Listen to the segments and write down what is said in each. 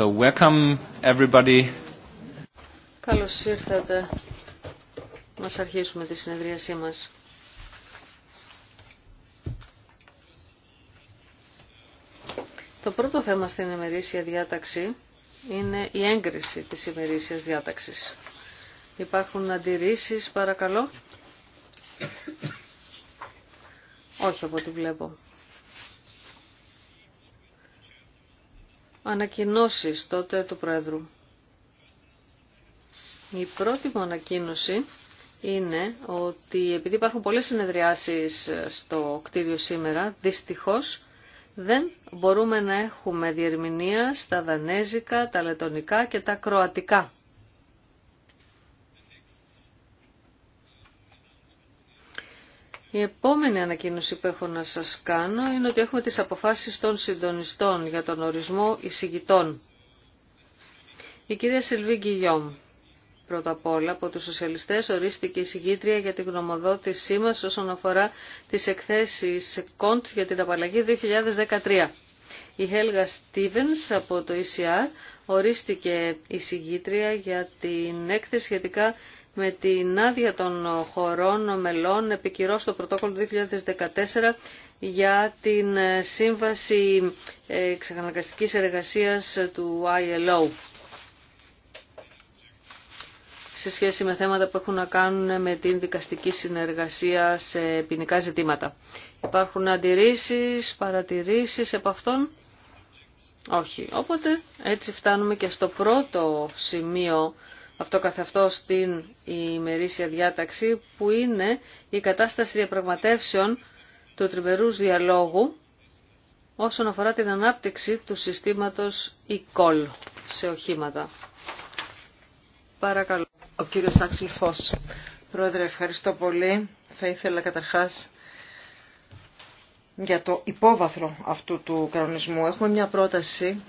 So welcome everybody. Καλώς ήρθατε. Μας αρχίσουμε τη συνεδρίασή μας. Το πρώτο θέμα στην ημερήσια διάταξη είναι η έγκριση της ημερήσιας διάταξης. Υπάρχουν αντιρρήσεις, παρακαλώ. Όχι από ό,τι βλέπω. ανακοινώσεις τότε του Πρόεδρου. Η πρώτη μου ανακοίνωση είναι ότι επειδή υπάρχουν πολλές συνεδριάσεις στο κτίριο σήμερα, δυστυχώς δεν μπορούμε να έχουμε διερμηνία στα δανέζικα, τα λετονικά και τα κροατικά. Η επόμενη ανακοίνωση που έχω να σας κάνω είναι ότι έχουμε τις αποφάσεις των συντονιστών για τον ορισμό εισηγητών. Η κυρία Σιλβί Γκυγιόμ, πρώτα απ' όλα από τους σοσιαλιστές, ορίστηκε εισηγήτρια για την γνωμοδότησή μας όσον αφορά τις εκθέσεις κοντ για την απαλλαγή 2013. Η Χέλγα Στίβενς από το ECR ορίστηκε εισηγήτρια για την έκθεση σχετικά με την άδεια των χωρών μελών επικυρώσει το πρωτόκολλο 2014 για την ε, σύμβαση εξαναγκαστικής εργασίας του ILO σε σχέση με θέματα που έχουν να κάνουν με την δικαστική συνεργασία σε ποινικά ζητήματα. Υπάρχουν αντιρρήσεις, παρατηρήσεις από αυτόν. Όχι. Οπότε έτσι φτάνουμε και στο πρώτο σημείο αυτό αυτό στην ημερήσια διάταξη που είναι η κατάσταση διαπραγματεύσεων του τριμερούς διαλόγου όσον αφορά την ανάπτυξη του συστήματος e-call σε οχήματα. Παρακαλώ. Ο κύριος Άξιλ Φως. Πρόεδρε, ευχαριστώ πολύ. Θα ήθελα καταρχάς για το υπόβαθρο αυτού του κανονισμού. Έχουμε μια πρόταση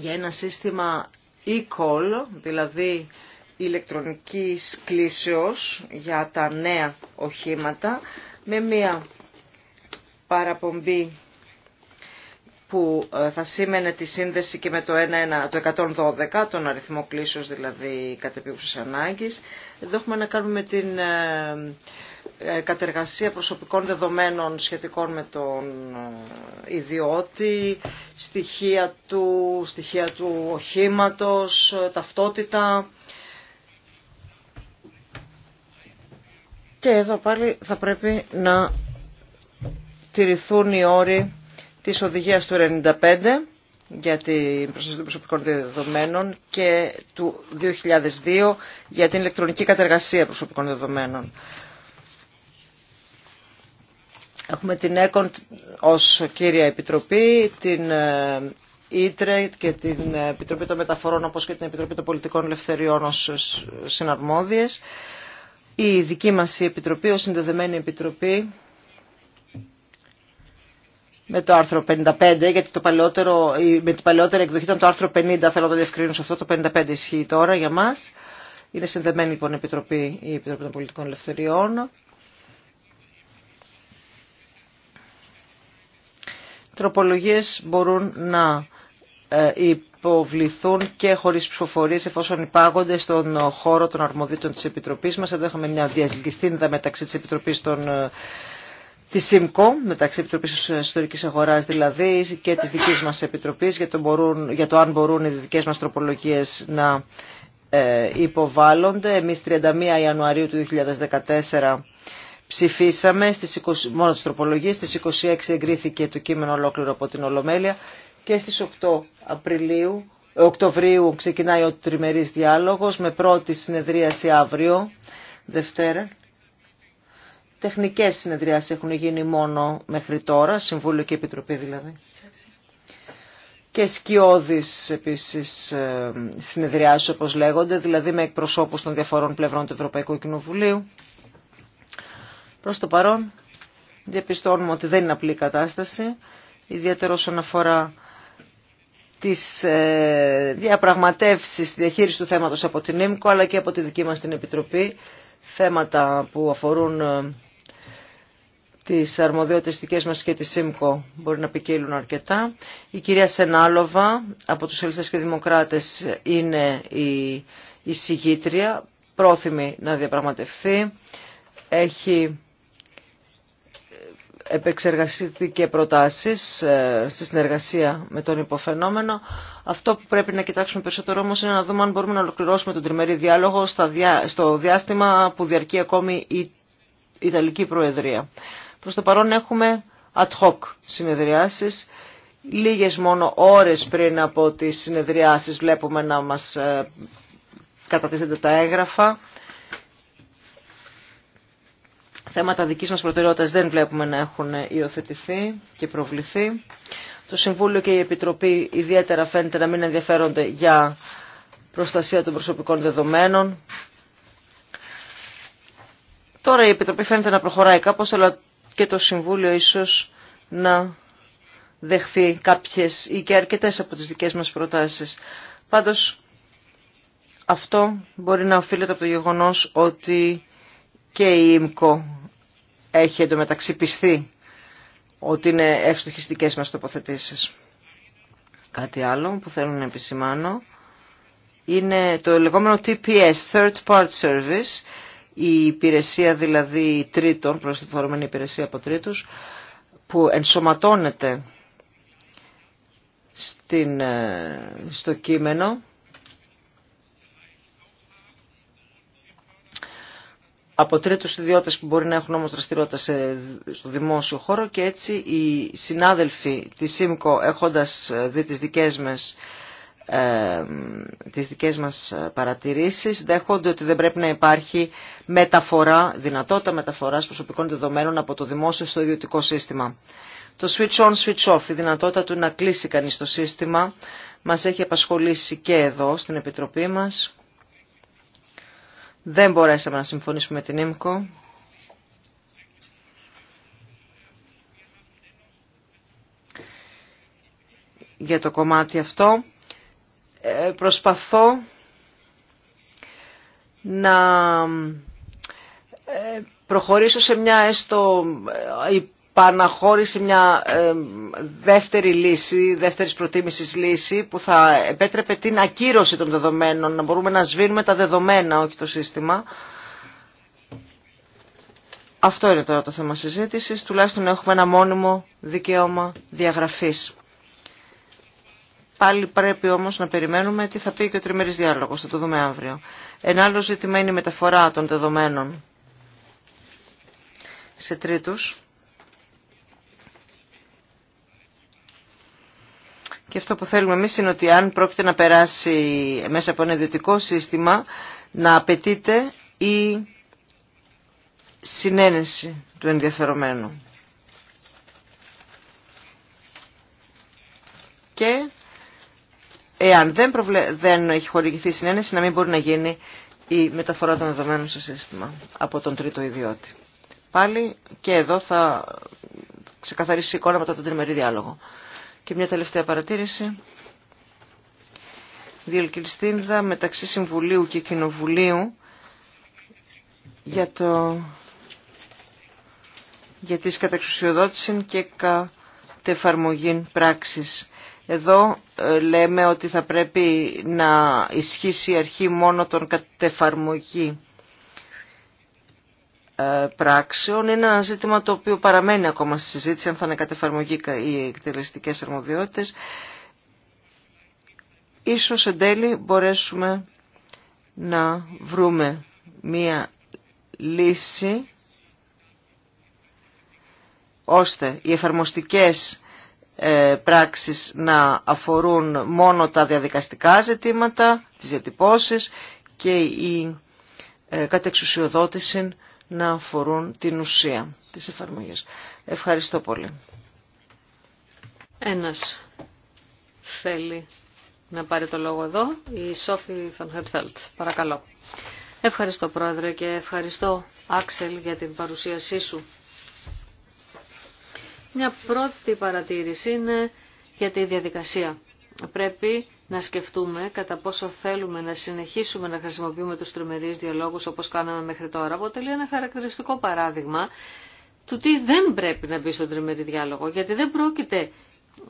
για ένα σύστημα e-call, δηλαδή ηλεκτρονικής κλήσεως για τα νέα οχήματα, με μία παραπομπή που ε, θα σήμαινε τη σύνδεση και με το, το 112, τον αριθμό κλήσεως δηλαδή κατεπίουσες ανάγκης. Εδώ έχουμε να κάνουμε την ε, ε, κατεργασία προσωπικών δεδομένων σχετικών με τον ε, ιδιώτη, στοιχεία του, στοιχεία του οχήματος, ε, ταυτότητα. Και εδώ πάλι θα πρέπει να τηρηθούν οι όροι της οδηγίας του 95 για την προστασία των προσωπικών δεδομένων και του 2002 για την ηλεκτρονική κατεργασία προσωπικών δεδομένων. Έχουμε την ΕΚΟΝ ως κύρια επιτροπή, την ΙΤΡΕ ε, και την ε, Επιτροπή των Μεταφορών όπως και την Επιτροπή των Πολιτικών Ελευθεριών ως συναρμόδιες. Η δική μας Επιτροπή, ως συνδεδεμένη Επιτροπή, με το άρθρο 55, γιατί το παλαιότερο, με την παλαιότερη εκδοχή ήταν το άρθρο 50, θέλω να το διευκρίνω σε αυτό, το 55 ισχύει τώρα για μας. Είναι συνδεμένη λοιπόν η Επιτροπή, Επιτροπή των Πολιτικών Ελευθεριών τροπολογίες μπορούν να ε, υποβληθούν και χωρίς ψηφοφορίες εφόσον υπάγονται στον ε, χώρο των αρμοδίτων της Επιτροπής μας. Εδώ είχαμε μια διασυγκιστήνδα μεταξύ της Επιτροπής των ε, τη ΣΥΜΚΟ, μεταξύ Επιτροπής Ιστορικής Αγοράς δηλαδή και της δικής μας Επιτροπής για το, για το αν μπορούν οι δικές μας τροπολογίες να υποβάλλονται. Εμείς 31 Ιανουαρίου του 2014 ψηφίσαμε, στις 20, μόνο τις τροπολογίες, στις 26 εγκρίθηκε το κείμενο ολόκληρο από την Ολομέλεια και στις 8 Απριλίου, Οκτωβρίου ξεκινάει ο τριμερής διάλογος με πρώτη συνεδρίαση αύριο, Δευτέρα. Τεχνικές συνεδριάσεις έχουν γίνει μόνο μέχρι τώρα, Συμβούλιο και Επιτροπή δηλαδή. Και σκιώδεις επίσης ε, συνεδριάσεις όπως λέγονται, δηλαδή με εκπροσώπους των διαφορών πλευρών του Ευρωπαϊκού Κοινοβουλίου. Προς το παρόν διαπιστώνουμε ότι δεν είναι απλή η κατάσταση, ιδιαίτερα όσον αφορά τις ε, διαπραγματεύσεις, τη διαχείριση του θέματος από την ΕΜΚΟ αλλά και από τη δική μας την Επιτροπή, θέματα που αφορούν ε, τις αρμοδιότητες δικές μας και τη ΕΜΚΟ μπορεί να ποικίλουν αρκετά. Η κυρία Σενάλοβα από τους Ελληνικές και Δημοκράτες είναι η συγγήτρια, πρόθυμη να διαπραγματευθεί. Έχει και προτάσεις ε, στη συνεργασία με τον υποφαινόμενο. Αυτό που πρέπει να κοιτάξουμε περισσότερο όμως είναι να δούμε αν μπορούμε να ολοκληρώσουμε τον τριμερή διάλογο στο διάστημα που διαρκεί ακόμη η Ιταλική Προεδρία. Προς το παρόν έχουμε ad hoc συνεδριάσεις. Λίγες μόνο ώρες πριν από τις συνεδριάσεις βλέπουμε να μας ε, κατατίθενται τα έγγραφα θέματα δικής μας προτεραιότητας δεν βλέπουμε να έχουν υιοθετηθεί και προβληθεί. Το Συμβούλιο και η Επιτροπή ιδιαίτερα φαίνεται να μην ενδιαφέρονται για προστασία των προσωπικών δεδομένων. Τώρα η Επιτροπή φαίνεται να προχωράει κάπως, αλλά και το Συμβούλιο ίσως να δεχθεί κάποιες ή και αρκετές από τις δικές μας προτάσεις. Πάντως, αυτό μπορεί να οφείλεται από το γεγονός ότι και η ΙΜΚΟ έχει εντωμεταξύ πιστεί ότι είναι ευστοχιστικές μας τοποθετήσεις. Κάτι άλλο που θέλω να επισημάνω είναι το λεγόμενο TPS, Third Part Service, η υπηρεσία δηλαδή τρίτων, προσθεφορμένη υπηρεσία από τρίτους, που ενσωματώνεται στην, ε, στο κείμενο από τρίτου ιδιώτε που μπορεί να έχουν όμω δραστηριότητα στο δημόσιο χώρο και έτσι οι συνάδελφοι τη ΣΥΜΚΟ έχοντα ε, δει τις δικές μας ε, τις δικές μας ε, παρατηρήσεις δέχονται ότι δεν πρέπει να υπάρχει μεταφορά, δυνατότητα μεταφοράς προσωπικών δεδομένων από το δημόσιο στο ιδιωτικό σύστημα. Το switch on, switch off, η δυνατότητα του να κλείσει κανείς το σύστημα μας έχει απασχολήσει και εδώ στην Επιτροπή μας δεν μπορέσαμε να συμφωνήσουμε με την ΕΜΚΟ. Για το κομμάτι αυτό ε, προσπαθώ να ε, προχωρήσω σε μια έστω ε, Παναχώρησε μια ε, δεύτερη λύση, δεύτερης προτίμησης λύση που θα επέτρεπε την ακύρωση των δεδομένων, να μπορούμε να σβήνουμε τα δεδομένα, όχι το σύστημα. Αυτό είναι τώρα το θέμα συζήτησης, τουλάχιστον έχουμε ένα μόνιμο δικαίωμα διαγραφής. Πάλι πρέπει όμως να περιμένουμε τι θα πει και ο τριμερής διάλογος, θα το δούμε αύριο. Ένα άλλο ζήτημα είναι η μεταφορά των δεδομένων σε τρίτους. Και αυτό που θέλουμε εμείς είναι ότι αν πρόκειται να περάσει μέσα από ένα ιδιωτικό σύστημα, να απαιτείται η συνένεση του ενδιαφερομένου. Και εάν δεν, δεν έχει χορηγηθεί η συνένεση, να μην μπορεί να γίνει η μεταφορά των δεδομένων στο σύστημα από τον τρίτο ιδιώτη. Πάλι και εδώ θα ξεκαθαρίσει η εικόνα μετά τον τριμερή διάλογο. Και μια τελευταία παρατήρηση. Διελκυριστίνδα μεταξύ Συμβουλίου και Κοινοβουλίου για, το... για τις καταξουσιοδότηση και κατεφαρμογή πράξης. Εδώ ε, λέμε ότι θα πρέπει να ισχύσει η αρχή μόνο των κατεφαρμογή ε, πράξεων είναι ένα ζήτημα το οποίο παραμένει ακόμα στη συζήτηση αν θα είναι κατεφαρμογή οι εκτελεστικές αρμοδιότητες. Ίσως εν τέλει μπορέσουμε να βρούμε μία λύση ώστε οι εφαρμοστικές ε, πράξεις να αφορούν μόνο τα διαδικαστικά ζητήματα, τις διατυπώσεις και η ε, κατεξουσιοδότηση να αφορούν την ουσία της εφαρμογής. Ευχαριστώ πολύ. Ένας θέλει να πάρει το λόγο εδώ, η Σόφη Φανχερφέλτ. Παρακαλώ. Ευχαριστώ Πρόεδρε και ευχαριστώ Άξελ για την παρουσίασή σου. Μια πρώτη παρατήρηση είναι για τη διαδικασία πρέπει να σκεφτούμε κατά πόσο θέλουμε να συνεχίσουμε να χρησιμοποιούμε τους τριμερείς διαλόγους όπως κάναμε μέχρι τώρα. Αποτελεί ένα χαρακτηριστικό παράδειγμα του τι δεν πρέπει να μπει στον τριμερή διάλογο, γιατί δεν πρόκειται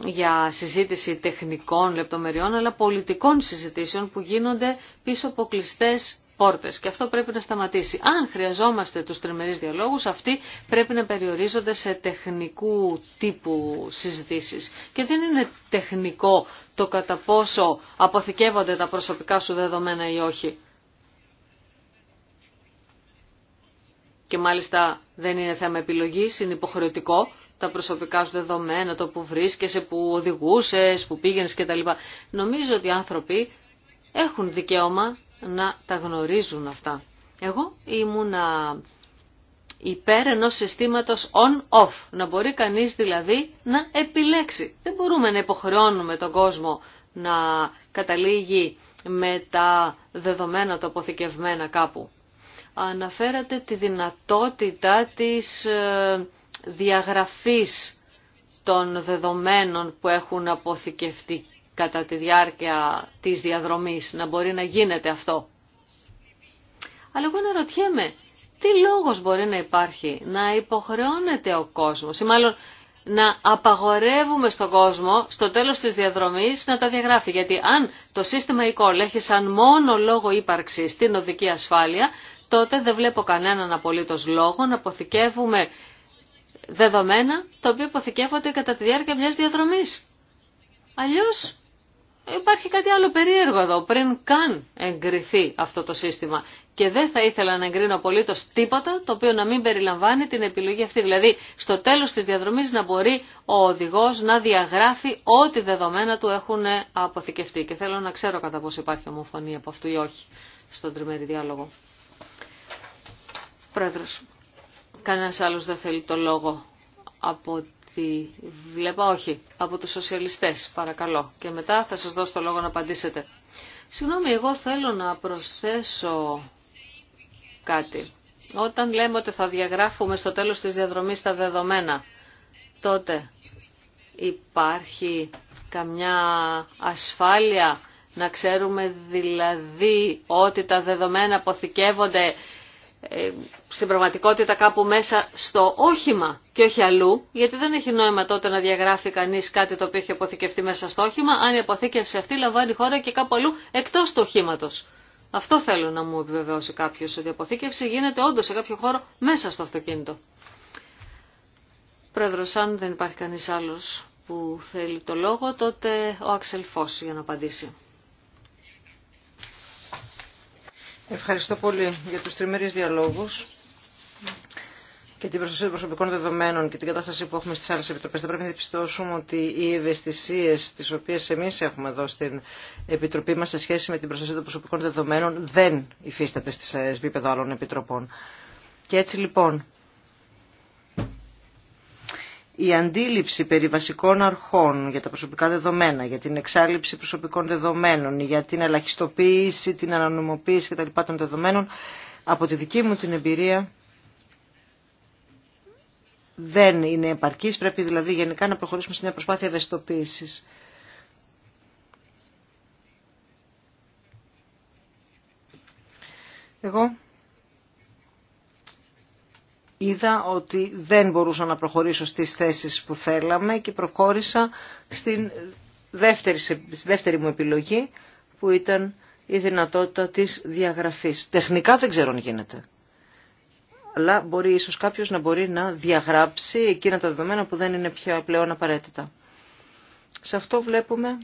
για συζήτηση τεχνικών λεπτομεριών, αλλά πολιτικών συζητήσεων που γίνονται πίσω από κλειστές πόρτες και αυτό πρέπει να σταματήσει. Αν χρειαζόμαστε τους τριμερείς διαλόγους, αυτοί πρέπει να περιορίζονται σε τεχνικού τύπου συζητήσεις. Και δεν είναι τεχνικό το κατά πόσο αποθηκεύονται τα προσωπικά σου δεδομένα ή όχι. Και μάλιστα δεν είναι θέμα επιλογής, είναι υποχρεωτικό τα προσωπικά σου δεδομένα, το που βρίσκεσαι, που οδηγούσες, που πήγαινες κτλ. Νομίζω ότι οι άνθρωποι έχουν δικαίωμα να τα γνωρίζουν αυτά. Εγώ ήμουνα υπέρ ενός συστήματος on-off, να μπορεί κανείς δηλαδή να επιλέξει. Δεν μπορούμε να υποχρεώνουμε τον κόσμο να καταλήγει με τα δεδομένα τα αποθηκευμένα κάπου. Αναφέρατε τη δυνατότητα της ε, διαγραφής των δεδομένων που έχουν αποθηκευτεί κατά τη διάρκεια της διαδρομής, να μπορεί να γίνεται αυτό. Αλλά εγώ αναρωτιέμαι, τι λόγος μπορεί να υπάρχει να υποχρεώνεται ο κόσμος ή μάλλον να απαγορεύουμε στον κόσμο στο τέλος της διαδρομής να τα διαγράφει. Γιατί αν το σύστημα e-call έχει σαν μόνο λόγο ύπαρξη στην οδική ασφάλεια, τότε δεν βλέπω κανέναν απολύτως λόγο να αποθηκεύουμε δεδομένα τα οποία αποθηκεύονται κατά τη διάρκεια μιας διαδρομής. Αλλιώς Υπάρχει κάτι άλλο περίεργο εδώ, πριν καν εγκριθεί αυτό το σύστημα. Και δεν θα ήθελα να εγκρίνω απολύτω τίποτα το οποίο να μην περιλαμβάνει την επιλογή αυτή. Δηλαδή, στο τέλο τη διαδρομή να μπορεί ο οδηγό να διαγράφει ό,τι δεδομένα του έχουν αποθηκευτεί. Και θέλω να ξέρω κατά πόσο υπάρχει ομοφωνία από αυτού ή όχι στον τριμερή διάλογο. Πρόεδρο, κανένα άλλο δεν θέλει το λόγο από τι βλέπω όχι, από τους σοσιαλιστές, παρακαλώ. Και μετά θα σας δώσω το λόγο να απαντήσετε. Συγγνώμη, εγώ θέλω να προσθέσω κάτι. Όταν λέμε ότι θα διαγράφουμε στο τέλος της διαδρομής τα δεδομένα, τότε υπάρχει καμιά ασφάλεια να ξέρουμε δηλαδή ότι τα δεδομένα αποθηκεύονται ε, στην πραγματικότητα κάπου μέσα στο όχημα και όχι αλλού, γιατί δεν έχει νόημα τότε να διαγράφει κανεί κάτι το οποίο έχει αποθηκευτεί μέσα στο όχημα, αν η αποθήκευση αυτή λαμβάνει χώρα και κάπου αλλού εκτό του οχήματο. Αυτό θέλω να μου επιβεβαιώσει κάποιο, ότι η αποθήκευση γίνεται όντω σε κάποιο χώρο μέσα στο αυτοκίνητο. Πρόεδρο, αν δεν υπάρχει κανεί άλλο που θέλει το λόγο, τότε ο Αξελφός για να απαντήσει. Ευχαριστώ πολύ για τους τριμερείς διαλόγους και την προστασία των προσωπικών δεδομένων και την κατάσταση που έχουμε στις άλλες επιτροπές. Θα πρέπει να διαπιστώσουμε ότι οι ευαισθησίες τις οποίες εμείς έχουμε εδώ στην Επιτροπή μας σε σχέση με την προστασία των προσωπικών δεδομένων δεν υφίσταται στις ε, επίπεδο άλλων επιτροπών. Και έτσι λοιπόν η αντίληψη περί βασικών αρχών για τα προσωπικά δεδομένα, για την εξάλληψη προσωπικών δεδομένων, για την ελαχιστοποίηση, την ανανομοποίηση κτλ. των δεδομένων, από τη δική μου την εμπειρία δεν είναι επαρκής. Πρέπει δηλαδή γενικά να προχωρήσουμε σε μια προσπάθεια ευαισθητοποίησης. Εγώ είδα ότι δεν μπορούσα να προχωρήσω στις θέσεις που θέλαμε και προχώρησα στην δεύτερη, στη δεύτερη μου επιλογή που ήταν η δυνατότητα της διαγραφής. Τεχνικά δεν ξέρω αν γίνεται. Αλλά μπορεί ίσως κάποιος να μπορεί να διαγράψει εκείνα τα δεδομένα που δεν είναι πια πλέον απαραίτητα. Σε αυτό βλέπουμε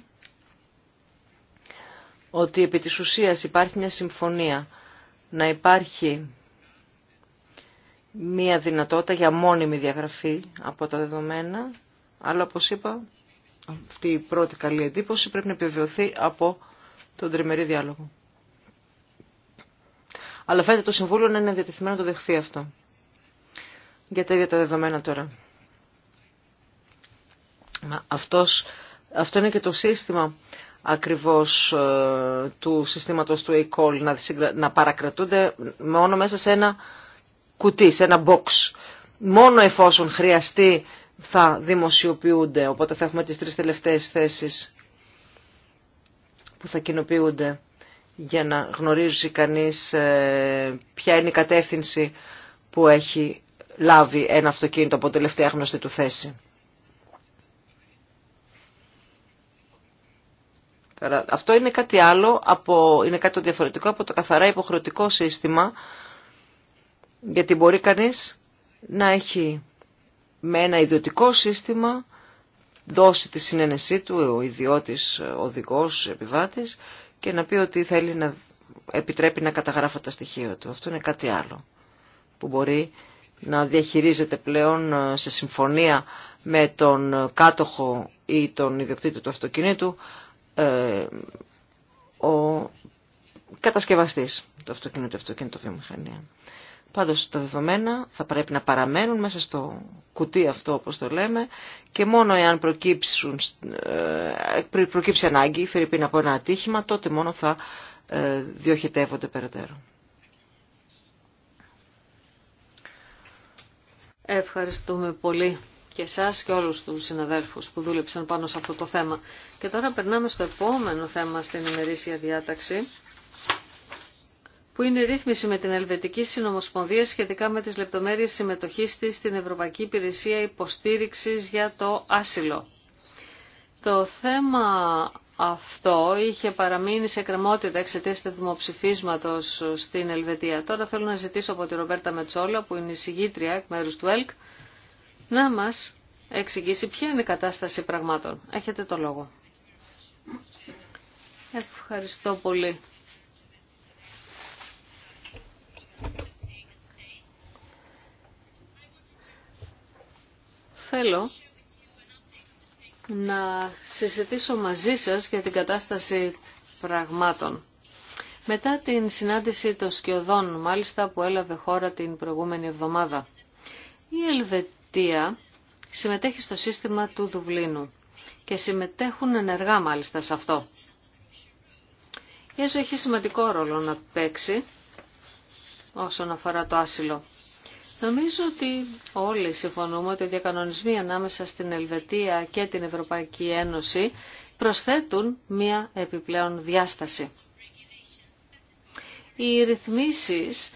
ότι επί της ουσίας υπάρχει μια συμφωνία να υπάρχει μία δυνατότητα για μόνιμη διαγραφή από τα δεδομένα, αλλά όπως είπα, αυτή η πρώτη καλή εντύπωση πρέπει να επιβεβαιωθεί από τον τριμερή διάλογο. Αλλά φαίνεται το Συμβούλιο να είναι διατεθειμένο να το δεχθεί αυτό. Για τα ίδια τα δεδομένα τώρα. Αυτός, αυτό είναι και το σύστημα ακριβώς ε, του συστήματος του e να, να παρακρατούνται μόνο μέσα σε ένα κουτί, σε ένα box. Μόνο εφόσον χρειαστεί θα δημοσιοποιούνται, οπότε θα έχουμε τις τρεις τελευταίες θέσεις που θα κοινοποιούνται για να γνωρίζει κανείς ε, ποια είναι η κατεύθυνση που έχει λάβει ένα αυτοκίνητο από τελευταία γνωστή του θέση. Αυτό είναι κάτι άλλο, από, είναι κάτι διαφορετικό από το καθαρά υποχρεωτικό σύστημα γιατί μπορεί κανείς να έχει με ένα ιδιωτικό σύστημα δώσει τη συνένεσή του ο ιδιώτης οδηγός, επιβάτης και να πει ότι θέλει να επιτρέπει να καταγράφω τα στοιχεία του. Αυτό είναι κάτι άλλο που μπορεί να διαχειρίζεται πλέον ε, σε συμφωνία με τον κάτοχο ή τον ιδιοκτήτη του αυτοκινήτου ε, ο κατασκευαστής του αυτοκινήτου, αυτοκινήτου βιομηχανία. Πάντως τα δεδομένα θα πρέπει να παραμένουν μέσα στο κουτί αυτό όπως το λέμε και μόνο εάν προκύψουν, ε, προκύψει ανάγκη, φερειπίν από ένα ατύχημα, τότε μόνο θα ε, διοχετεύονται περαιτέρω. Ευχαριστούμε πολύ και εσάς και όλους τους συναδέλφους που δούλεψαν πάνω σε αυτό το θέμα. Και τώρα περνάμε στο επόμενο θέμα στην ημερήσια διάταξη που είναι η ρύθμιση με την Ελβετική Συνομοσπονδία σχετικά με τις λεπτομέρειες συμμετοχής της στην Ευρωπαϊκή Υπηρεσία Υποστήριξης για το Άσυλο. Το θέμα αυτό είχε παραμείνει σε κρεμότητα εξαιτία του δημοψηφίσματο στην Ελβετία. Τώρα θέλω να ζητήσω από τη Ρομπέρτα Μετσόλα, που είναι η συγγήτρια εκ μέρου του ΕΛΚ, να μα εξηγήσει ποια είναι η κατάσταση πραγμάτων. Έχετε το λόγο. Ευχαριστώ πολύ. θέλω να συζητήσω μαζί σας για την κατάσταση πραγμάτων. Μετά την συνάντηση των σκιωδών, μάλιστα που έλαβε χώρα την προηγούμενη εβδομάδα, η Ελβετία συμμετέχει στο σύστημα του Δουβλίνου και συμμετέχουν ενεργά μάλιστα σε αυτό. Η έχει σημαντικό ρόλο να παίξει όσον αφορά το άσυλο. Νομίζω ότι όλοι συμφωνούμε ότι οι διακανονισμοί ανάμεσα στην Ελβετία και την Ευρωπαϊκή Ένωση προσθέτουν μία επιπλέον διάσταση. Οι ρυθμίσεις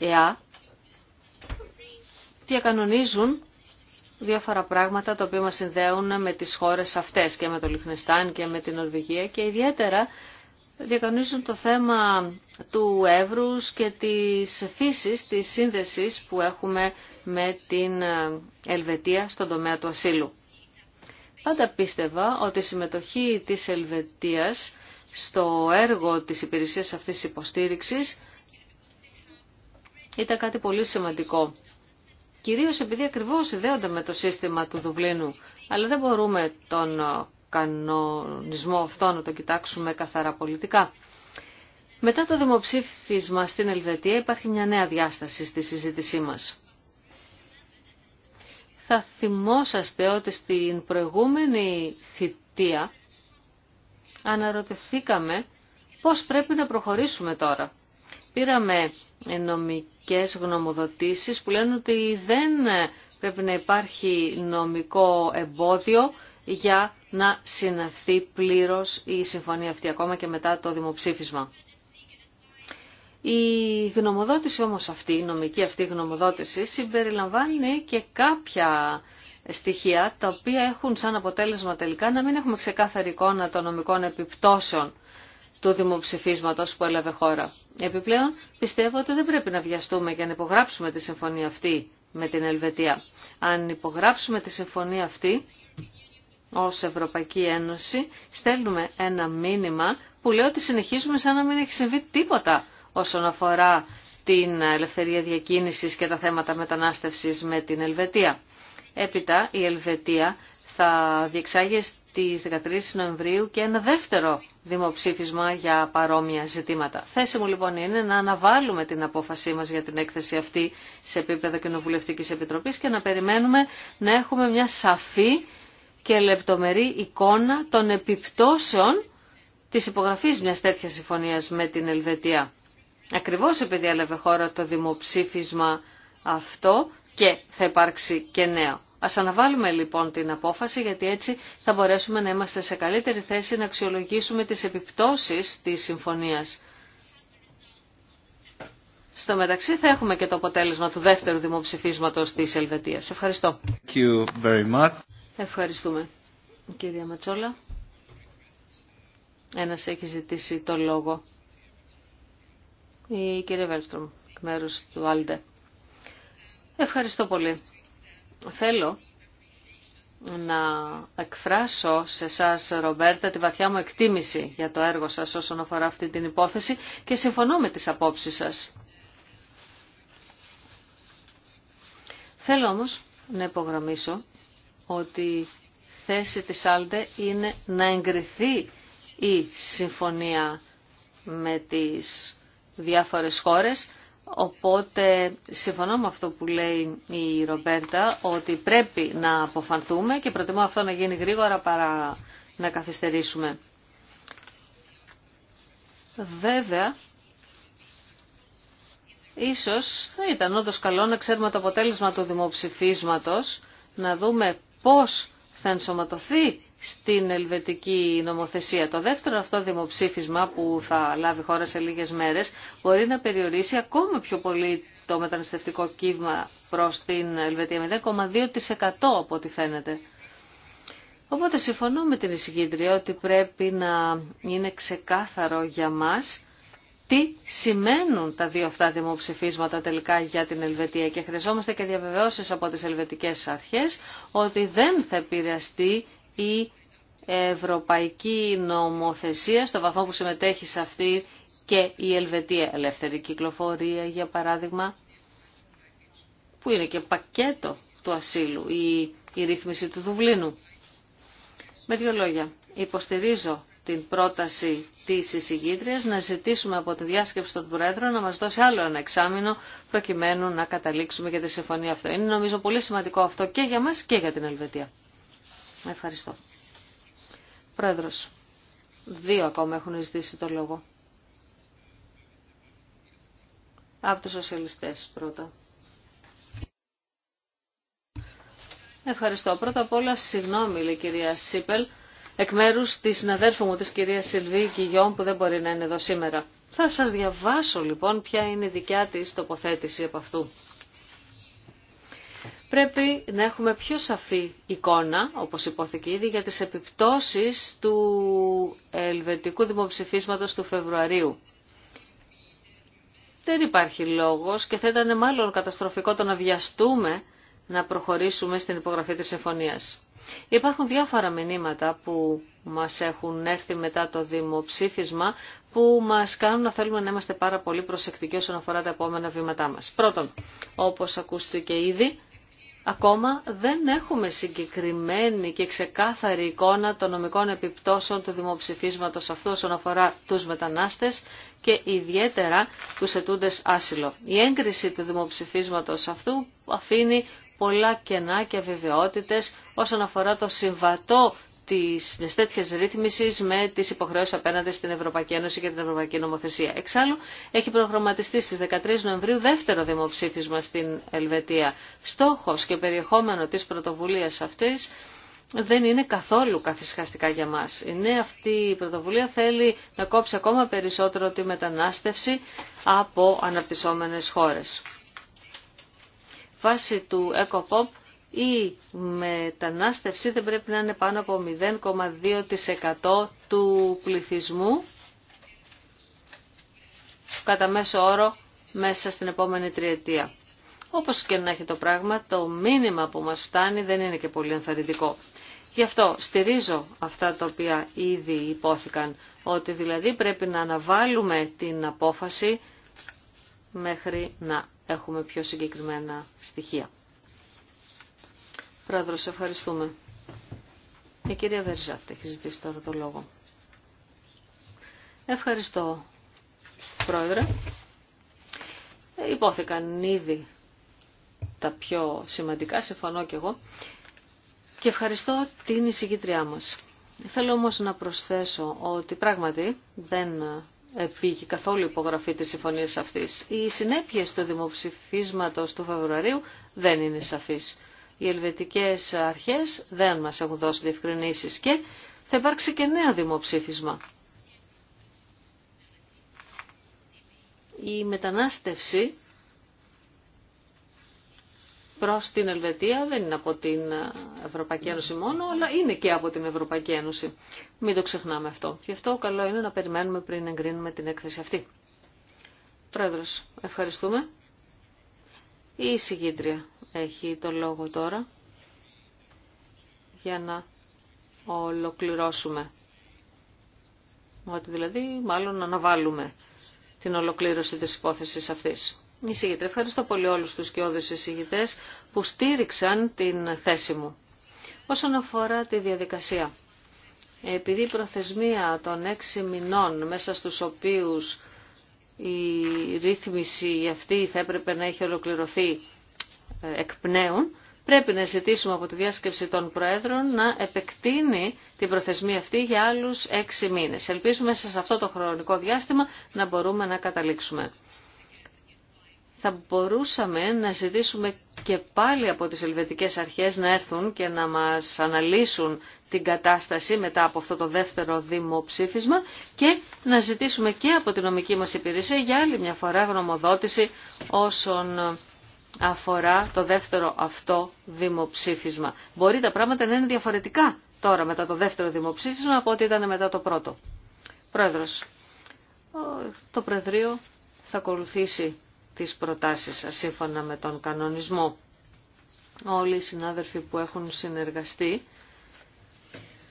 ΕΑ διακανονίζουν διάφορα πράγματα τα οποία μας συνδέουν με τις χώρες αυτές και με το Λιχνεστάν και με την Ορβηγία και ιδιαίτερα διακανονίζουν το θέμα του εύρους και της φύσης της σύνδεσης που έχουμε με την ε, Ελβετία στον τομέα του ασύλου. Πάντα πίστευα ότι η συμμετοχή της Ελβετίας στο έργο της υπηρεσίας αυτής της υποστήριξης ήταν κάτι πολύ σημαντικό. Κυρίως επειδή ακριβώς ιδέονται με το σύστημα του Δουβλίνου, αλλά δεν μπορούμε τον ε, κανονισμό αυτό να το κοιτάξουμε καθαρά πολιτικά. Μετά το δημοψήφισμα στην Ελβετία υπάρχει μια νέα διάσταση στη συζήτησή μας. Θα θυμόσαστε ότι στην προηγούμενη θητεία αναρωτηθήκαμε πώς πρέπει να προχωρήσουμε τώρα. Πήραμε νομικές γνωμοδοτήσεις που λένε ότι δεν πρέπει να υπάρχει νομικό εμπόδιο για να συναυθεί πλήρως η συμφωνία αυτή ακόμα και μετά το δημοψήφισμα. Η γνωμοδότηση όμως αυτή, η νομική αυτή γνωμοδότηση συμπεριλαμβάνει και κάποια στοιχεία τα οποία έχουν σαν αποτέλεσμα τελικά να μην έχουμε ξεκάθαρη εικόνα των νομικών επιπτώσεων του δημοψηφίσματος που έλαβε χώρα. Επιπλέον πιστεύω ότι δεν πρέπει να βιαστούμε για να υπογράψουμε τη συμφωνία αυτή με την Ελβετία. Αν υπογράψουμε τη συμφωνία αυτή ως Ευρωπαϊκή Ένωση στέλνουμε ένα μήνυμα που λέει ότι συνεχίζουμε σαν να μην έχει συμβεί τίποτα όσον αφορά την ελευθερία διακίνησης και τα θέματα μετανάστευσης με την Ελβετία. Έπειτα η Ελβετία θα διεξάγει στις 13 Νοεμβρίου και ένα δεύτερο δημοψήφισμα για παρόμοια ζητήματα. Θέση μου λοιπόν είναι να αναβάλουμε την απόφασή μας για την έκθεση αυτή σε επίπεδο Κοινοβουλευτικής Επιτροπής και να περιμένουμε να έχουμε μια σαφή και λεπτομερή εικόνα των επιπτώσεων της υπογραφής μιας τέτοιας συμφωνίας με την Ελβετία. Ακριβώς επειδή έλαβε χώρα το δημοψήφισμα αυτό και θα υπάρξει και νέο. Ας αναβάλουμε λοιπόν την απόφαση γιατί έτσι θα μπορέσουμε να είμαστε σε καλύτερη θέση να αξιολογήσουμε τις επιπτώσεις της συμφωνίας. Στο μεταξύ θα έχουμε και το αποτέλεσμα του δεύτερου δημοψηφίσματος της Ελβετίας. Ευχαριστώ. Ευχαριστούμε. Κυρία Ματσόλα. Ένας έχει ζητήσει το λόγο. Η κυρία Βέλστρομ, εκ του Άλντε. Ευχαριστώ πολύ. Θέλω να εκφράσω σε σας, Ρομπέρτα, τη βαθιά μου εκτίμηση για το έργο σας όσον αφορά αυτή την υπόθεση και συμφωνώ με τις απόψεις σας. Θέλω όμως να υπογραμμίσω ότι θέση της Άλτε είναι να εγκριθεί η συμφωνία με τις διάφορες χώρες. Οπότε συμφωνώ με αυτό που λέει η Ρομπέρτα ότι πρέπει να αποφανθούμε και προτιμώ αυτό να γίνει γρήγορα παρά να καθυστερήσουμε. Βέβαια, ίσως θα ήταν όντως καλό να ξέρουμε το αποτέλεσμα του δημοψηφίσματος, να δούμε πώς θα ενσωματωθεί στην ελβετική νομοθεσία. Το δεύτερο αυτό δημοψήφισμα που θα λάβει χώρα σε λίγες μέρες μπορεί να περιορίσει ακόμα πιο πολύ το μεταναστευτικό κύμα προς την Ελβετία 0,2% από ό,τι φαίνεται. Οπότε συμφωνώ με την εισηγήτρια ότι πρέπει να είναι ξεκάθαρο για μας τι σημαίνουν τα δύο αυτά δημοψηφίσματα τελικά για την Ελβετία και χρειαζόμαστε και διαβεβαιώσεις από τις ελβετικές αρχές ότι δεν θα επηρεαστεί η ευρωπαϊκή νομοθεσία στο βαθμό που συμμετέχει σε αυτή και η Ελβετία. Ελεύθερη κυκλοφορία για παράδειγμα που είναι και πακέτο του ασύλου ή η ρύθμιση του Δουβλίνου. Με δύο λόγια, υποστηρίζω την πρόταση της εισηγήτριας να ζητήσουμε από τη διάσκεψη των Πρόεδρων να μας δώσει άλλο ένα εξάμεινο προκειμένου να καταλήξουμε για τη συμφωνία αυτό. Είναι νομίζω πολύ σημαντικό αυτό και για μας και για την Ελβετία. Ευχαριστώ. Πρόεδρος, δύο ακόμα έχουν ζητήσει το λόγο. Από τους σοσιαλιστές πρώτα. Ευχαριστώ. Πρώτα απ' όλα συγγνώμη, λέει κυρία Σίπελ, εκ μέρους της συναδέρφου μου της κυρίας Σιλβί Κιγιόν που δεν μπορεί να είναι εδώ σήμερα. Θα σας διαβάσω λοιπόν ποια είναι η δικιά της τοποθέτηση από αυτού. Πρέπει να έχουμε πιο σαφή εικόνα, όπως υπόθηκε ήδη, για τις επιπτώσεις του ελβετικού δημοψηφίσματος του Φεβρουαρίου. Δεν υπάρχει λόγος και θα ήταν μάλλον καταστροφικό το να βιαστούμε να προχωρήσουμε στην υπογραφή της συμφωνίας. Υπάρχουν διάφορα μηνύματα που μας έχουν έρθει μετά το δημοψήφισμα που μας κάνουν να θέλουμε να είμαστε πάρα πολύ προσεκτικοί όσον αφορά τα επόμενα βήματά μας. Πρώτον, όπως ακούστηκε ήδη, ακόμα δεν έχουμε συγκεκριμένη και ξεκάθαρη εικόνα των νομικών επιπτώσεων του δημοψηφίσματος αυτού όσον αφορά τους μετανάστες και ιδιαίτερα τους ετούντες άσυλο. Η έγκριση του δημοψηφίσματος αυτού αφήνει πολλά κενά και αβεβαιότητες όσον αφορά το συμβατό της τέτοια ρύθμιση με τις υποχρεώσεις απέναντι στην Ευρωπαϊκή Ένωση και την Ευρωπαϊκή Νομοθεσία. Εξάλλου, έχει προγραμματιστεί στις 13 Νοεμβρίου δεύτερο δημοψήφισμα στην Ελβετία. Στόχος και περιεχόμενο της πρωτοβουλίας αυτής δεν είναι καθόλου καθισχαστικά για μας. Η νέα αυτή πρωτοβουλία θέλει να κόψει ακόμα περισσότερο τη μετανάστευση από αναπτυσσόμενες χώρες. Βάσει του ΕΚΟΠΟΠ η μετανάστευση δεν πρέπει να είναι πάνω από 0,2% του πληθυσμού κατά μέσο όρο μέσα στην επόμενη τριετία. Όπως και να έχει το πράγμα, το μήνυμα που μας φτάνει δεν είναι και πολύ ενθαρρυντικό. Γι' αυτό στηρίζω αυτά τα οποία ήδη υπόθηκαν, ότι δηλαδή πρέπει να αναβάλουμε την απόφαση μέχρι να έχουμε πιο συγκεκριμένα στοιχεία. Πρόεδρος, ευχαριστούμε. Η κυρία Βερζάκ έχει ζητήσει τώρα το λόγο. Ευχαριστώ, Πρόεδρε. Ε, υπόθηκαν ήδη τα πιο σημαντικά, συμφωνώ κι εγώ. Και ευχαριστώ την εισηγήτριά μας. Θέλω όμως να προσθέσω ότι πράγματι δεν πήγε καθόλου υπογραφή της συμφωνίας αυτής. Οι συνέπειες του δημοψηφίσματος του Φεβρουαρίου δεν είναι σαφείς. Οι ελβετικές αρχές δεν μας έχουν δώσει διευκρινήσεις και θα υπάρξει και νέα δημοψήφισμα. Η μετανάστευση προς την Ελβετία δεν είναι από την Ευρωπαϊκή Ένωση μόνο, αλλά είναι και από την Ευρωπαϊκή Ένωση. Μην το ξεχνάμε αυτό. Γι' αυτό καλό είναι να περιμένουμε πριν εγκρίνουμε την έκθεση αυτή. Πρόεδρος, ευχαριστούμε. Η συγκίτρια έχει το λόγο τώρα για να ολοκληρώσουμε. Ότι δηλαδή μάλλον αναβάλουμε την ολοκλήρωση της υπόθεσης αυτής. Ευχαριστώ πολύ όλους τους κοιόδες εισηγητές που στήριξαν την θέση μου. Όσον αφορά τη διαδικασία, επειδή η προθεσμία των έξι μηνών μέσα στους οποίους η ρύθμιση αυτή θα έπρεπε να έχει ολοκληρωθεί ε, εκπνέουν, πρέπει να ζητήσουμε από τη διάσκεψη των Προέδρων να επεκτείνει την προθεσμία αυτή για άλλους έξι μήνες. Ελπίζουμε σε αυτό το χρονικό διάστημα να μπορούμε να καταλήξουμε θα μπορούσαμε να ζητήσουμε και πάλι από τις ελβετικές αρχές να έρθουν και να μας αναλύσουν την κατάσταση μετά από αυτό το δεύτερο δημοψήφισμα και να ζητήσουμε και από την νομική μας υπηρεσία για άλλη μια φορά γνωμοδότηση όσον αφορά το δεύτερο αυτό δημοψήφισμα. Μπορεί τα πράγματα να είναι διαφορετικά τώρα μετά το δεύτερο δημοψήφισμα από ό,τι ήταν μετά το πρώτο. Πρόεδρος, το Προεδρείο θα ακολουθήσει τις προτάσεις σας σύμφωνα με τον κανονισμό. Όλοι οι συνάδελφοι που έχουν συνεργαστεί,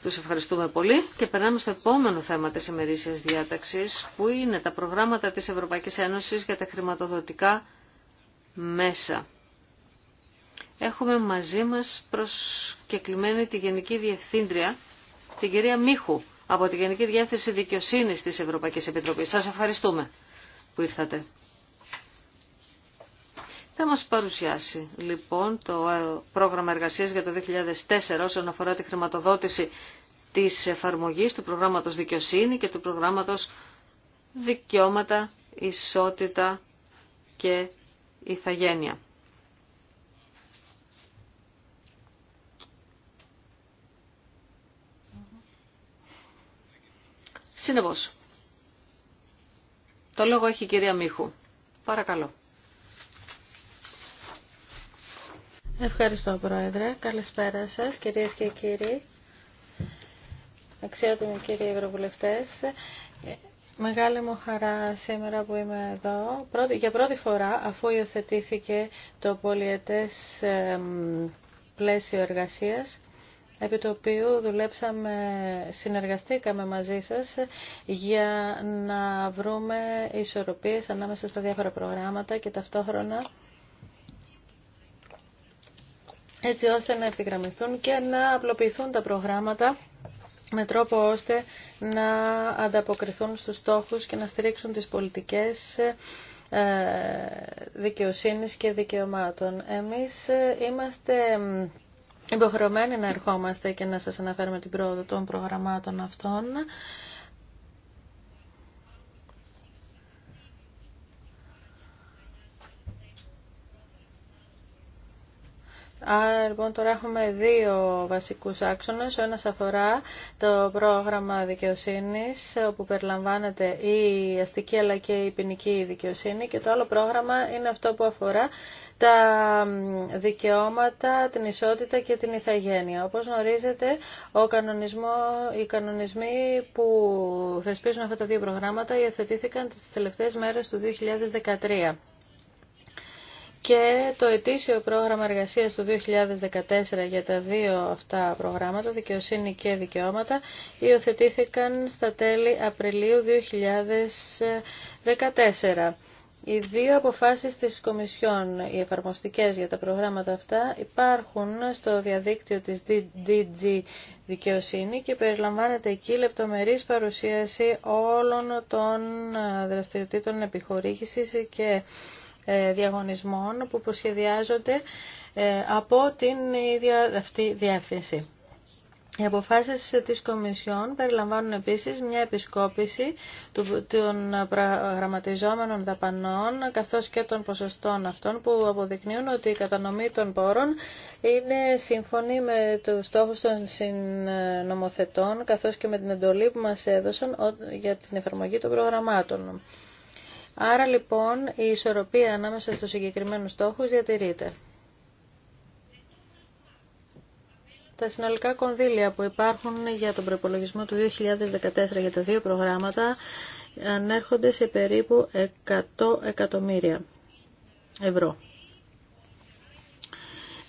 τους ευχαριστούμε πολύ και περνάμε στο επόμενο θέμα της ημερήσιας διάταξης που είναι τα προγράμματα της Ευρωπαϊκής Ένωσης για τα χρηματοδοτικά μέσα. Έχουμε μαζί μας προσκεκλημένη τη Γενική Διευθύντρια, την κυρία Μίχου, από τη Γενική Διεύθυνση Δικαιοσύνης της Ευρωπαϊκής Επιτροπής. Σας ευχαριστούμε που ήρθατε. Θα μας παρουσιάσει λοιπόν το ε, πρόγραμμα εργασίας για το 2004 όσον αφορά τη χρηματοδότηση της εφαρμογής του προγράμματος δικαιοσύνη και του προγράμματος δικαιώματα, ισότητα και ηθαγένεια. Συνεπώς, το λόγο έχει η κυρία Μίχου. Παρακαλώ. Ευχαριστώ, Πρόεδρε. Καλησπέρα σας, κυρίες και κύριοι, αξιότιμοι κύριοι Ευρωβουλευτές. Μεγάλη μου χαρά σήμερα που είμαι εδώ. για πρώτη φορά, αφού υιοθετήθηκε το πολιετές πλαίσιο εργασίας, επί το οποίο δουλέψαμε, συνεργαστήκαμε μαζί σας για να βρούμε ισορροπίες ανάμεσα στα διάφορα προγράμματα και ταυτόχρονα έτσι ώστε να ευθυγραμμιστούν και να απλοποιηθούν τα προγράμματα με τρόπο ώστε να ανταποκριθούν στους στόχους και να στηρίξουν τις πολιτικές ε, δικαιοσύνης και δικαιωμάτων. Εμείς ε, είμαστε υποχρεωμένοι να ερχόμαστε και να σας αναφέρουμε την πρόοδο των προγραμμάτων αυτών Άρα λοιπόν τώρα έχουμε δύο βασικούς άξονες. Ο ένας αφορά το πρόγραμμα δικαιοσύνης όπου περιλαμβάνεται η αστική αλλά και η ποινική δικαιοσύνη και το άλλο πρόγραμμα είναι αυτό που αφορά τα δικαιώματα, την ισότητα και την ηθαγένεια. Όπως γνωρίζετε, ο κανονισμό, οι κανονισμοί που θεσπίζουν αυτά τα δύο προγράμματα υιοθετήθηκαν τις τελευταίες μέρες του 2013 και το ετήσιο πρόγραμμα εργασίας του 2014 για τα δύο αυτά προγράμματα, δικαιοσύνη και δικαιώματα, υιοθετήθηκαν στα τέλη Απριλίου 2014. Οι δύο αποφάσεις της Κομισιόν, οι εφαρμοστικές για τα προγράμματα αυτά, υπάρχουν στο διαδίκτυο της DG Δικαιοσύνη και περιλαμβάνεται εκεί λεπτομερής παρουσίαση όλων των δραστηριοτήτων επιχορήγησης και ε, διαγωνισμών που προσχεδιάζονται ε, από την ίδια αυτή διεύθυνση. Οι αποφάσεις της Κομισιόν περιλαμβάνουν επίσης μια επισκόπηση των προγραμματιζόμενων δαπανών καθώς και των ποσοστών αυτών που αποδεικνύουν ότι η κατανομή των πόρων είναι σύμφωνη με τους στόχους των συνομοθετών καθώς και με την εντολή που μας έδωσαν για την εφαρμογή των προγραμμάτων. Άρα λοιπόν η ισορροπία ανάμεσα στους συγκεκριμένους στόχους διατηρείται. Τα συνολικά κονδύλια που υπάρχουν για τον προπολογισμό του 2014 για τα δύο προγράμματα ανέρχονται σε περίπου 100 εκατομμύρια ευρώ.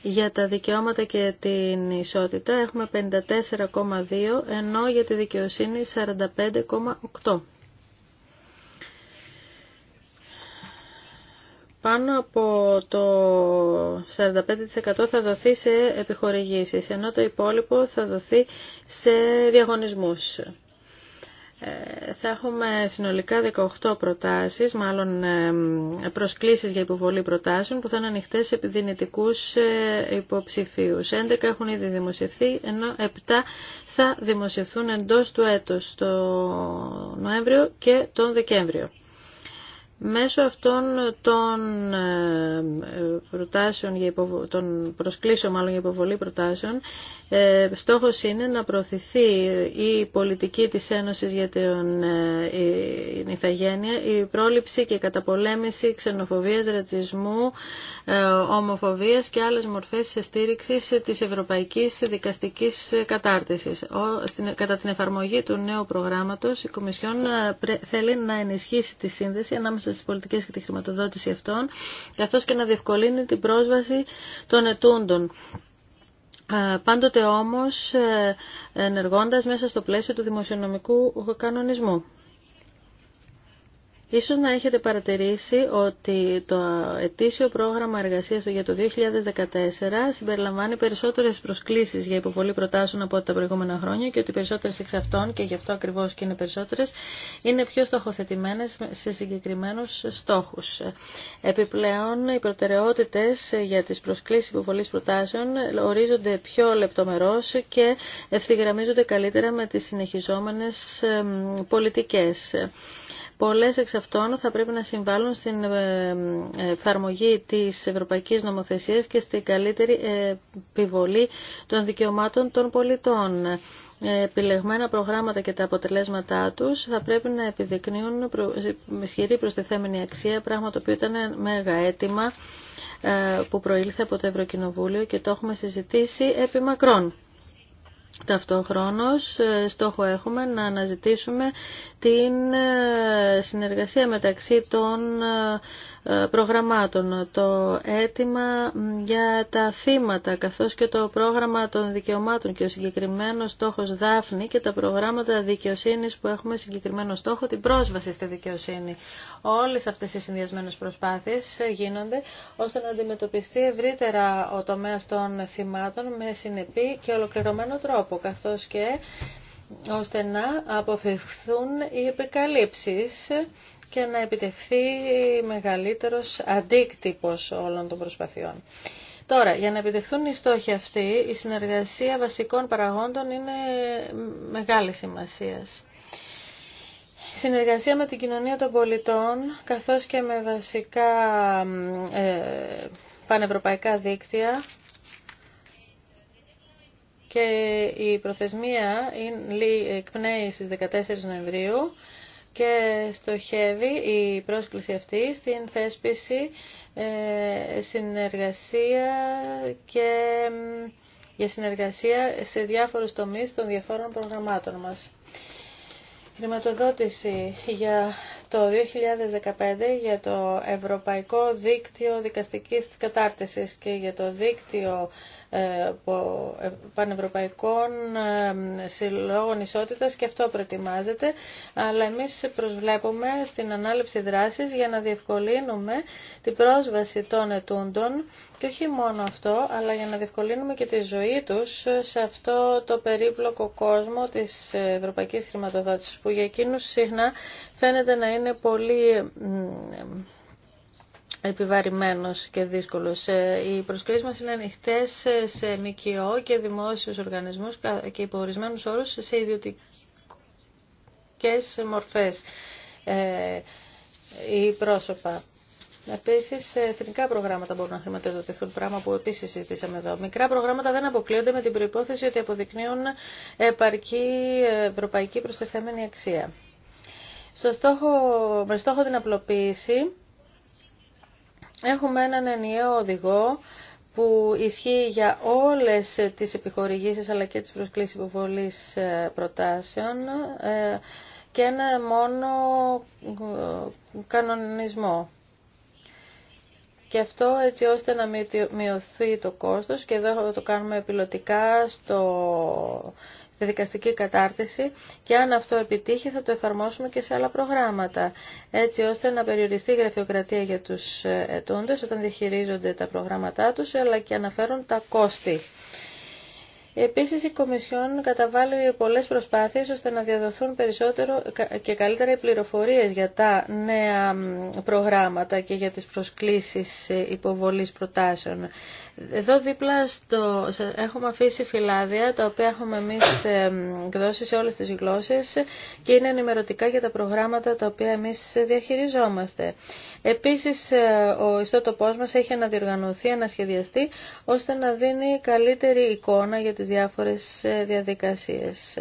Για τα δικαιώματα και την ισότητα έχουμε 54,2 ενώ για τη δικαιοσύνη 45,8. πάνω από το 45% θα δοθεί σε επιχορηγήσεις, ενώ το υπόλοιπο θα δοθεί σε διαγωνισμούς. Ε, θα έχουμε συνολικά 18 προτάσεις, μάλλον ε, προσκλήσεις για υποβολή προτάσεων που θα είναι ανοιχτέ σε επιδυνητικούς ε, υποψηφίους. 11 έχουν ήδη δημοσιευθεί, ενώ 7 θα δημοσιευθούν εντός του έτους, το Νοέμβριο και τον Δεκέμβριο. Μέσω αυτών των, ε, προτάσεων για των προσκλήσεων μάλλον για υποβολή προτάσεων, ε, στόχος είναι να προωθηθεί η πολιτική της Ένωσης για την Ιθαγένεια, ε, η πρόληψη και η καταπολέμηση ξενοφοβίας, ρατσισμού, ομοφοβίας και άλλες μορφές στήριξης της Ευρωπαϊκής Δικαστικής Κατάρτισης. Κατά την εφαρμογή του νέου προγράμματος, η Κομισιόν θέλει να ενισχύσει τη σύνδεση ανάμεσα τι πολιτικέ και τη χρηματοδότηση αυτών, καθώς και να διευκολύνει την πρόσβαση των ετούντων. Πάντοτε όμως ε, ενεργώντας μέσα στο πλαίσιο του δημοσιονομικού κανονισμού. Ίσως να έχετε παρατηρήσει ότι το ετήσιο πρόγραμμα εργασίας για το 2014 συμπεριλαμβάνει περισσότερες προσκλήσεις για υποβολή προτάσεων από τα προηγούμενα χρόνια και ότι περισσότερες εξ αυτών, και γι' αυτό ακριβώς και είναι περισσότερες, είναι πιο στοχοθετημένες σε συγκεκριμένους στόχους. Επιπλέον, οι προτεραιότητες για τις προσκλήσεις υποβολής προτάσεων ορίζονται πιο λεπτομερώς και ευθυγραμμίζονται καλύτερα με τις συνεχιζόμενες πολιτικές. Πολλές εξ αυτών θα πρέπει να συμβάλλουν στην ε, ε, εφαρμογή της ευρωπαϊκής νομοθεσίας και στην καλύτερη ε, επιβολή των δικαιωμάτων των πολιτών επιλεγμένα προγράμματα και τα αποτελέσματά τους θα πρέπει να επιδεικνύουν ισχυρή προστιθέμενη αξία, πράγμα το οποίο ήταν μέγα αίτημα που προήλθε από το Ευρωκοινοβούλιο και το έχουμε συζητήσει επί μακρόν. Ταυτόχρονος ε, στόχο έχουμε να αναζητήσουμε την ε, συνεργασία μεταξύ των ε, προγραμμάτων, το αίτημα για τα θύματα, καθώς και το πρόγραμμα των δικαιωμάτων και ο συγκεκριμένος στόχος Δάφνη και τα προγράμματα δικαιοσύνης που έχουμε συγκεκριμένο στόχο, την πρόσβαση στη δικαιοσύνη. Όλες αυτές οι συνδυασμένες προσπάθειες γίνονται ώστε να αντιμετωπιστεί ευρύτερα ο τομέας των θυμάτων με συνεπή και ολοκληρωμένο τρόπο, καθώς και ώστε να αποφευχθούν οι επικαλύψεις και να επιτευχθεί μεγαλύτερος αντίκτυπος όλων των προσπαθειών. Τώρα, για να επιτευχθούν οι στόχοι αυτοί, η συνεργασία βασικών παραγόντων είναι μεγάλη σημασίας. Συνεργασία με την κοινωνία των πολιτών, καθώς και με βασικά ε, πανευρωπαϊκά δίκτυα και η προθεσμία εκπνέει στις 14 Νοεμβρίου και στοχεύει η πρόσκληση αυτή στην θέσπιση ε, συνεργασία και για συνεργασία σε διάφορους τομείς των διαφόρων προγραμμάτων μας. χρηματοδότηση για το 2015 για το Ευρωπαϊκό Δίκτυο Δικαστικής Κατάρτισης και για το Δίκτυο ε, ε, πανευρωπαϊκών ε, συλλόγων ισότητας και αυτό προετοιμάζεται. Αλλά εμείς προσβλέπουμε στην ανάληψη δράσης για να διευκολύνουμε την πρόσβαση των ετούντων και όχι μόνο αυτό, αλλά για να διευκολύνουμε και τη ζωή τους σε αυτό το περίπλοκο κόσμο της ευρωπαϊκής χρηματοδότησης που για εκείνους συχνά φαίνεται να είναι πολύ επιβαρημένος και δύσκολος. Ε, οι προσκλήσεις μας είναι ανοιχτέ σε ΜΚΟ και δημόσιους οργανισμούς και υπό ορισμένου όρους σε ιδιωτικές μορφές ε, ή πρόσωπα. Επίση, εθνικά προγράμματα μπορούν να χρηματοδοτηθούν, πράγμα που επίση συζητήσαμε εδώ. Μικρά προγράμματα δεν αποκλείονται με την προπόθεση ότι αποδεικνύουν επαρκή ευρωπαϊκή προστεθέμενη αξία. Στο στόχο, με στόχο την απλοποίηση, Έχουμε έναν ενιαίο οδηγό που ισχύει για όλες τις επιχορηγήσεις αλλά και τις προσκλήσεις υποβολής ε, προτάσεων ε, και ένα μόνο ε, κανονισμό. Και αυτό έτσι ώστε να μειωθεί το κόστος και εδώ το κάνουμε πιλωτικά στο Στη δικαστική κατάρτιση και αν αυτό επιτύχει θα το εφαρμόσουμε και σε άλλα προγράμματα, έτσι ώστε να περιοριστεί η γραφειοκρατία για τους ετούντες όταν διαχειρίζονται τα προγράμματά τους, αλλά και αναφέρουν τα κόστη. Επίσης, η Κομισιόν καταβάλει πολλές προσπάθειες ώστε να διαδοθούν περισσότερο και καλύτερα οι πληροφορίες για τα νέα προγράμματα και για τις προσκλήσεις υποβολής προτάσεων. Εδώ δίπλα στο, έχουμε αφήσει φυλάδια, τα οποία έχουμε εμεί εκδώσει σε όλες τις γλώσσες και είναι ενημερωτικά για τα προγράμματα τα οποία εμείς διαχειριζόμαστε. Επίσης, ε, ο ιστότοπός μας έχει αναδιοργανωθεί, ανασχεδιαστεί, ώστε να δίνει καλύτερη εικόνα για τις διάφορες ε, διαδικασίες.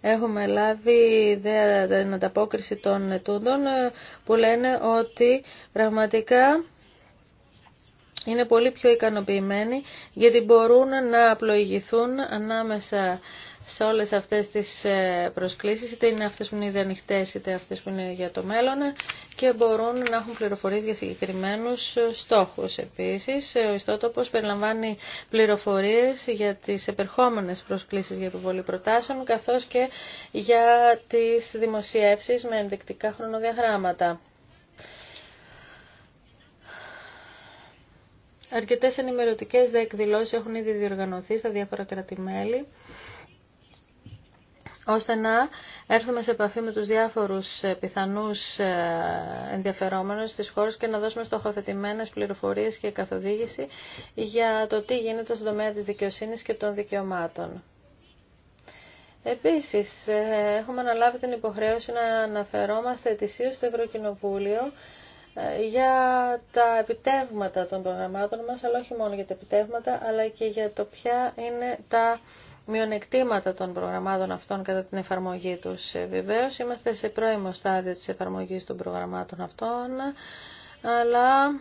Έχουμε λάβει ιδέα ε, την ανταπόκριση των ετούντων που λένε ότι πραγματικά είναι πολύ πιο ικανοποιημένοι γιατί μπορούν να απλοηγηθούν ανάμεσα σε όλες αυτές τις ε, προσκλήσεις, είτε είναι αυτές που είναι ήδη ανοιχτέ, είτε αυτές που είναι για το μέλλον και μπορούν να έχουν πληροφορίες για συγκεκριμένους ε, στόχους. Επίσης, ε, ο ιστότοπος περιλαμβάνει πληροφορίες για τις επερχόμενες προσκλήσεις για επιβολή προτάσεων, καθώς και για τις δημοσιεύσεις με ενδεικτικά χρονοδιαγράμματα. Αρκετές ενημερωτικές εκδηλώσει έχουν ήδη διοργανωθεί στα διάφορα κρατημέλη ώστε να έρθουμε σε επαφή με τους διάφορους ε, πιθανούς ε, ενδιαφερόμενους στις χώρες και να δώσουμε στοχοθετημένες πληροφορίες και καθοδήγηση για το τι γίνεται στον τομέα της δικαιοσύνης και των δικαιωμάτων. Επίσης, ε, έχουμε αναλάβει την υποχρέωση να αναφερόμαστε ετησίως στο Ευρωκοινοβούλιο ε, για τα επιτεύγματα των προγραμμάτων μας, αλλά όχι μόνο για τα επιτεύγματα, αλλά και για το ποια είναι τα μειονεκτήματα των προγραμμάτων αυτών κατά την εφαρμογή τους. Ε, βεβαίως, είμαστε σε πρώιμο στάδιο της εφαρμογής των προγραμμάτων αυτών, αλλά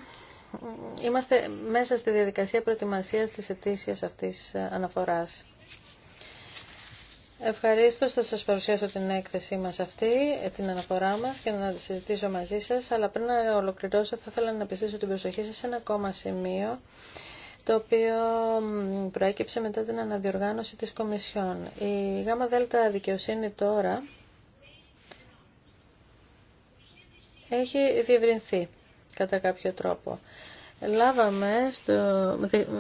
είμαστε μέσα στη διαδικασία προετοιμασίας της ετήσιας αυτής ε, αναφοράς. Ευχαρίστω θα σας παρουσιάσω την έκθεσή μας αυτή, την αναφορά μας και να τη συζητήσω μαζί σας, αλλά πριν να ολοκληρώσω θα ήθελα να πιστήσω την προσοχή σας σε ένα ακόμα σημείο το οποίο προέκυψε μετά την αναδιοργάνωση της Κομισιόν. Η ΓΑΜΑ ΔΕΛΤΑ Δικαιοσύνη τώρα έχει διευρυνθεί κατά κάποιο τρόπο. Λάβαμε στο,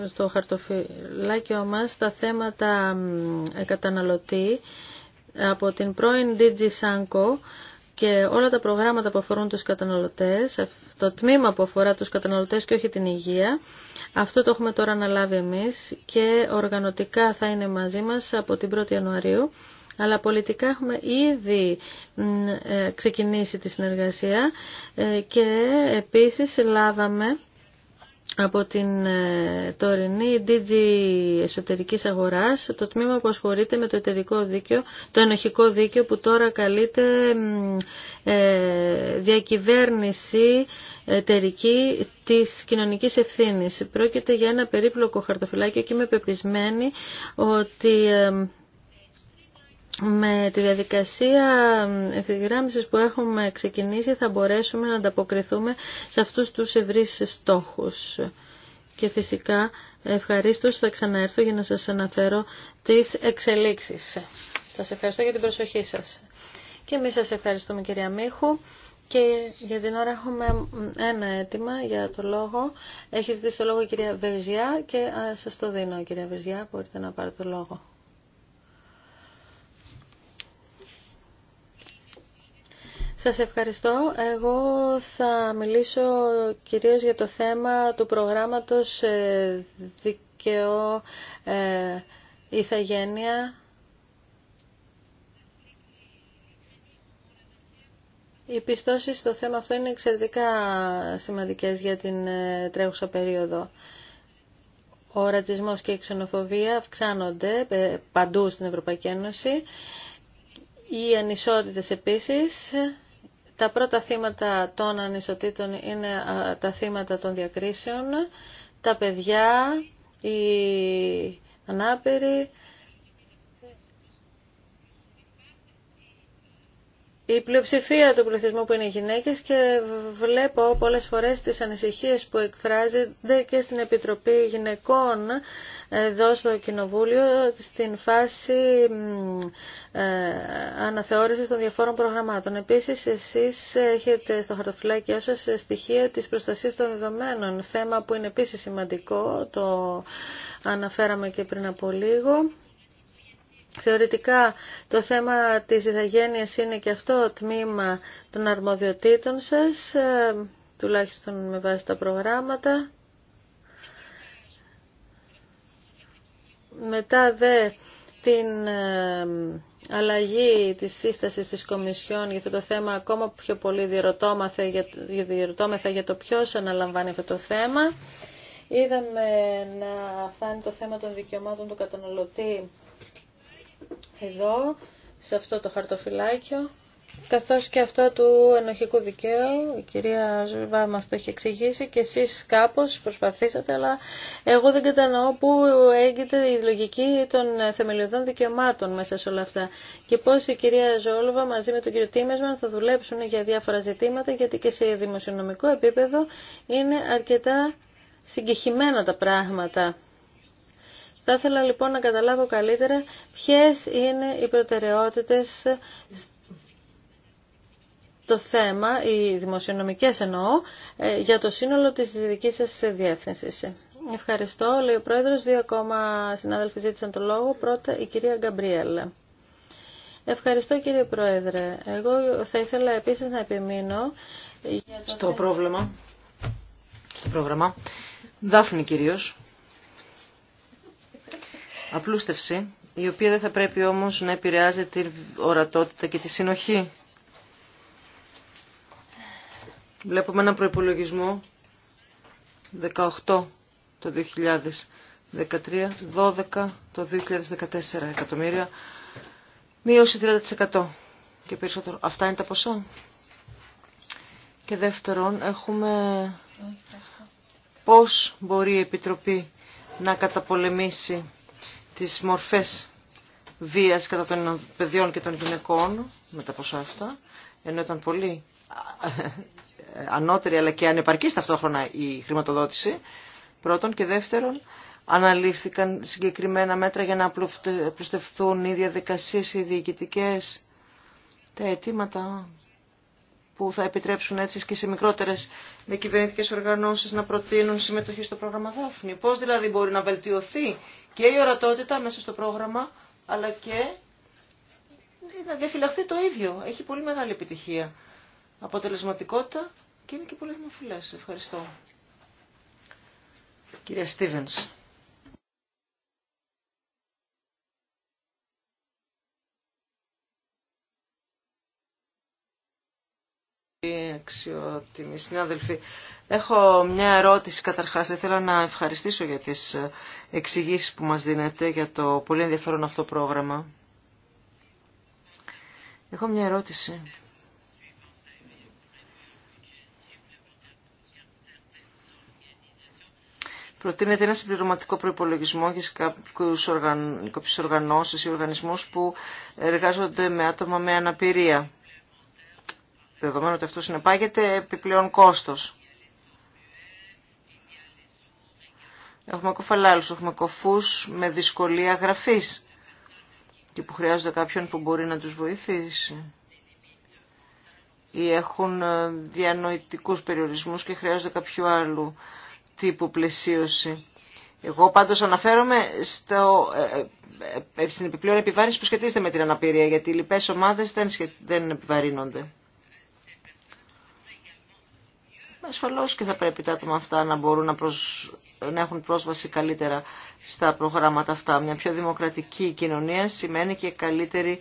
στο χαρτοφυλάκιο μας τα θέματα ε, καταναλωτή από την πρώην DG Sanko και όλα τα προγράμματα που αφορούν τους καταναλωτές, το τμήμα που αφορά τους καταναλωτές και όχι την υγεία, αυτό το έχουμε τώρα αναλάβει εμείς και οργανωτικά θα είναι μαζί μας από την 1η Ιανουαρίου, αλλά πολιτικά έχουμε ήδη ε, ξεκινήσει τη συνεργασία ε, και επίσης λάβαμε από την ε, τωρινή DG εσωτερικής αγοράς, το τμήμα που ασχολείται με το εταιρικό δίκαιο, το ενοχικό δίκαιο που τώρα καλείται ε, διακυβέρνηση εταιρική της κοινωνικής ευθύνης. Πρόκειται για ένα περίπλοκο χαρτοφυλάκιο και είμαι πεπισμένη ότι ε, με τη διαδικασία ευθυγράμμισης που έχουμε ξεκινήσει θα μπορέσουμε να ανταποκριθούμε σε αυτούς τους ευρύς στόχους. Και φυσικά ευχαρίστως θα ξαναέρθω για να σας αναφέρω τις εξελίξεις. Σας ευχαριστώ για την προσοχή σας. Και εμείς σας ευχαριστούμε κυρία Μίχου. Και για την ώρα έχουμε ένα αίτημα για το λόγο. Έχει ζητήσει το λόγο η κυρία Βερζιά και σας το δίνω κυρία Βεζιά, μπορείτε να πάρετε το λόγο. Σας ευχαριστώ. Εγώ θα μιλήσω κυρίως για το θέμα του προγράμματος ε, δικαιό ε, ηθαγένεια. Οι πιστώσει στο θέμα αυτό είναι εξαιρετικά σημαντικές για την ε, τρέχουσα περίοδο. Ο ρατσισμός και η ξενοφοβία αυξάνονται παντού στην Ευρωπαϊκή Ένωση. Οι ανισότητες επίσης τα πρώτα θύματα των ανισοτήτων είναι τα θύματα των διακρίσεων, τα παιδιά, οι ανάπηροι, η πλειοψηφία του πληθυσμού που είναι γυναίκες και βλέπω πολλές φορές τις ανησυχίες που εκφράζονται και στην Επιτροπή Γυναικών εδώ στο Κοινοβούλιο στην φάση ε, αναθεώρησης των διαφόρων προγραμμάτων. Επίσης, εσείς έχετε στο χαρτοφυλάκιό σας στοιχεία της προστασίας των δεδομένων, θέμα που είναι επίσης σημαντικό, το αναφέραμε και πριν από λίγο. Θεωρητικά το θέμα της ηθαγένειας είναι και αυτό τμήμα των αρμοδιοτήτων σας, ε, τουλάχιστον με βάση τα προγράμματα. Μετά δε την ε, αλλαγή της σύστασης της Κομισιόν για αυτό το θέμα ακόμα πιο πολύ διερωτώμεθα για το ποιος αναλαμβάνει αυτό το θέμα. Είδαμε να φτάνει το θέμα των δικαιωμάτων του καταναλωτή εδώ, σε αυτό το χαρτοφυλάκιο, καθώς και αυτό του ενοχικού δικαίου. Η κυρία Ζουβά μας το έχει εξηγήσει και εσείς κάπως προσπαθήσατε, αλλά εγώ δεν κατανοώ πού έγκυται η λογική των θεμελιωδών δικαιωμάτων μέσα σε όλα αυτά και πώς η κυρία Ζόλβα μαζί με τον κύριο Τίμεσμαν θα δουλέψουν για διάφορα ζητήματα, γιατί και σε δημοσιονομικό επίπεδο είναι αρκετά συγκεχημένα τα πράγματα. Θα ήθελα λοιπόν να καταλάβω καλύτερα ποιες είναι οι προτεραιότητες το θέμα, οι δημοσιονομικές εννοώ, ε, για το σύνολο της δικής σας διεύθυνσης. Ευχαριστώ. Λέει ο Πρόεδρος, δύο ακόμα συνάδελφοι ζήτησαν το λόγο. Πρώτα η κυρία Γκαμπριέλα. Ευχαριστώ κύριε Πρόεδρε. Εγώ θα ήθελα επίσης να επιμείνω... Για το στο πρόβλημα, στο πρόγραμμα, Δάφνη κυρίως, απλούστευση, η οποία δεν θα πρέπει όμως να επηρεάζει την ορατότητα και τη συνοχή. Βλέπουμε έναν προϋπολογισμό 18 το 2013, 12 το 2014 εκατομμύρια, μείωση 30% και περισσότερο. Αυτά είναι τα ποσά. Και δεύτερον, έχουμε πώς μπορεί η Επιτροπή να καταπολεμήσει τις μορφές βίας κατά των παιδιών και των γυναικών, με τα ποσά αυτά, ενώ ήταν πολύ ε, ανώτερη αλλά και ανεπαρκή ταυτόχρονα η χρηματοδότηση, πρώτον και δεύτερον, αναλήφθηκαν συγκεκριμένα μέτρα για να απλουστευθούν οι διαδικασίες οι διοικητικές, τα αιτήματα που θα επιτρέψουν έτσι και σε μικρότερε με κυβερνητικές οργανώσεις να προτείνουν συμμετοχή στο πρόγραμμα Δάφνη. Πώ δηλαδή μπορεί να βελτιωθεί και η ορατότητα μέσα στο πρόγραμμα, αλλά και να διαφυλαχθεί το ίδιο. Έχει πολύ μεγάλη επιτυχία. Αποτελεσματικότητα και είναι και πολύ δημοφιλέ. Ευχαριστώ. Κυρία Στίβενς. πει αξιότιμοι συνάδελφοι. Έχω μια ερώτηση καταρχάς. Θέλω να ευχαριστήσω για τις εξηγήσεις που μας δίνετε για το πολύ ενδιαφέρον αυτό πρόγραμμα. Έχω μια ερώτηση. Προτείνεται ένα συμπληρωματικό προπολογισμό για κάποιου οργανώσει ή οργανισμού που εργάζονται με άτομα με αναπηρία δεδομένου ότι αυτό συνεπάγεται επιπλέον κόστος. Έχουμε κοφαλάλους, έχουμε κοφούς με δυσκολία γραφής και που χρειάζονται κάποιον που μπορεί να τους βοηθήσει ή έχουν ε, διανοητικούς περιορισμούς και χρειάζονται κάποιου άλλου τύπου πλαισίωση. Εγώ πάντως αναφέρομαι στο, ε, ε, στην επιπλέον επιβάρυνση που σχετίζεται με την αναπηρία, γιατί οι λοιπές ομάδες δεν, δεν επιβαρύνονται. ασφαλώς και θα πρέπει τα άτομα αυτά να μπορούν να, να έχουν πρόσβαση καλύτερα στα προγράμματα αυτά. Μια πιο δημοκρατική κοινωνία σημαίνει και καλύτερη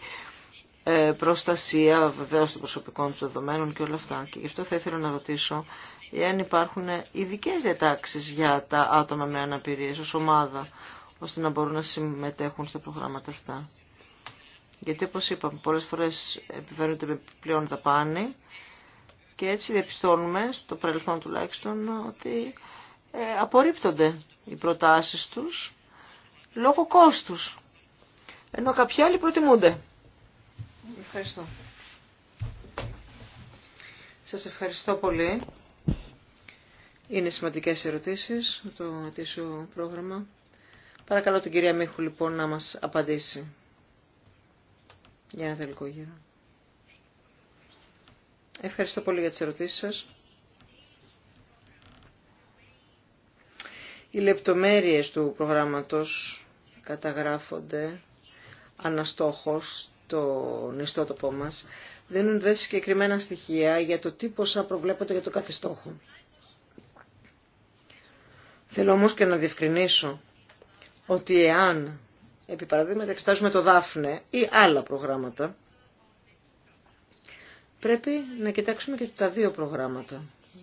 ε, προστασία βεβαίω των προσωπικών του δεδομένων και όλα αυτά. Και γι' αυτό θα ήθελα να ρωτήσω εάν υπάρχουν ειδικέ διατάξει για τα άτομα με αναπηρίε ω ομάδα, ώστε να μπορούν να συμμετέχουν στα προγράμματα αυτά. Γιατί όπως είπαμε, πολλές φορές επιβαίνονται με πλέον δαπάνη και έτσι διαπιστώνουμε, στο παρελθόν τουλάχιστον, ότι ε, απορρίπτονται οι προτάσεις τους λόγω κόστους. Ενώ κάποιοι άλλοι προτιμούνται. Ευχαριστώ. Σας ευχαριστώ πολύ. Είναι σημαντικές ερωτήσεις το ετήσιο πρόγραμμα. Παρακαλώ την κυρία Μίχου λοιπόν να μας απαντήσει για ένα τελικό γύρο. Ευχαριστώ πολύ για τις ερωτήσεις σας. Οι λεπτομέρειες του προγράμματος καταγράφονται αναστόχως το νηστότοπο μας. Δίνουν δε συγκεκριμένα στοιχεία για το τι ποσά προβλέπονται για το κάθε στόχο. Θέλω όμως και να διευκρινίσω ότι εάν, επί παραδείγματα, εξετάζουμε το Δάφνε ή άλλα προγράμματα, Πρέπει να κοιτάξουμε και τα δύο προγράμματα.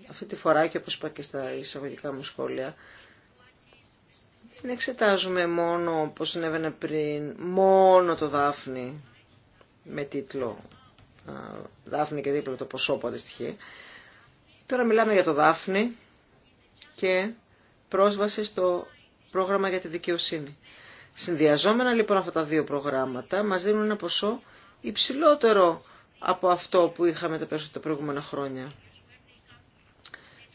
Αυτή τη φορά και όπως είπα και στα εισαγωγικά μου σχόλια, δεν εξετάζουμε μόνο όπως συνέβαινε πριν, μόνο το Δάφνη με τίτλο Δάφνη και δίπλα το ποσό που αντιστοιχεί. Τώρα μιλάμε για το Δάφνη και πρόσβαση στο πρόγραμμα για τη δικαιοσύνη. Συνδυαζόμενα λοιπόν αυτά τα δύο προγράμματα μας δίνουν ένα ποσό υψηλότερο από αυτό που είχαμε τα προηγούμενα χρόνια.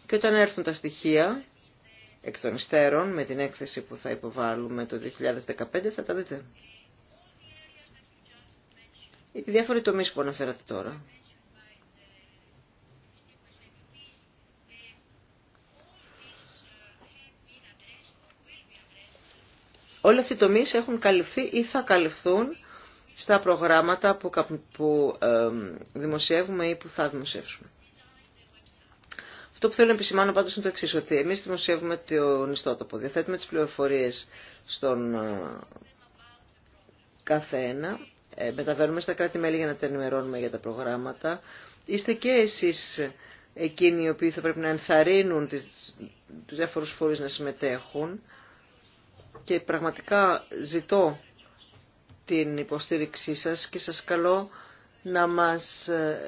Και όταν έρθουν τα στοιχεία εκ των υστέρων με την έκθεση που θα υποβάλουμε το 2015 θα τα δείτε. Οι διάφοροι τομείς που αναφέρατε τώρα. Όλοι αυτοί οι τομείς έχουν καλυφθεί ή θα καλυφθούν στα προγράμματα που δημοσιεύουμε ή που θα δημοσιεύσουμε. Αυτό που θέλω να επισημάνω πάντως είναι το εξή ότι εμείς δημοσιεύουμε τον ιστότοπο, διαθέτουμε τις πληροφορίες στον ε, καθένα, ε, μεταβαίνουμε στα κράτη-μέλη για να τα ενημερώνουμε για τα προγράμματα. Είστε και εσείς εκείνοι οι οποίοι θα πρέπει να ενθαρρύνουν τις, τους διάφορους φορείς να συμμετέχουν και πραγματικά ζητώ την υποστήριξή σας και σας καλώ να μας ε,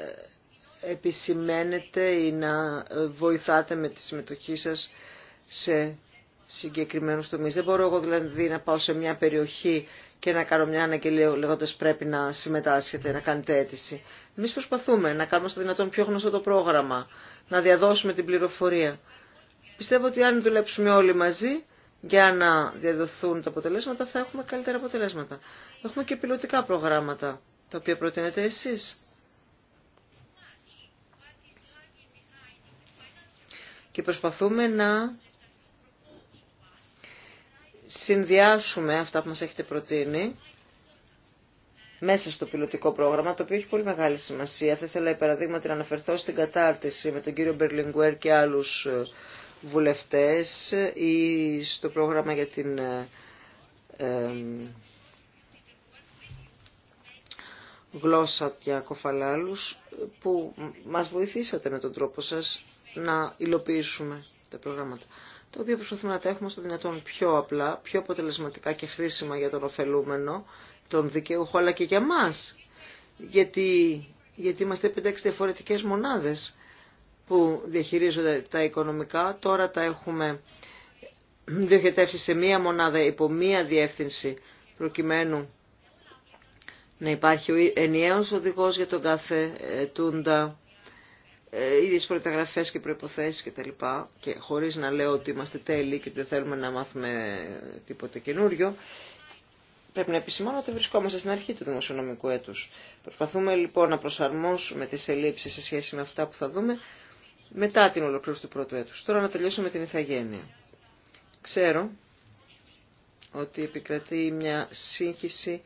επισημαίνετε ή να ε, βοηθάτε με τη συμμετοχή σας σε συγκεκριμένους τομείς. Δεν μπορώ εγώ δηλαδή να πάω σε μια περιοχή και να κάνω μια αναγγελία λέγοντα πρέπει να συμμετάσχετε, να κάνετε αίτηση. Εμεί προσπαθούμε να κάνουμε στο δυνατόν πιο γνωστό το πρόγραμμα, να διαδώσουμε την πληροφορία. Πιστεύω ότι αν δουλέψουμε όλοι μαζί για να διαδοθούν τα αποτελέσματα θα έχουμε καλύτερα αποτελέσματα. Έχουμε και πιλωτικά προγράμματα, τα οποία προτείνετε εσείς. Και προσπαθούμε να συνδυάσουμε αυτά που μας έχετε προτείνει μέσα στο πιλωτικό πρόγραμμα, το οποίο έχει πολύ μεγάλη σημασία. Θα ήθελα, παραδείγματι, να αναφερθώ στην κατάρτιση με τον κύριο Μπερλιγκουέρ και άλλους ε, βουλευτές ή στο πρόγραμμα για την ε, γλώσσα για κοφαλάλους που μας βοηθήσατε με τον τρόπο σας να υλοποιήσουμε τα προγράμματα τα οποία προσπαθούμε να τα έχουμε στο δυνατόν πιο απλά, πιο αποτελεσματικά και χρήσιμα για τον ωφελούμενο, τον δικαιούχο, αλλά και για μας. Γιατί, γιατί είμαστε 5-6 διαφορετικές μονάδες που διαχειρίζονται τα οικονομικά. Τώρα τα έχουμε διοχετεύσει σε μία μονάδα υπό μία διεύθυνση προκειμένου να υπάρχει ο ενιαίος οδηγός για τον κάθε ε, τούντα, ε, ίδιες προταγραφές και προϋποθέσεις κτλ. Και χωρίς να λέω ότι είμαστε τέλειοι και δεν θέλουμε να μάθουμε ε, τίποτε καινούριο, Πρέπει να επισημάνω ότι βρισκόμαστε στην αρχή του δημοσιονομικού έτους. Προσπαθούμε λοιπόν να προσαρμόσουμε τις ελλείψεις σε σχέση με αυτά που θα δούμε μετά την ολοκλήρωση του πρώτου έτους. Τώρα να τελειώσω με την ηθαγένεια. Ξέρω ότι επικρατεί μια σύγχυση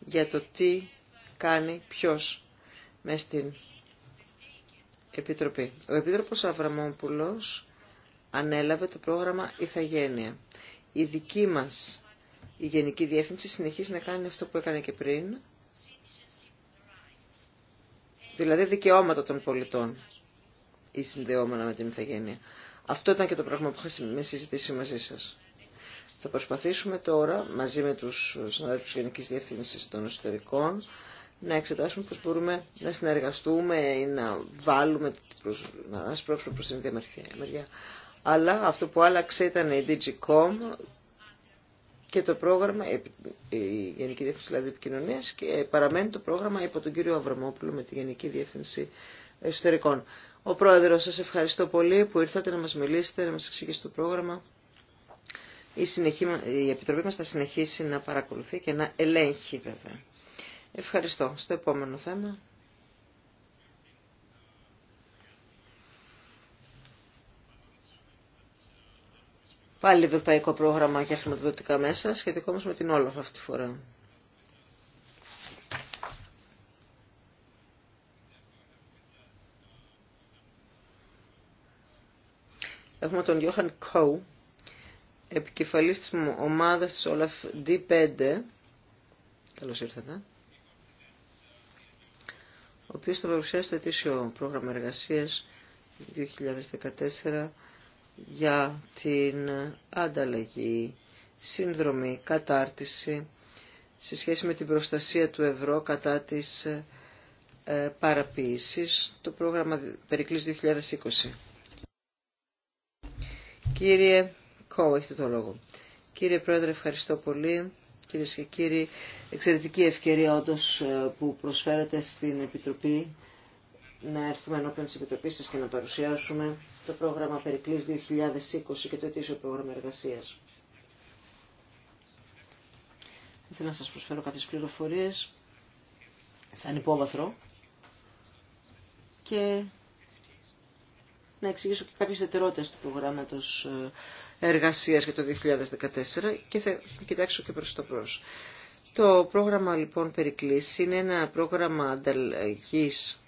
για το τι κάνει ποιος με στην Επιτροπή. Ο Επίτροπος Αβραμόπουλος ανέλαβε το πρόγραμμα Ιθαγένεια. Η δική μας η Γενική Διεύθυνση συνεχίζει να κάνει αυτό που έκανε και πριν, δηλαδή δικαιώματα των πολιτών ή συνδεόμενα με την ηθαγένεια. Αυτό ήταν και το πράγμα που είχαμε συζητήσει μαζί σας. Θα προσπαθήσουμε τώρα, μαζί με τους συναδέλφους τη Γενικής Διευθύνσης των Εσωτερικών, να εξετάσουμε πώς μπορούμε να συνεργαστούμε ή να βάλουμε, να σπρώξουμε προ την ίδια Αλλά αυτό που άλλαξε ήταν η DigiCom και το πρόγραμμα, η Γενική Διεύθυνση δηλαδή Επικοινωνία και παραμένει το πρόγραμμα υπό τον κύριο Αβραμόπουλο με τη Γενική Διεύθυνση Εσωτερικών. Ο Πρόεδρος, σας ευχαριστώ πολύ που ήρθατε να μας μιλήσετε, να μας εξηγήσετε το πρόγραμμα. Η, συνεχή, η Επιτροπή μας θα συνεχίσει να παρακολουθεί και να ελέγχει βέβαια. Ευχαριστώ. Στο επόμενο θέμα. Πάλι ευρωπαϊκό πρόγραμμα για χρηματοδοτικά μέσα, σχετικό με την όλο αυτή τη φορά. Έχουμε τον Γιώχαν Κόου, επικεφαλής της ομάδας της Όλαφ D5. Καλώς ήρθατε. Ο οποίος θα παρουσιάσει το ετήσιο πρόγραμμα εργασίας 2014 για την ανταλλαγή, σύνδρομη, κατάρτιση σε σχέση με την προστασία του ευρώ κατά της ε, παραποίησης, το πρόγραμμα Περικλής 2020. Κύριε Κόου, έχετε το λόγο. Κύριε Πρόεδρε, ευχαριστώ πολύ. Κυρίε και κύριοι, εξαιρετική ευκαιρία όντω ε, που προσφέρετε στην Επιτροπή να έρθουμε ενώπιον τη Επιτροπή σα και να παρουσιάσουμε το πρόγραμμα Περικλής 2020 και το ετήσιο πρόγραμμα εργασία. Θέλω να σας προσφέρω κάποιες πληροφορίες σαν υπόβαθρο και να εξηγήσω και κάποιες ιδιαιτερότητες του προγράμματος ε, εργασίας για το 2014 και θα κοιτάξω και προς το προς. Το πρόγραμμα λοιπόν Περικλής είναι ένα πρόγραμμα ανταλλαγής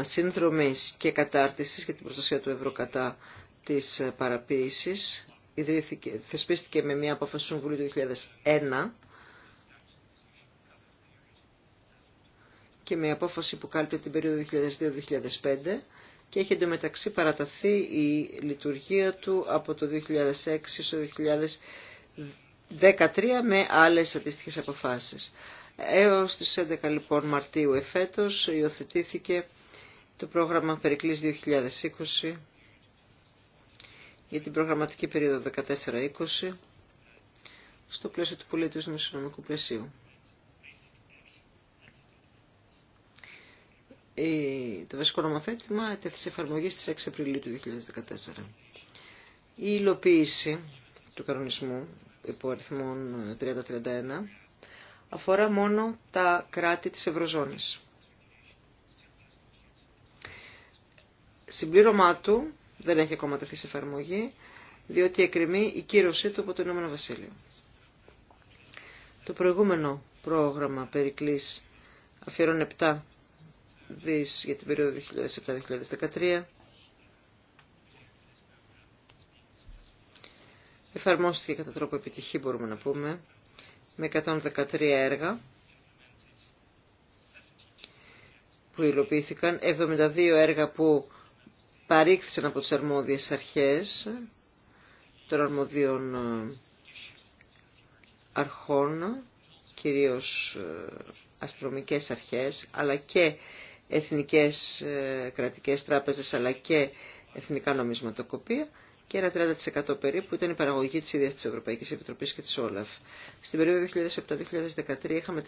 σύνδρομης και κατάρτισης για την προστασία του ευρωκατά της ε, παραποίησης. Ιδρύθηκε, θεσπίστηκε με μια απόφαση του Συμβουλίου του 2001 και με απόφαση που κάλυπτε την περίοδο 2002-2005 και έχει εντωμεταξύ παραταθεί η λειτουργία του από το 2006 στο 2013 με άλλες αντίστοιχε αποφάσεις. Έως τις 11 λοιπόν Μαρτίου εφέτος υιοθετήθηκε το πρόγραμμα Περικλής 2020 για την προγραμματική περίοδο 14-20 στο πλαίσιο του πολιτισμού συνομικού πλαισίου. το βασικό νομοθέτημα έτεθε σε εφαρμογή στις 6 Απριλίου του 2014. Η υλοποίηση του κανονισμού υπό αριθμών 3031 αφορά μόνο τα κράτη της Ευρωζώνης. Συμπλήρωμά του δεν έχει ακόμα τεθεί σε εφαρμογή, διότι εκκρεμεί η κύρωσή του από το Ηνωμένο Βασίλειο. Το προηγούμενο πρόγραμμα Περικλής αφιέρων 7 δις για την περίοδο 2007-2013. Εφαρμόστηκε κατά τρόπο επιτυχή μπορούμε να πούμε με 113 έργα που υλοποιήθηκαν, 72 έργα που παρήχθησαν από τις αρμόδιες αρχές των αρμοδίων ε, αρχών, κυρίως ε, αστρομικές αρχές, αλλά και εθνικές ε, κρατικές τράπεζες αλλά και εθνικά νομισματοκοπία και ένα 30% περίπου ήταν η παραγωγή της ίδιας της Ευρωπαϊκής Επιτροπής και της Όλαφ. Στην περίοδο 2007-2013 είχαμε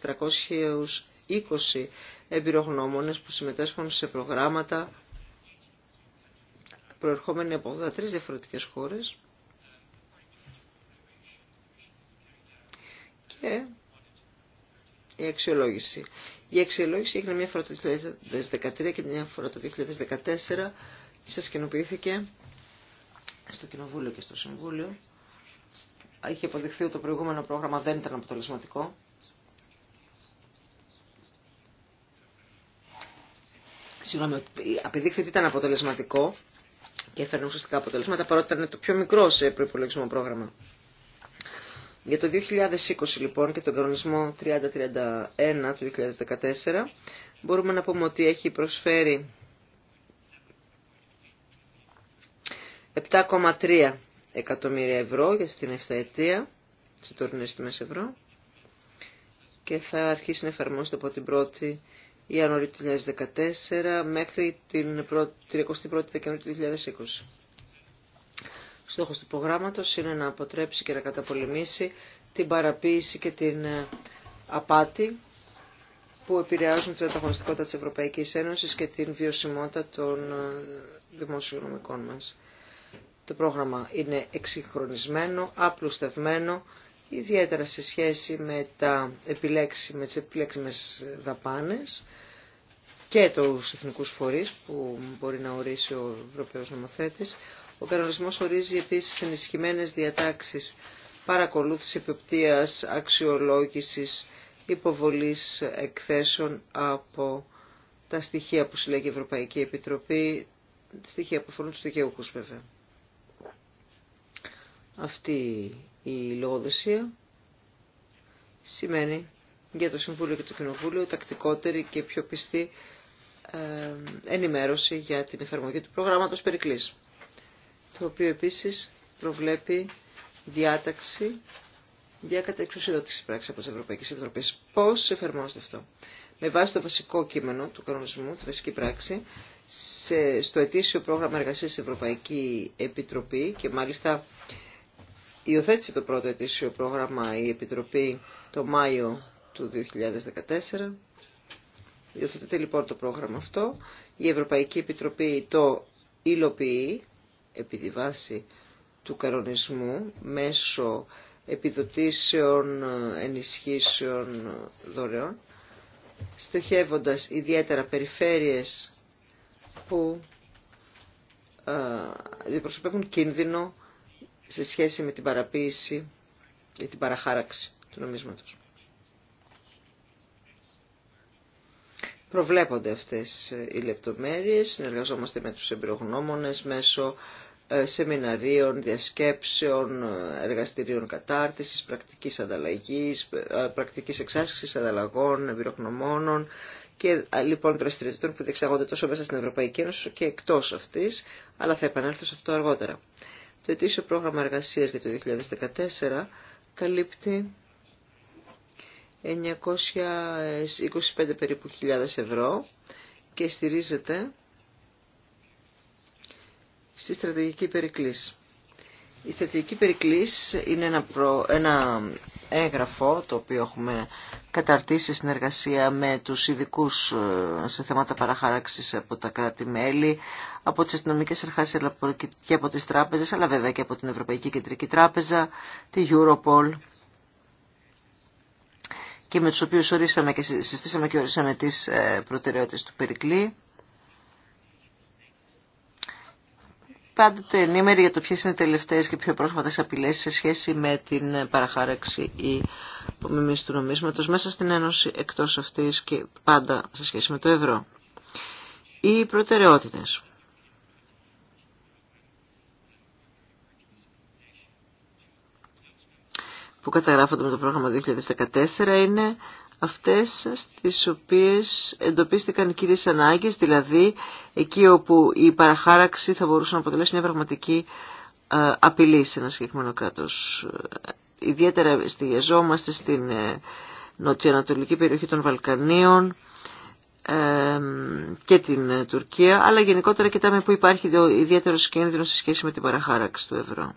4.320 εμπειρογνώμονες που συμμετέσχουν σε προγράμματα προερχόμενοι από 83 διαφορετικές χώρες και η αξιολόγηση. Η αξιολόγηση έγινε μια φορά το 2013 και μια φορά το 2014. Σας κοινοποιήθηκε στο Κοινοβούλιο και στο Συμβούλιο. Είχε αποδειχθεί ότι το προηγούμενο πρόγραμμα δεν ήταν αποτελεσματικό. Συγγνώμη, απειδείχθη ότι ήταν αποτελεσματικό και έφερνε ουσιαστικά αποτελέσματα παρότι ήταν το πιο μικρό σε προπολογισμό πρόγραμμα. Για το 2020 λοιπόν και τον κανονισμό 3031 του 2014 μπορούμε να πούμε ότι έχει προσφέρει 7,3 εκατομμύρια ευρώ για την ευθαετία σε τωρινές τιμές ευρώ και θα αρχίσει να εφαρμόζεται από την 1η Ιανουαρίου του 2014 μέχρι την 31η Δεκεμβρίου του 2020. Στόχος του προγράμματος είναι να αποτρέψει και να καταπολεμήσει την παραποίηση και την ε, απάτη που επηρεάζουν την ανταγωνιστικότητα της Ευρωπαϊκής Ένωσης και την βιωσιμότητα των ε, δημοσιονομικών μας. Το πρόγραμμα είναι εξυγχρονισμένο, απλουστευμένο, ιδιαίτερα σε σχέση με, τα επιλέξη, με τις επιλέξιμες δαπάνες και τους εθνικούς φορείς που μπορεί να ορίσει ο Ευρωπαίος Νομοθέτης. Ο κανονισμός ορίζει επίσης ενισχυμένες διατάξεις παρακολούθηση επιπτίας αξιολόγησης υποβολής εκθέσεων από τα στοιχεία που συλλέγει η Ευρωπαϊκή Επιτροπή, στοιχεία που αφορούν τους Δικαιούχου βέβαια. Αυτή η λογοδοσία σημαίνει για το Συμβούλιο και το Κοινοβούλιο τακτικότερη και πιο πιστή ε, ενημέρωση για την εφαρμογή του προγράμματος Περικλής το οποίο επίσης προβλέπει διάταξη για κατεξουσιοδότηση πράξη από τι Ευρωπαϊκέ Επιτροπέ. Πώ εφαρμόζεται αυτό. Με βάση το βασικό κείμενο του κανονισμού, τη βασική πράξη, στο ετήσιο πρόγραμμα εργασία τη Ευρωπαϊκή Επιτροπή και μάλιστα υιοθέτησε το πρώτο ετήσιο πρόγραμμα η Επιτροπή το Μάιο του 2014. Υιοθετείται λοιπόν το πρόγραμμα αυτό. Η Ευρωπαϊκή Επιτροπή το υλοποιεί επί τη βάση του κανονισμού μέσω επιδοτήσεων, ενισχύσεων, δωρεών, στοχεύοντας ιδιαίτερα περιφέρειες που διαπροσωπεύουν κίνδυνο σε σχέση με την παραποίηση ή την παραχάραξη του νομίσματος. προβλέπονται αυτές οι λεπτομέρειες, συνεργαζόμαστε με τους εμπειρογνώμονες μέσω ε, σεμιναρίων, διασκέψεων, εργαστηρίων κατάρτισης, πρακτικής ανταλλαγής, ε, πρακτικής εξάσκησης ανταλλαγών, εμπειρογνωμόνων και λοιπόν δραστηριοτήτων που διεξάγονται τόσο μέσα στην Ευρωπαϊκή Ένωση και εκτός αυτής, αλλά θα επανέλθω σε αυτό αργότερα. Το ετήσιο πρόγραμμα εργασίας για το 2014 καλύπτει 925 περίπου χιλιάδες ευρώ και στηρίζεται στη στρατηγική περικλής. Η στρατηγική περικλής είναι ένα, ένα έγγραφο το οποίο έχουμε καταρτήσει συνεργασία με τους ειδικού ε, σε θέματα παραχάραξης από τα κράτη-μέλη, από τις αστυνομικές αρχές και από τις τράπεζες, αλλά βέβαια και από την Ευρωπαϊκή Κεντρική Τράπεζα, τη Europol και με τους οποίους ορίσαμε και συστήσαμε και ορίσαμε τις ε, προτεραιότητες του Περικλή. Πάντοτε ενήμεροι για το ποιες είναι οι τελευταίες και πιο πρόσφατες απειλές σε σχέση με την ε, παραχάραξη ή απομιμής του νομίσματος μέσα στην Ένωση εκτός αυτής και πάντα σε σχέση με το ευρώ. Οι προτεραιότητες. που καταγράφονται με το πρόγραμμα 2014 είναι αυτές στις οποίες εντοπίστηκαν κύριες ανάγκες, δηλαδή εκεί όπου η παραχάραξη θα μπορούσε να αποτελέσει μια πραγματική ε, απειλή σε ένα συγκεκριμένο κράτος. Ιδιαίτερα εστιαζόμαστε στην ε, νοτιοανατολική περιοχή των Βαλκανίων ε, και την Τουρκία, αλλά γενικότερα κοιτάμε που υπάρχει ιδιαίτερο κίνδυνο σε σχέση με την παραχάραξη του ευρώ.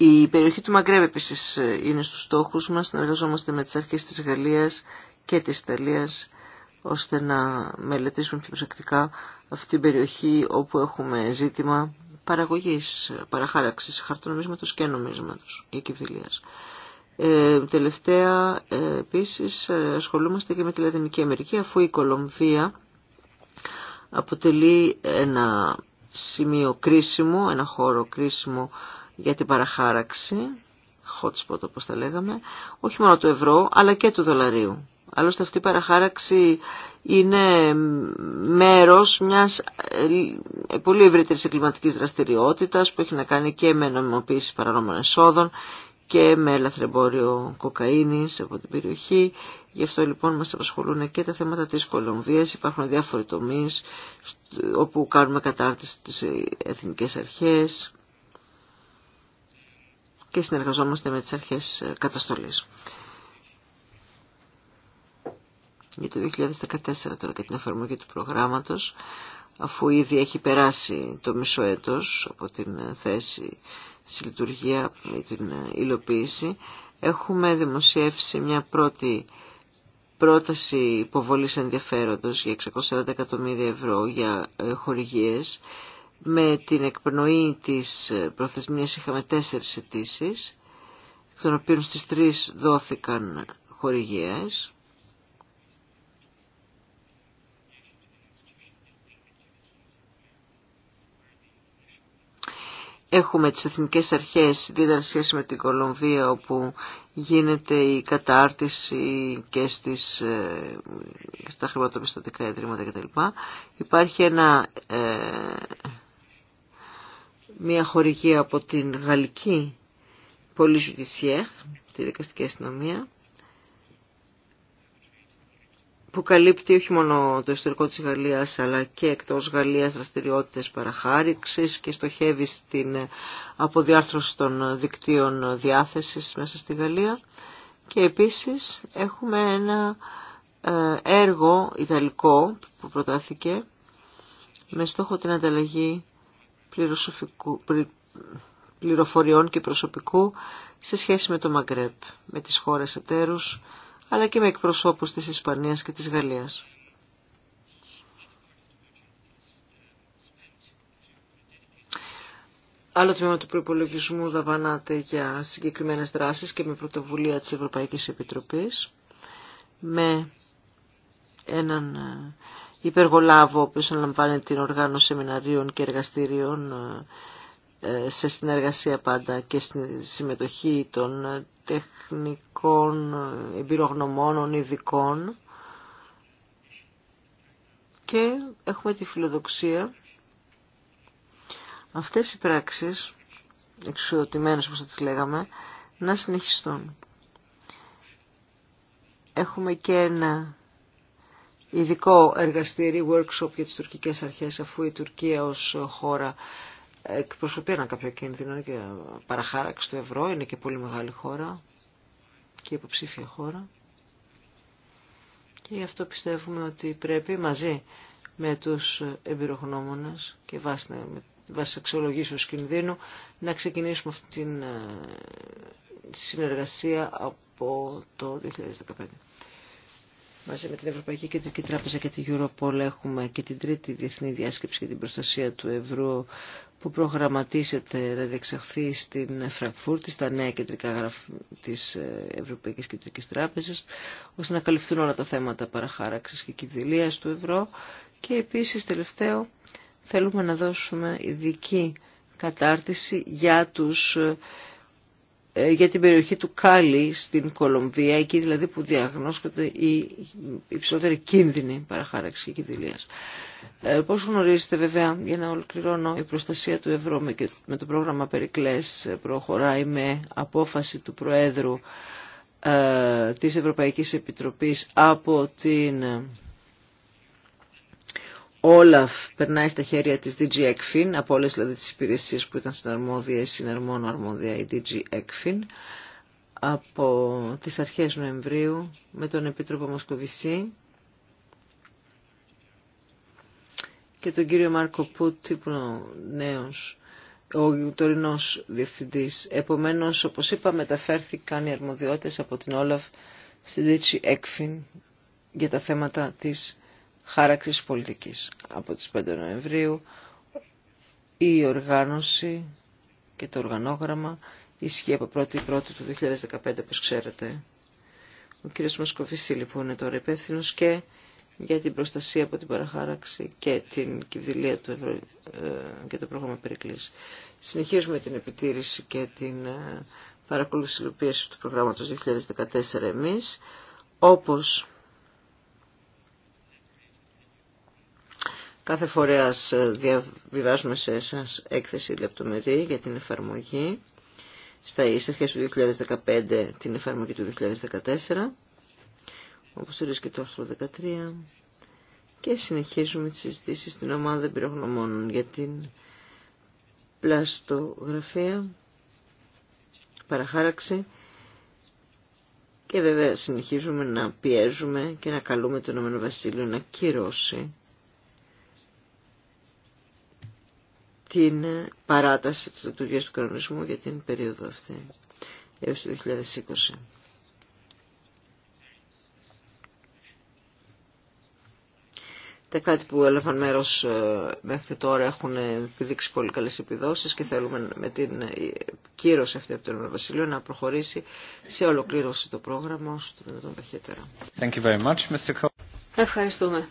Η περιοχή του Μαγκρέβ επίση ε, είναι στους στόχους μας. Συνεργαζόμαστε με τις αρχές της Γαλλίας και της Ιταλίας ώστε να μελετήσουμε πιο προσεκτικά αυτή την περιοχή όπου έχουμε ζήτημα παραγωγής, παραχάραξης χαρτονομίσματος και νομίσματος ή κυβδηλίας. Ε, τελευταία, ε, επίσης, ε, ασχολούμαστε και με τη Λατινική Αμερική, αφού η Κολομβία αποτελεί ένα σημείο κρίσιμο, ένα χώρο κρίσιμο για την παραχάραξη, spot όπως τα λέγαμε, όχι μόνο του ευρώ αλλά και του δολαρίου. Άλλωστε αυτή η παραχάραξη είναι μέρος μιας ε, πολύ ευρύτερης εγκληματικής δραστηριότητας που έχει να κάνει και με νομιμοποίηση παρανόμων εσόδων και με ελαθρεμπόριο κοκαίνης από την περιοχή. Γι' αυτό λοιπόν μας απασχολούν και τα θέματα της Κολομβίας. Υπάρχουν διάφοροι τομείς όπου κάνουμε κατάρτιση στις εθνικές αρχές και συνεργαζόμαστε με τις αρχές ε, καταστολής. Για το 2014 τώρα και την εφαρμογή του προγράμματος, αφού ήδη έχει περάσει το μισό έτος από την ε, θέση στη λειτουργία ή την ε, υλοποίηση, έχουμε δημοσιεύσει μια πρώτη πρόταση υποβολής ενδιαφέροντος για 640 εκατομμύρια ευρώ για χορηγίες με την εκπνοή της προθεσμίας είχαμε τέσσερις αιτήσει, εκ των οποίων στις τρεις δόθηκαν χορηγίες. Έχουμε τις εθνικές αρχές, ήταν σχέση με την Κολομβία, όπου γίνεται η κατάρτιση και στις, ε, στα χρηματοπιστωτικά ιδρύματα κτλ. Υπάρχει ένα ε, μια χορηγία από την γαλλική Πολυζουτισιέχ, τη δικαστική αστυνομία, που καλύπτει όχι μόνο το ιστορικό της Γαλλίας αλλά και εκτός Γαλλίας δραστηριότητες παραχάριξης και στοχεύει στην αποδιάρθρωση των δικτύων διάθεσης μέσα στη Γαλλία και επίσης έχουμε ένα ε, έργο ιταλικό που προτάθηκε με στόχο την ανταλλαγή πληροφοριών και προσωπικού σε σχέση με το Μαγκρέπ, με τις χώρες εταίρους, αλλά και με εκπροσώπους της Ισπανίας και της Γαλλίας. Άλλο τμήμα του προπολογισμού δαπανάται για συγκεκριμένες δράσεις και με πρωτοβουλία της Ευρωπαϊκής Επιτροπής, με έναν ε, υπεργολάβο, ο οποίος αναλαμβάνει την οργάνωση σεμιναρίων και εργαστήριων ε, ε, σε συνεργασία πάντα και στη συμμετοχή των ε, τεχνικών εμπειρογνωμόνων ειδικών και έχουμε τη φιλοδοξία αυτές οι πράξεις εξουσιοδοτημένες όπως θα τις λέγαμε να συνεχιστούν. Έχουμε και ένα ειδικό εργαστήρι, workshop για τις τουρκικές αρχές, αφού η Τουρκία ως χώρα εκπροσωπεί ένα κάποιο κίνδυνο και παραχάραξη του ευρώ, είναι και πολύ μεγάλη χώρα και υποψήφια χώρα. Και γι' αυτό πιστεύουμε ότι πρέπει μαζί με τους εμπειρογνώμονες και βάσει αξιολογήσεως κινδύνου να ξεκινήσουμε αυτή ε, την συνεργασία από το 2015 μαζί με την Ευρωπαϊκή Κεντρική Τράπεζα και την Europol έχουμε και την τρίτη διεθνή διάσκεψη για την προστασία του ευρώ που προγραμματίζεται να διεξαχθεί στην Φραγκφούρτη, στα νέα κεντρικά γραφή της ε, Ευρωπαϊκής Κεντρικής Τράπεζας, ώστε να καλυφθούν όλα τα θέματα παραχάραξης και κυβδηλίας του ευρώ. Και επίσης τελευταίο θέλουμε να δώσουμε ειδική κατάρτιση για τους ε, ε, για την περιοχή του Κάλι στην Κολομβία, εκεί δηλαδή που διαγνώσκονται οι υψηλότεροι κίνδυνοι παραχάραξη και κυδηλία. Ε, πώς γνωρίζετε βέβαια, για να ολοκληρώνω, η προστασία του ευρώ με, το πρόγραμμα Περικλές προχωράει με απόφαση του Προέδρου ε, της Ευρωπαϊκής Επιτροπής από την Όλαφ περνάει στα χέρια της DG ECFIN, από όλες δηλαδή τις υπηρεσίες που ήταν αρμόδια ή μόνο αρμόδια η DG ECFIN, από τις αρχές Νοεμβρίου με τον Επίτροπο Μοσκοβισή και τον κύριο Μάρκο Πούτ, που νέος, ο τωρινός διευθυντής. Επομένως, όπως είπα, μεταφέρθηκαν οι αρμοδιότητες από την Όλαφ στη DG ECFIN για τα θέματα της χάραξης πολιτικής. Από τις 5 Νοεμβρίου η οργάνωση και το οργανόγραμμα ισχύει από 1η Πρώτη του 2015, όπως ξέρετε. Ο κ. Μασκοφίση λοιπόν είναι τώρα υπεύθυνο και για την προστασία από την παραχάραξη και την κυβδηλία του Ευρω... Ε, και το πρόγραμμα Περικλής. Συνεχίζουμε την επιτήρηση και την ε, παρακολούθηση του προγράμματος 2014 εμείς, όπως Κάθε φορέας ε, διαβιβάζουμε σε εσάς έκθεση λεπτομερή για την εφαρμογή στα αρχές του 2015 την εφαρμογή του 2014 όπως και το άρθρο 13 και συνεχίζουμε τις συζητήσεις στην ομάδα εμπειρογνωμόνων για την πλαστογραφία παραχάραξη και βέβαια συνεχίζουμε να πιέζουμε και να καλούμε τον Ηνωμένο Βασίλειο να κυρώσει την παράταση της λειτουργίας του κανονισμού για την περίοδο αυτή έως το 2020. Τα κράτη που έλαβαν μέρος ε, μέχρι τώρα έχουν επιδείξει πολύ καλές επιδόσεις και θέλουμε με την ε, κύρωση αυτή από το να προχωρήσει σε ολοκλήρωση το πρόγραμμα όσο το δυνατόν ταχύτερα. Ευχαριστούμε.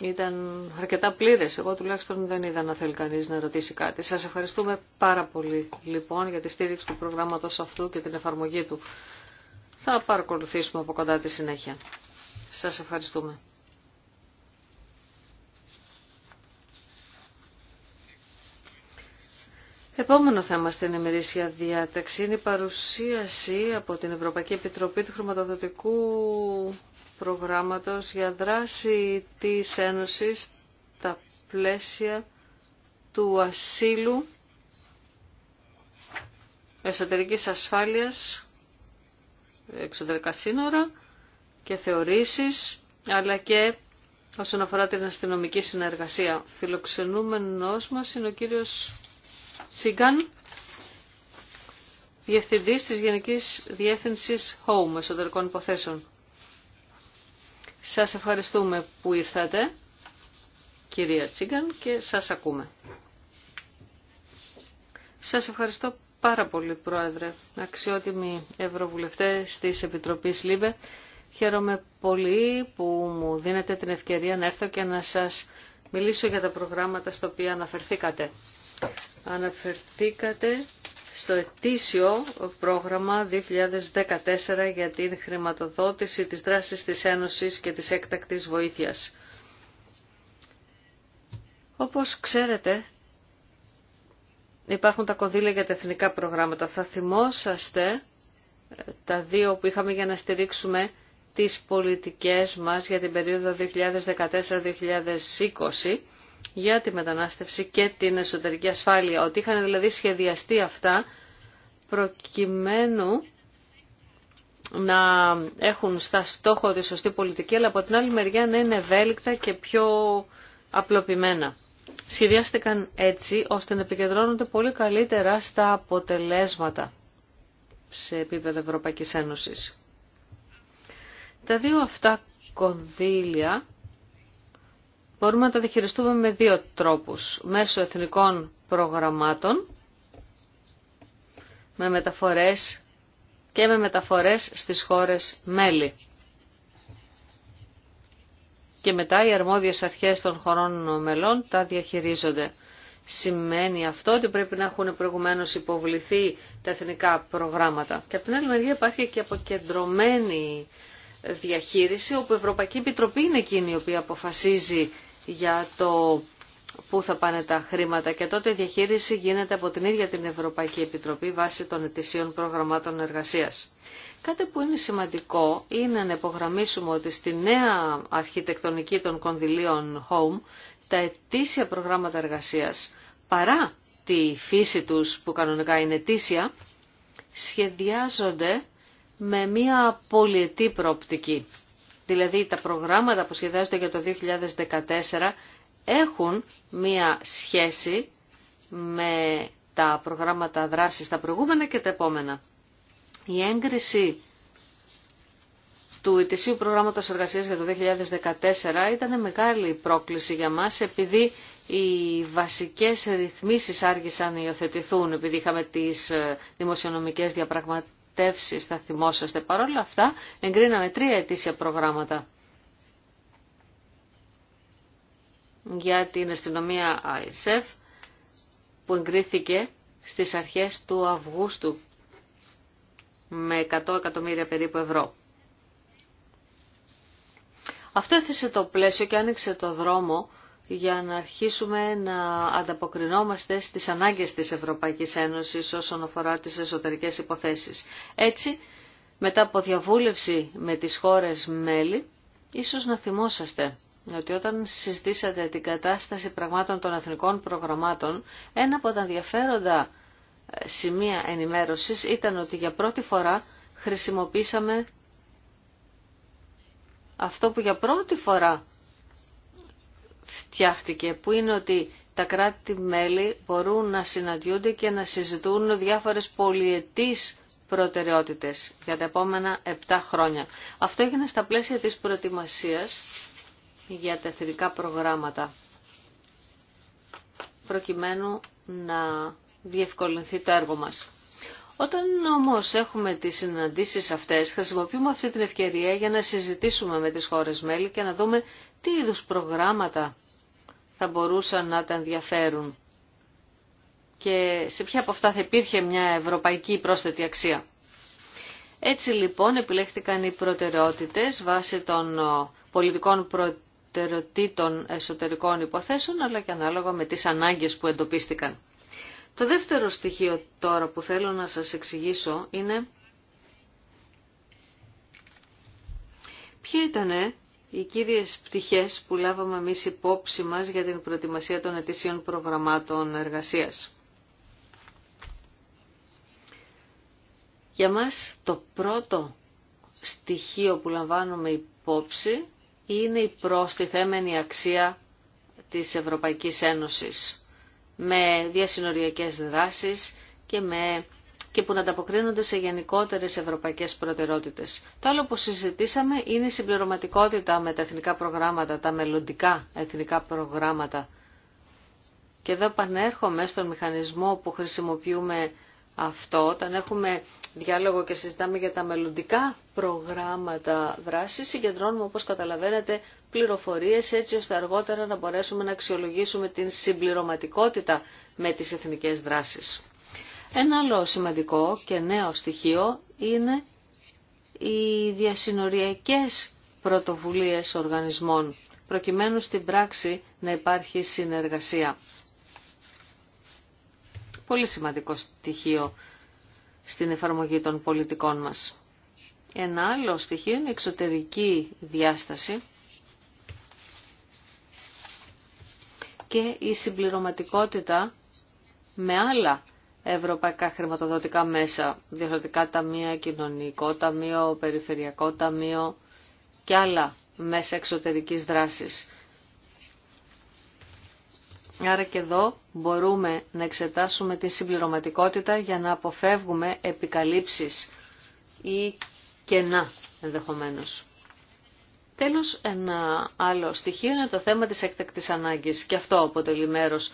Ήταν αρκετά πλήρες. Εγώ τουλάχιστον δεν είδα να θέλει κανείς να ρωτήσει κάτι. Σας ευχαριστούμε πάρα πολύ λοιπόν για τη στήριξη του προγράμματος αυτού και την εφαρμογή του. Θα παρακολουθήσουμε από κοντά τη συνέχεια. Σας ευχαριστούμε. Επόμενο θέμα στην ημερήσια διάταξη είναι η παρουσίαση από την Ευρωπαϊκή Επιτροπή του Χρηματοδοτικού προγράμματος για δράση της Ένωσης τα πλαίσια του ασύλου εσωτερικής ασφάλειας, εξωτερικά σύνορα και θεωρήσεις, αλλά και όσον αφορά την αστυνομική συνεργασία. Φιλοξενούμενος μας είναι ο κύριος Σίγκαν, Διευθυντής της Γενικής Διεύθυνσης Home Εσωτερικών Υποθέσεων. Σας ευχαριστούμε που ήρθατε, κυρία Τσίγκαν, και σας ακούμε. Σας ευχαριστώ πάρα πολύ, Πρόεδρε, αξιότιμοι Ευρωβουλευτές της Επιτροπής ΛΥΜΕ. Χαίρομαι πολύ που μου δίνετε την ευκαιρία να έρθω και να σας μιλήσω για τα προγράμματα στα οποία αναφερθήκατε. Αναφερθήκατε στο ετήσιο πρόγραμμα 2014 για την χρηματοδότηση της δράσης της Ένωσης και της έκτακτης βοήθειας. Όπως ξέρετε, υπάρχουν τα κονδύλια για τα εθνικά προγράμματα. Θα θυμόσαστε ε, τα δύο που είχαμε για να στηρίξουμε τις πολιτικές μας για την περίοδο 2014-2020 για τη μετανάστευση και την εσωτερική ασφάλεια, ότι είχαν δηλαδή σχεδιαστεί αυτά προκειμένου να έχουν στα στόχο τη σωστή πολιτική, αλλά από την άλλη μεριά να είναι ευέλικτα και πιο απλοποιημένα. Σχεδιάστηκαν έτσι ώστε να επικεντρώνονται πολύ καλύτερα στα αποτελέσματα σε επίπεδο Ευρωπαϊκής Ένωσης. Τα δύο αυτά κονδύλια μπορούμε να τα διαχειριστούμε με δύο τρόπους. Μέσω εθνικών προγραμμάτων, με μεταφορές και με μεταφορές στις χώρες μέλη. Και μετά οι αρμόδιες αρχές των χωρών μελών τα διαχειρίζονται. Σημαίνει αυτό ότι πρέπει να έχουν προηγουμένως υποβληθεί τα εθνικά προγράμματα. Και από την άλλη μεριά υπάρχει και αποκεντρωμένη διαχείριση, όπου η Ευρωπαϊκή Επιτροπή είναι εκείνη η οποία αποφασίζει για το πού θα πάνε τα χρήματα και τότε η διαχείριση γίνεται από την ίδια την Ευρωπαϊκή Επιτροπή βάσει των ετησίων προγραμμάτων εργασίας. Κάτι που είναι σημαντικό είναι να υπογραμμίσουμε ότι στη νέα αρχιτεκτονική των κονδυλίων Home τα ετήσια προγράμματα εργασίας παρά τη φύση τους που κανονικά είναι ετήσια σχεδιάζονται με μια πολυετή προοπτική δηλαδή τα προγράμματα που σχεδιάζονται για το 2014 έχουν μία σχέση με τα προγράμματα δράσης τα προηγούμενα και τα επόμενα. Η έγκριση του ετησίου προγράμματος εργασίας για το 2014 ήταν μεγάλη πρόκληση για μας επειδή οι βασικές ρυθμίσεις άργησαν να υιοθετηθούν επειδή είχαμε τις ε, δημοσιονομικές διαπραγματεύσεις θα θυμόσαστε. παρόλα αυτά εγκρίναμε τρία ετήσια προγράμματα για την αστυνομία ISF που εγκρίθηκε στις αρχές του Αυγούστου με 100 εκατομμύρια περίπου ευρώ. Αυτό έθεσε το πλαίσιο και άνοιξε το δρόμο για να αρχίσουμε να ανταποκρινόμαστε στις ανάγκες της Ευρωπαϊκής Ένωσης όσον αφορά τις εσωτερικές υποθέσεις. Έτσι, μετά από διαβούλευση με τις χώρες μέλη, ίσως να θυμόσαστε ότι όταν συζητήσατε την κατάσταση πραγμάτων των εθνικών προγραμμάτων, ένα από τα ενδιαφέροντα ε, σημεία ενημέρωσης ήταν ότι για πρώτη φορά χρησιμοποίησαμε αυτό που για πρώτη φορά φτιάχτηκε, που είναι ότι τα κράτη-μέλη μπορούν να συναντιούνται και να συζητούν διάφορες πολιετής προτεραιότητες για τα επόμενα 7 χρόνια. Αυτό έγινε στα πλαίσια της προετοιμασίας για τα εθνικά προγράμματα, προκειμένου να διευκολυνθεί το έργο μας. Όταν όμως έχουμε τις συναντήσεις αυτές, χρησιμοποιούμε αυτή την ευκαιρία για να συζητήσουμε με τις χώρες μέλη και να δούμε τι είδους προγράμματα θα μπορούσαν να τα ενδιαφέρουν και σε ποια από αυτά θα υπήρχε μια ευρωπαϊκή πρόσθετη αξία. Έτσι λοιπόν επιλέχθηκαν οι προτεραιότητες βάσει των ε, πολιτικών προτεραιοτήτων εσωτερικών υποθέσεων αλλά και ανάλογα με τις ανάγκες που εντοπίστηκαν. Το δεύτερο στοιχείο τώρα που θέλω να σας εξηγήσω είναι ποιο ήταν οι κύριες πτυχές που λάβαμε εμείς υπόψη μας για την προετοιμασία των ετησίων προγραμμάτων εργασίας. Για μας το πρώτο στοιχείο που λαμβάνουμε υπόψη είναι η προστιθέμενη αξία της Ευρωπαϊκής Ένωσης με διασυνοριακές δράσεις και με και που να ανταποκρίνονται σε γενικότερες ευρωπαϊκές προτεραιότητες. Το άλλο που συζητήσαμε είναι η συμπληρωματικότητα με τα εθνικά προγράμματα, τα μελλοντικά εθνικά προγράμματα. Και εδώ πανέρχομαι στον μηχανισμό που χρησιμοποιούμε αυτό, όταν έχουμε διάλογο και συζητάμε για τα μελλοντικά προγράμματα δράση. συγκεντρώνουμε όπως καταλαβαίνετε πληροφορίες έτσι ώστε αργότερα να μπορέσουμε να αξιολογήσουμε την συμπληρωματικότητα με τις εθνικές δράσεις. Ένα άλλο σημαντικό και νέο στοιχείο είναι οι διασυνοριακές πρωτοβουλίες οργανισμών, προκειμένου στην πράξη να υπάρχει συνεργασία. Πολύ σημαντικό στοιχείο στην εφαρμογή των πολιτικών μας. Ένα άλλο στοιχείο είναι η εξωτερική διάσταση και η συμπληρωματικότητα με άλλα ευρωπαϊκά χρηματοδοτικά μέσα, διαφορετικά ταμεία, κοινωνικό ταμείο, περιφερειακό ταμείο και άλλα μέσα εξωτερικής δράσης. Άρα και εδώ μπορούμε να εξετάσουμε τη συμπληρωματικότητα για να αποφεύγουμε επικαλύψεις ή κενά ενδεχομένως. Τέλος, ένα άλλο στοιχείο είναι το θέμα της έκτακτης ανάγκης και αυτό αποτελεί μέρος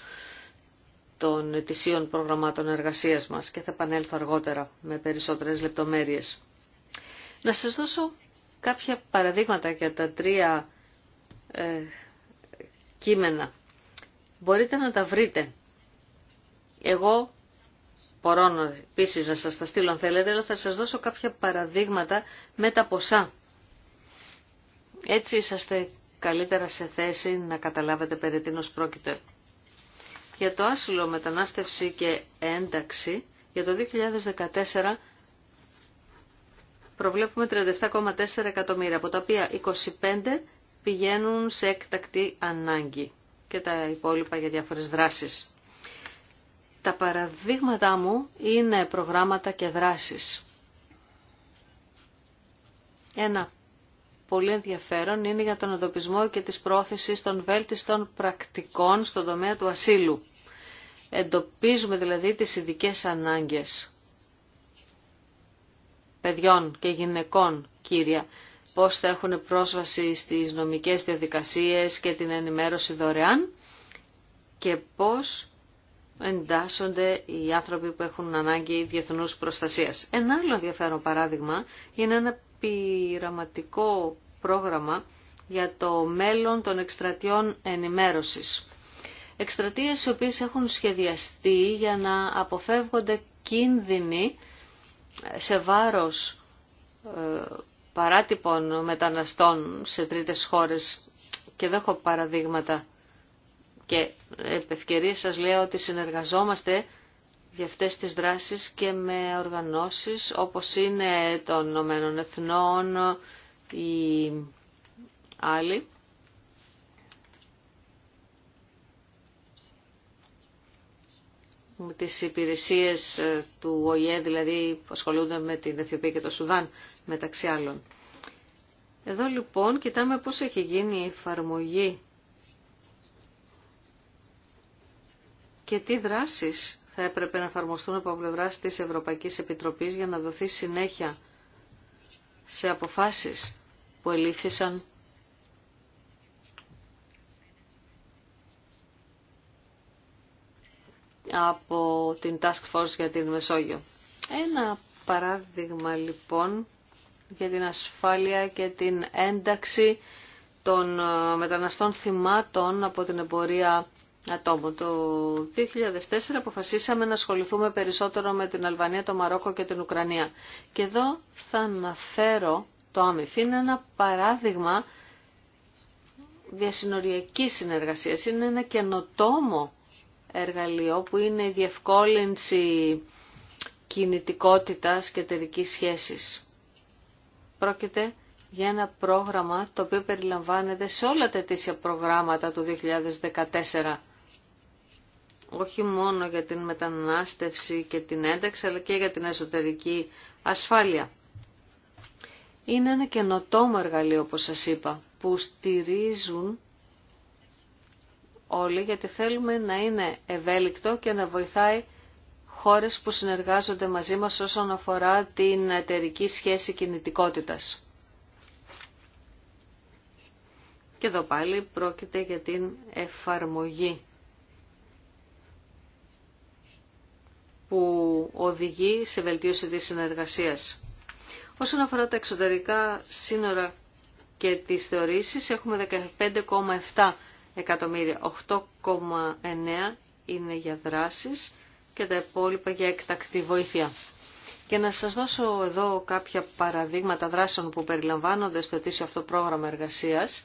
των ετησίων προγραμμάτων εργασίας μας και θα επανέλθω αργότερα με περισσότερες λεπτομέρειες. Να σας δώσω κάποια παραδείγματα για τα τρία ε, κείμενα. Μπορείτε να τα βρείτε. Εγώ μπορώ επίση να σας τα στείλω αν θέλετε, αλλά θα σας δώσω κάποια παραδείγματα με τα ποσά. Έτσι είσαστε καλύτερα σε θέση να καταλάβετε περί τίνος πρόκειται για το άσυλο, μετανάστευση και ένταξη για το 2014 προβλέπουμε 37,4 εκατομμύρια, από τα οποία 25 πηγαίνουν σε έκτακτη ανάγκη και τα υπόλοιπα για διάφορες δράσεις. Τα παραδείγματά μου είναι προγράμματα και δράσεις. Ένα πολύ ενδιαφέρον είναι για τον εντοπισμό και τις πρόθεσεις των βέλτιστων πρακτικών στον τομέα του ασύλου. Εντοπίζουμε δηλαδή τις ειδικέ ανάγκες παιδιών και γυναικών κύρια, πώς θα έχουν πρόσβαση στις νομικές διαδικασίες και την ενημέρωση δωρεάν και πώς εντάσσονται οι άνθρωποι που έχουν ανάγκη διεθνούς προστασίας. Ένα άλλο ενδιαφέρον παράδειγμα είναι ένα πειραματικό πρόγραμμα για το μέλλον των εκστρατιών ενημέρωσης. Εκστρατείες οι οποίες έχουν σχεδιαστεί για να αποφεύγονται κίνδυνοι σε βάρος ε, παράτυπων μεταναστών σε τρίτες χώρες και δεν έχω παραδείγματα και επευκαιρία σας λέω ότι συνεργαζόμαστε για αυτές τις δράσεις και με οργανώσεις όπως είναι των Ηνωμένων Εθνών ή άλλοι. Με τις υπηρεσίες ε, του ΟΗΕ, δηλαδή που ασχολούνται με την Αιθιοπία και το Σουδάν, μεταξύ άλλων. Εδώ λοιπόν κοιτάμε πώς έχει γίνει η εφαρμογή και τι δράσεις θα έπρεπε να εφαρμοστούν από πλευρά τη Ευρωπαϊκή Επιτροπή για να δοθεί συνέχεια σε αποφάσεις που ελήφθησαν από την Task Force για την Μεσόγειο. Ένα παράδειγμα λοιπόν για την ασφάλεια και την ένταξη των ε, μεταναστών θυμάτων από την εμπορία το 2004 αποφασίσαμε να ασχοληθούμε περισσότερο με την Αλβανία, το Μαρόκο και την Ουκρανία. Και εδώ θα αναφέρω το άμυφ. Είναι ένα παράδειγμα διασυνοριακή συνεργασία, Είναι ένα καινοτόμο εργαλείο που είναι η διευκόλυνση κινητικότητας και εταιρικής σχέσης. Πρόκειται για ένα πρόγραμμα το οποίο περιλαμβάνεται σε όλα τα προγράμματα του 2014 όχι μόνο για την μετανάστευση και την ένταξη, αλλά και για την εσωτερική ασφάλεια. Είναι ένα καινοτόμο εργαλείο, όπως σας είπα, που στηρίζουν όλοι, γιατί θέλουμε να είναι ευέλικτο και να βοηθάει χώρες που συνεργάζονται μαζί μας όσον αφορά την εταιρική σχέση κινητικότητας. Και εδώ πάλι πρόκειται για την εφαρμογή που οδηγεί σε βελτίωση της συνεργασίας. Όσον αφορά τα εξωτερικά σύνορα και τις θεωρήσεις, έχουμε 15,7 εκατομμύρια, 8,9 είναι για δράσεις και τα υπόλοιπα για εκτακτή βοήθεια. Και να σας δώσω εδώ κάποια παραδείγματα δράσεων που περιλαμβάνονται στο ετήσιο αυτό πρόγραμμα εργασίας.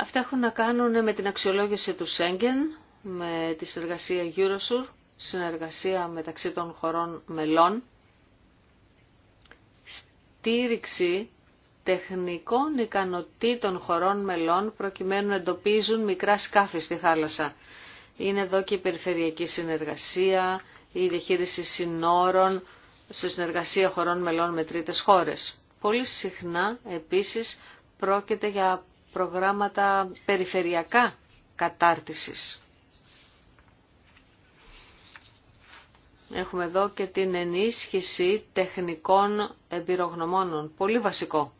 Αυτά έχουν να κάνουν με την αξιολόγηση του Σέγγεν, με τη συνεργασία Eurosur, συνεργασία μεταξύ των χωρών μελών, στήριξη τεχνικών ικανοτήτων χωρών μελών προκειμένου να εντοπίζουν μικρά σκάφη στη θάλασσα. Είναι εδώ και η περιφερειακή συνεργασία, η διαχείριση συνόρων, σε συνεργασία χωρών μελών με τρίτες χώρες. Πολύ συχνά επίσης πρόκειται για προγράμματα περιφερειακά κατάρτισης. Έχουμε εδώ και την ενίσχυση τεχνικών εμπειρογνωμόνων. Πολύ βασικό.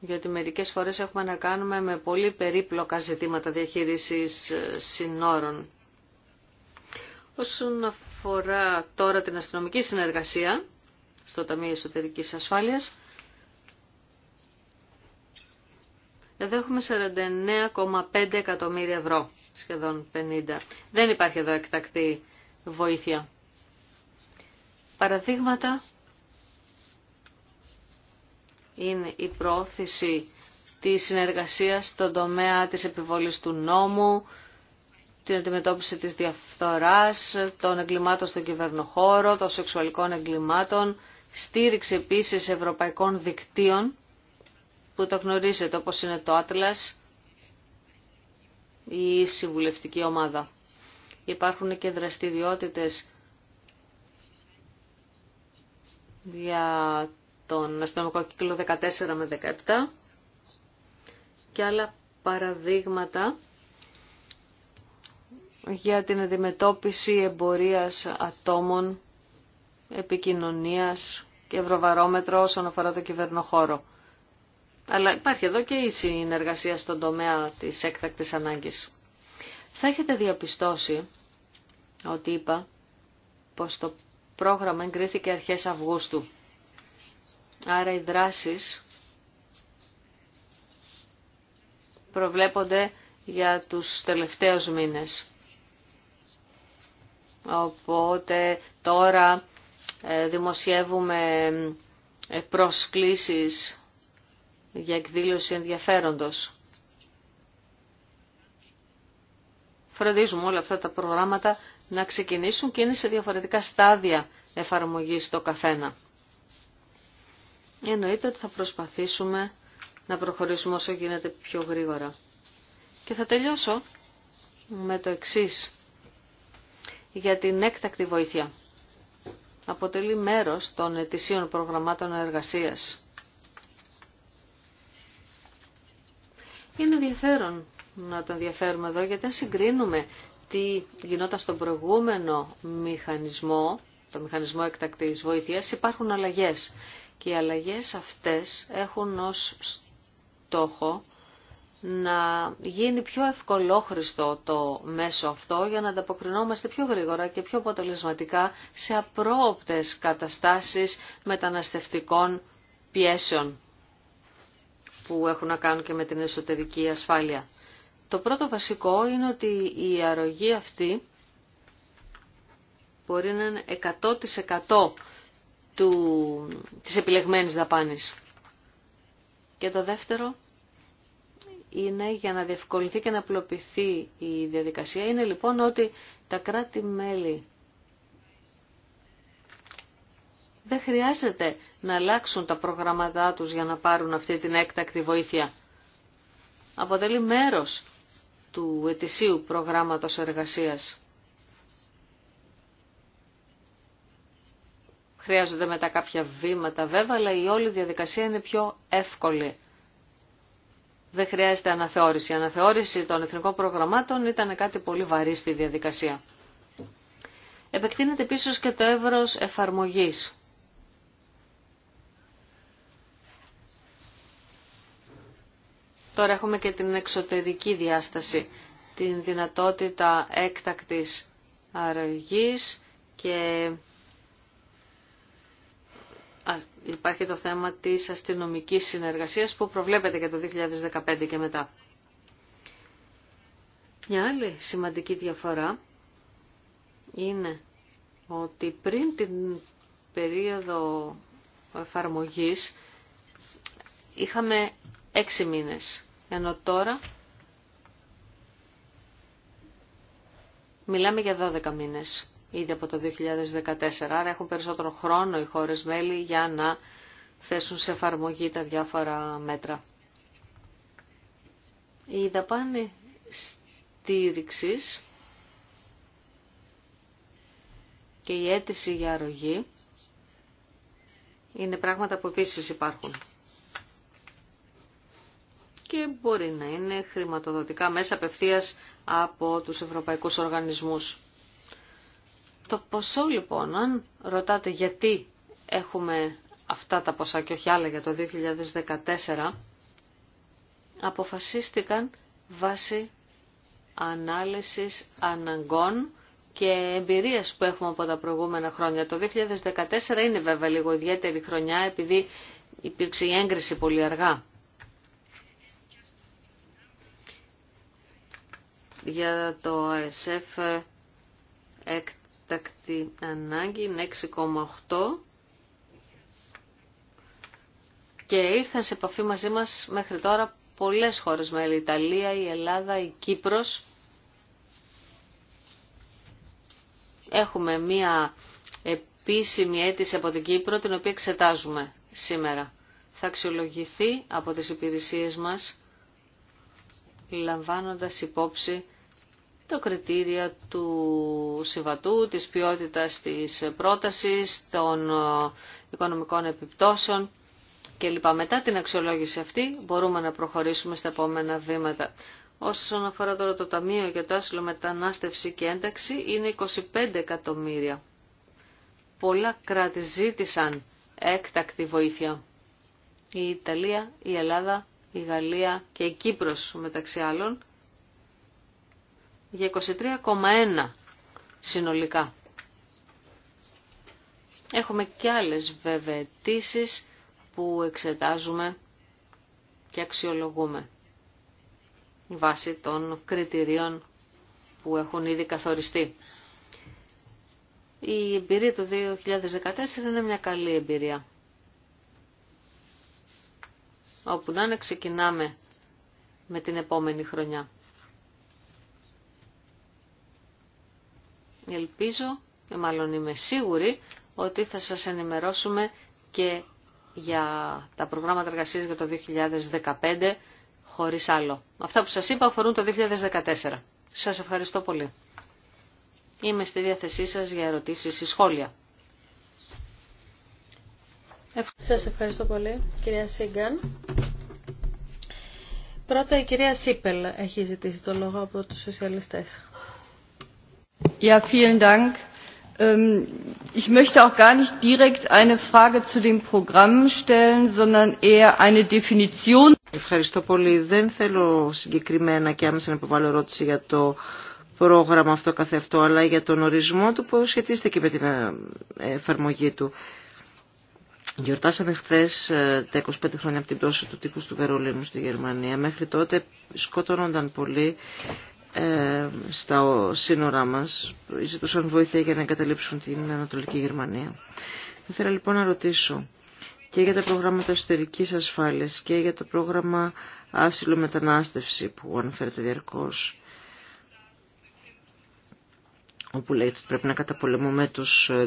Γιατί μερικές φορές έχουμε να κάνουμε με πολύ περίπλοκα ζητήματα διαχείρισης ε, συνόρων. Όσον αφορά τώρα την αστυνομική συνεργασία στο Ταμείο Εσωτερικής Ασφάλειας, εδώ έχουμε 49,5 εκατομμύρια ευρώ, σχεδόν 50. Δεν υπάρχει εδώ εκτακτή βοήθεια. Παραδείγματα είναι η πρόθεση της συνεργασίας στον τομέα της επιβολής του νόμου, την αντιμετώπιση της διαφθοράς, των εγκλημάτων στον κυβερνοχώρο, των σεξουαλικών εγκλημάτων, στήριξη επίσης ευρωπαϊκών δικτύων, που το γνωρίζετε όπως είναι το Atlas ή η συμβουλευτική ομάδα. Υπάρχουν και δραστηριότητες για τον αστυνομικό κύκλο 14 με 17 και άλλα παραδείγματα για την αντιμετώπιση εμπορίας ατόμων, επικοινωνίας και ευρωβαρόμετρο όσον αφορά το κυβερνοχώρο. Αλλά υπάρχει εδώ και η συνεργασία στον τομέα της έκτακτης ανάγκης. Θα έχετε διαπιστώσει ότι είπα πως το πρόγραμμα εγκρίθηκε αρχές Αυγούστου. Άρα οι δράσεις προβλέπονται για τους τελευταίους μήνες. Οπότε τώρα ε, δημοσιεύουμε ε, προσκλήσεις για εκδήλωση ενδιαφέροντος. Φροντίζουμε όλα αυτά τα προγράμματα να ξεκινήσουν και είναι σε διαφορετικά στάδια εφαρμογής το καθένα. Εννοείται ότι θα προσπαθήσουμε να προχωρήσουμε όσο γίνεται πιο γρήγορα. Και θα τελειώσω με το εξής για την έκτακτη βοήθεια. Αποτελεί μέρος των ετησίων προγραμμάτων εργασίας. Είναι ενδιαφέρον να τον διαφέρουμε εδώ γιατί αν συγκρίνουμε τι γινόταν στον προηγούμενο μηχανισμό, το μηχανισμό εκτακτής βοήθειας, υπάρχουν αλλαγές. Και οι αλλαγές αυτές έχουν ως στόχο να γίνει πιο ευκολόχρηστο το μέσο αυτό για να ανταποκρινόμαστε πιο γρήγορα και πιο αποτελεσματικά σε απρόοπτες καταστάσεις μεταναστευτικών πιέσεων που έχουν να κάνουν και με την εσωτερική ασφάλεια. Το πρώτο βασικό είναι ότι η αρρωγή αυτή μπορεί να είναι 100% του, της επιλεγμένης δαπάνης. Και το δεύτερο είναι για να διευκολυνθεί και να απλοποιηθεί η διαδικασία. Είναι λοιπόν ότι τα κράτη-μέλη δεν χρειάζεται να αλλάξουν τα προγράμματά τους για να πάρουν αυτή την έκτακτη βοήθεια. Αποτελεί μέρος του ετησίου προγράμματος εργασίας. Χρειάζονται μετά κάποια βήματα βέβαια, αλλά η όλη διαδικασία είναι πιο εύκολη. Δεν χρειάζεται αναθεώρηση. Η αναθεώρηση των εθνικών προγραμμάτων ήταν κάτι πολύ βαρύ στη διαδικασία. Επεκτείνεται επίσης και το εύρος εφαρμογής. Τώρα έχουμε και την εξωτερική διάσταση, την δυνατότητα έκτακτης αρρωγής και υπάρχει το θέμα της αστυνομικής συνεργασίας που προβλέπεται για το 2015 και μετά. Μια άλλη σημαντική διαφορά είναι ότι πριν την περίοδο εφαρμογής είχαμε έξι μήνες. Ενώ τώρα μιλάμε για 12 μήνες ήδη από το 2014. Άρα έχουν περισσότερο χρόνο οι χώρες μέλη για να θέσουν σε εφαρμογή τα διάφορα μέτρα. Η δαπάνη στήριξη και η αίτηση για αρρωγή είναι πράγματα που επίσης υπάρχουν και μπορεί να είναι χρηματοδοτικά μέσα απευθεία από τους ευρωπαϊκούς οργανισμούς. Το ποσό λοιπόν, αν ρωτάτε γιατί έχουμε αυτά τα ποσά και όχι άλλα για το 2014, αποφασίστηκαν βάσει ανάλυσης αναγκών και εμπειρίας που έχουμε από τα προηγούμενα χρόνια. Το 2014 είναι βέβαια λίγο ιδιαίτερη χρονιά επειδή υπήρξε η έγκριση πολύ αργά. για το ΑΕΣΕΦ έκτακτη ανάγκη είναι 6,8 και ήρθαν σε επαφή μαζί μας μέχρι τώρα πολλές χώρες με η Ιταλία, η Ελλάδα, η Κύπρος. Έχουμε μία επίσημη αίτηση από την Κύπρο την οποία εξετάζουμε σήμερα. Θα αξιολογηθεί από τις υπηρεσίες μας λαμβάνοντας υπόψη το κριτήρια του συμβατού, της ποιότητας της πρότασης, των ε, οικονομικών επιπτώσεων κλπ. Μετά την αξιολόγηση αυτή μπορούμε να προχωρήσουμε στα επόμενα βήματα. Όσον αφορά τώρα το Ταμείο για το Άσυλο Μετανάστευση και Ένταξη είναι 25 εκατομμύρια. Πολλά κράτη ζήτησαν έκτακτη βοήθεια. Η Ιταλία, η Ελλάδα, η Γαλλία και η Κύπρος μεταξύ άλλων για 23,1 συνολικά. Έχουμε και άλλες βεβαιτήσεις που εξετάζουμε και αξιολογούμε βάσει των κριτηρίων που έχουν ήδη καθοριστεί. Η εμπειρία του 2014 είναι μια καλή εμπειρία. Όπου να ξεκινάμε με την επόμενη χρονιά. ελπίζω, μάλλον είμαι σίγουρη, ότι θα σας ενημερώσουμε και για τα προγράμματα εργασίας για το 2015 χωρίς άλλο. Αυτά που σας είπα αφορούν το 2014. Σας ευχαριστώ πολύ. Είμαι στη διάθεσή σας για ερωτήσεις ή σχόλια. Σας ευχαριστώ πολύ, κυρία Σίγκαν. Πρώτα η κυρία Σίπελ έχει ζητήσει το λόγο από τους σοσιαλιστές. Ευχαριστώ πολύ. Δεν θέλω συγκεκριμένα και άμεσα να υποβάλω ερώτηση για το πρόγραμμα αυτό καθεαυτό, αλλά για τον ορισμό του που σχετίζεται και με την ε, εφαρμογή του. Γιορτάσαμε χθε ε, τα 25 χρόνια από την πτώση του τύπου του Βερολίνου στη Γερμανία. Μέχρι τότε σκοτώνονταν πολύ ε, στα σύνορά μας ζητούσαν βοήθεια για να εγκαταλείψουν την Ανατολική Γερμανία. Θα ήθελα λοιπόν να ρωτήσω και για τα προγράμματα εσωτερικής ασφάλειας και για το πρόγραμμα άσυλο μετανάστευση που αναφέρεται διαρκώς όπου λέει ότι πρέπει να καταπολεμούμε τους ε,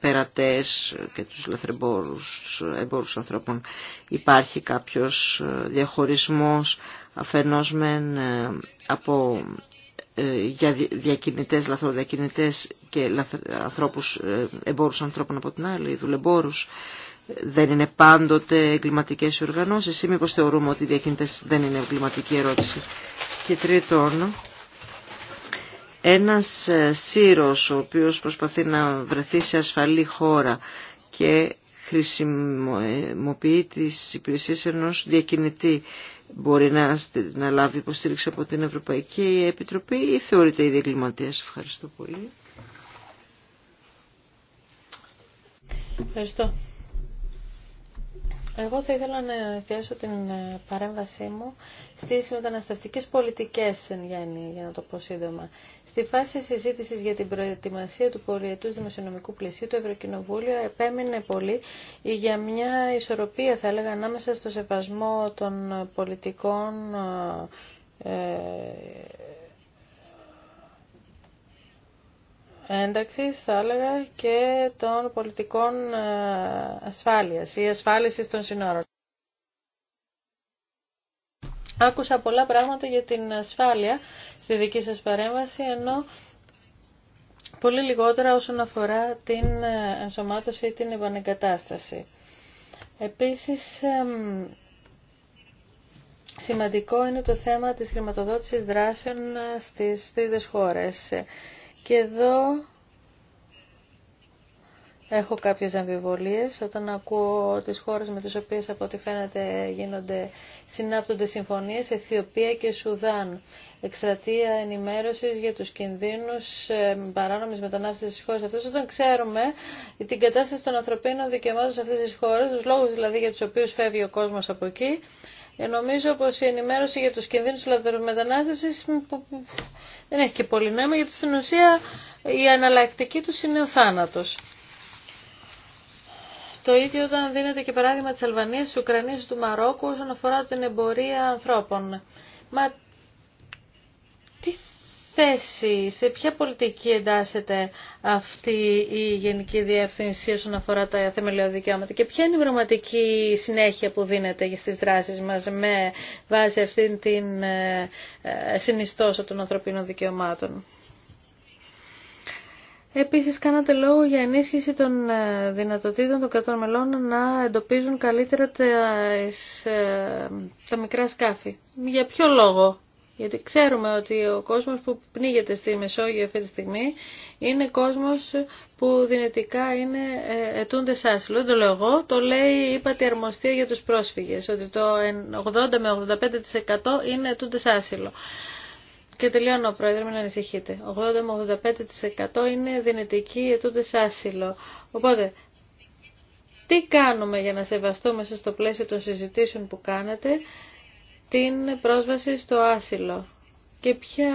περατές και τους λαθρεμπόρους, τους εμπόρους ανθρώπων. Υπάρχει κάποιος ε, διαχωρισμός αφενός μεν ε, από για διακινητές, λαθροδιακινητές και ανθρώπους, εμπόρους ανθρώπων από την άλλη, δουλεμπόρους. Δεν είναι πάντοτε εγκληματικές οργανώσεις ή μήπως θεωρούμε ότι οι διακινητές δεν είναι εγκληματική ερώτηση. Και τρίτον, ένας ε, σύρος ο οποίος προσπαθεί να βρεθεί σε ασφαλή χώρα και χρησιμοποιεί τις υπηρεσίες ενός διακινητή μπορεί να, να λάβει υποστήριξη από την Ευρωπαϊκή Επιτροπή ή θεωρείται ήδη εγκληματίας. Ευχαριστώ πολύ. Ευχαριστώ. Εγώ θα ήθελα να εστιάσω την ε, παρέμβασή μου στις μεταναστευτικές πολιτικές εν για να το πω σύντομα. Στη φάση συζήτησης για την προετοιμασία του πολιετού δημοσιονομικού πλαισίου, το Ευρωκοινοβούλιο επέμεινε πολύ για μια ισορροπία, θα έλεγα, ανάμεσα στο σεβασμό των πολιτικών ε, ε, ένταξης, θα έλεγα, και των πολιτικών ε, ασφάλειας ή ασφάλιση των συνόρων. Άκουσα πολλά πράγματα για την ασφάλεια στη δική σας παρέμβαση, ενώ πολύ λιγότερα όσον αφορά την ε, ενσωμάτωση ή την επανεγκατάσταση. Επίσης, σημαντικό είναι το θέμα της χρηματοδότησης δράσεων ε, στις τρίτες χώρες. Και εδώ έχω κάποιες αμφιβολίες όταν ακούω τις χώρες με τις οποίες από ό,τι φαίνεται γίνονται, συνάπτονται συμφωνίες, Αιθιοπία και Σουδάν. Εκστρατεία ενημέρωσης για τους κινδύνους ε, παράνομης μετανάστευσης στις χώρες αυτές, όταν ξέρουμε την κατάσταση των ανθρωπίνων δικαιωμάτων σε αυτές τις χώρες, τους λόγους δηλαδή για τους οποίους φεύγει ο κόσμος από εκεί, ε, νομίζω πως η ενημέρωση για τους κινδύνους λαθρομετανάστευση δεν έχει και πολύ νόημα γιατί στην ουσία η αναλλακτική του είναι ο θάνατος. Το ίδιο όταν δίνεται και παράδειγμα της Αλβανίας, της Ουκρανίας, του Μαρόκου όσον αφορά την εμπορία ανθρώπων. Μα θέση, σε ποια πολιτική εντάσσεται αυτή η Γενική Διεύθυνση όσον αφορά τα θεμελιώδη δικαιώματα και ποια είναι η πραγματική συνέχεια που δίνεται στις δράσεις μας με βάση αυτήν την ε, ε, συνιστόσα των ανθρωπίνων δικαιωμάτων. Επίσης, κάνατε λόγο για ενίσχυση των ε, δυνατοτήτων των κρατών μελών να εντοπίζουν καλύτερα τα μικρά σκάφη. Για ποιο λόγο γιατί ξέρουμε ότι ο κόσμος που πνίγεται στη Μεσόγειο αυτή τη στιγμή είναι κόσμος που δυνητικά είναι ε, ετούντες άσυλο. Δεν το λέω εγώ, το λέει η πατιαρμοστία για τους πρόσφυγες, ότι το 80 με 85% είναι ετούντες άσυλο. Και τελειώνω, Πρόεδρε, μην ανησυχείτε. 80 με 85% είναι δυνητικοί ετούντες άσυλο. Οπότε, τι κάνουμε για να σεβαστούμε στο πλαίσιο των συζητήσεων που κάνατε την πρόσβαση στο άσυλο. Και ποια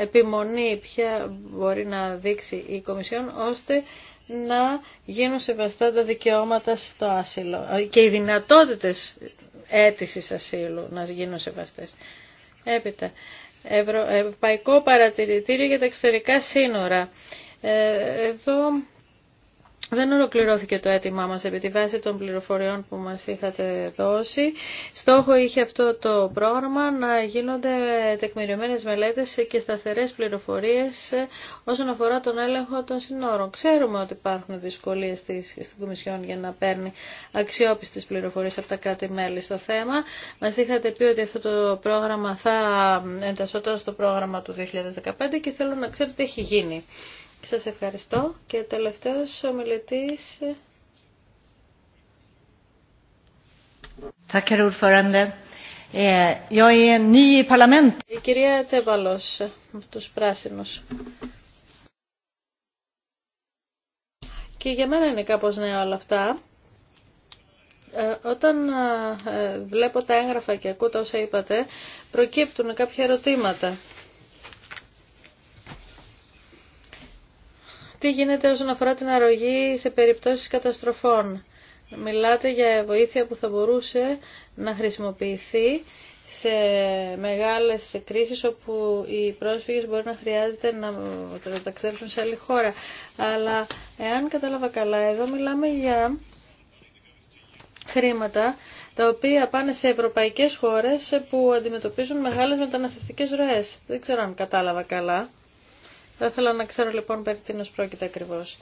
επιμονή ποια μπορεί να δείξει η Κομισιόν ώστε να γίνουν σεβαστά τα δικαιώματα στο άσυλο και οι δυνατότητες αίτησης ασύλου να γίνουν σεβαστές. Έπειτα, Ευρωπαϊκό Παρατηρητήριο για τα Εξωτερικά Σύνορα. Ε, εδώ δεν ολοκληρώθηκε το αίτημά μας επί τη βάση των πληροφοριών που μας είχατε δώσει. Στόχο είχε αυτό το πρόγραμμα να γίνονται τεκμηριωμένες μελέτες και σταθερές πληροφορίες όσον αφορά τον έλεγχο των συνόρων. Ξέρουμε ότι υπάρχουν δυσκολίες στην Κομισιόν για να παίρνει αξιόπιστες πληροφορίες από τα κράτη-μέλη στο θέμα. Μας είχατε πει ότι αυτό το πρόγραμμα θα εντασσόταν στο πρόγραμμα του 2015 και θέλω να ξέρω τι έχει γίνει. Σας ευχαριστώ. Και τελευταίος ο μιλητής... Eh, η κυρία Τσέβαλος, τους πράσινους. Και για μένα είναι κάπως νέα όλα αυτά. Ε, όταν ε, βλέπω τα έγγραφα και ακούω τα όσα είπατε, προκύπτουν κάποια ερωτήματα. τι γίνεται όσον αφορά την αρρωγή σε περιπτώσεις καταστροφών. Μιλάτε για βοήθεια που θα μπορούσε να χρησιμοποιηθεί σε μεγάλες κρίσεις όπου οι πρόσφυγες μπορεί να χρειάζεται να ταξιδέψουν σε άλλη χώρα. Αλλά εάν κατάλαβα καλά, εδώ μιλάμε για χρήματα τα οποία πάνε σε ευρωπαϊκές χώρες που αντιμετωπίζουν μεγάλες μεταναστευτικές ροές. Δεν ξέρω αν κατάλαβα καλά. Θα ήθελα να ξέρω λοιπόν περί τίνος πρόκειται ακριβώς.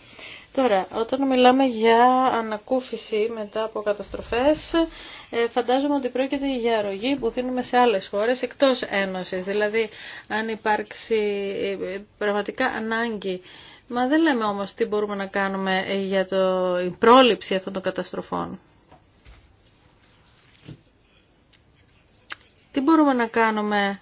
Τώρα, όταν μιλάμε για ανακούφιση μετά από καταστροφές, ε, φαντάζομαι ότι πρόκειται για αρρωγή που δίνουμε σε άλλες χώρες εκτός Ένωσης. Δηλαδή, αν υπάρξει ε, πραγματικά ανάγκη. Μα δεν λέμε όμως τι μπορούμε να κάνουμε για το, πρόληψη αυτών των καταστροφών. Τι μπορούμε να κάνουμε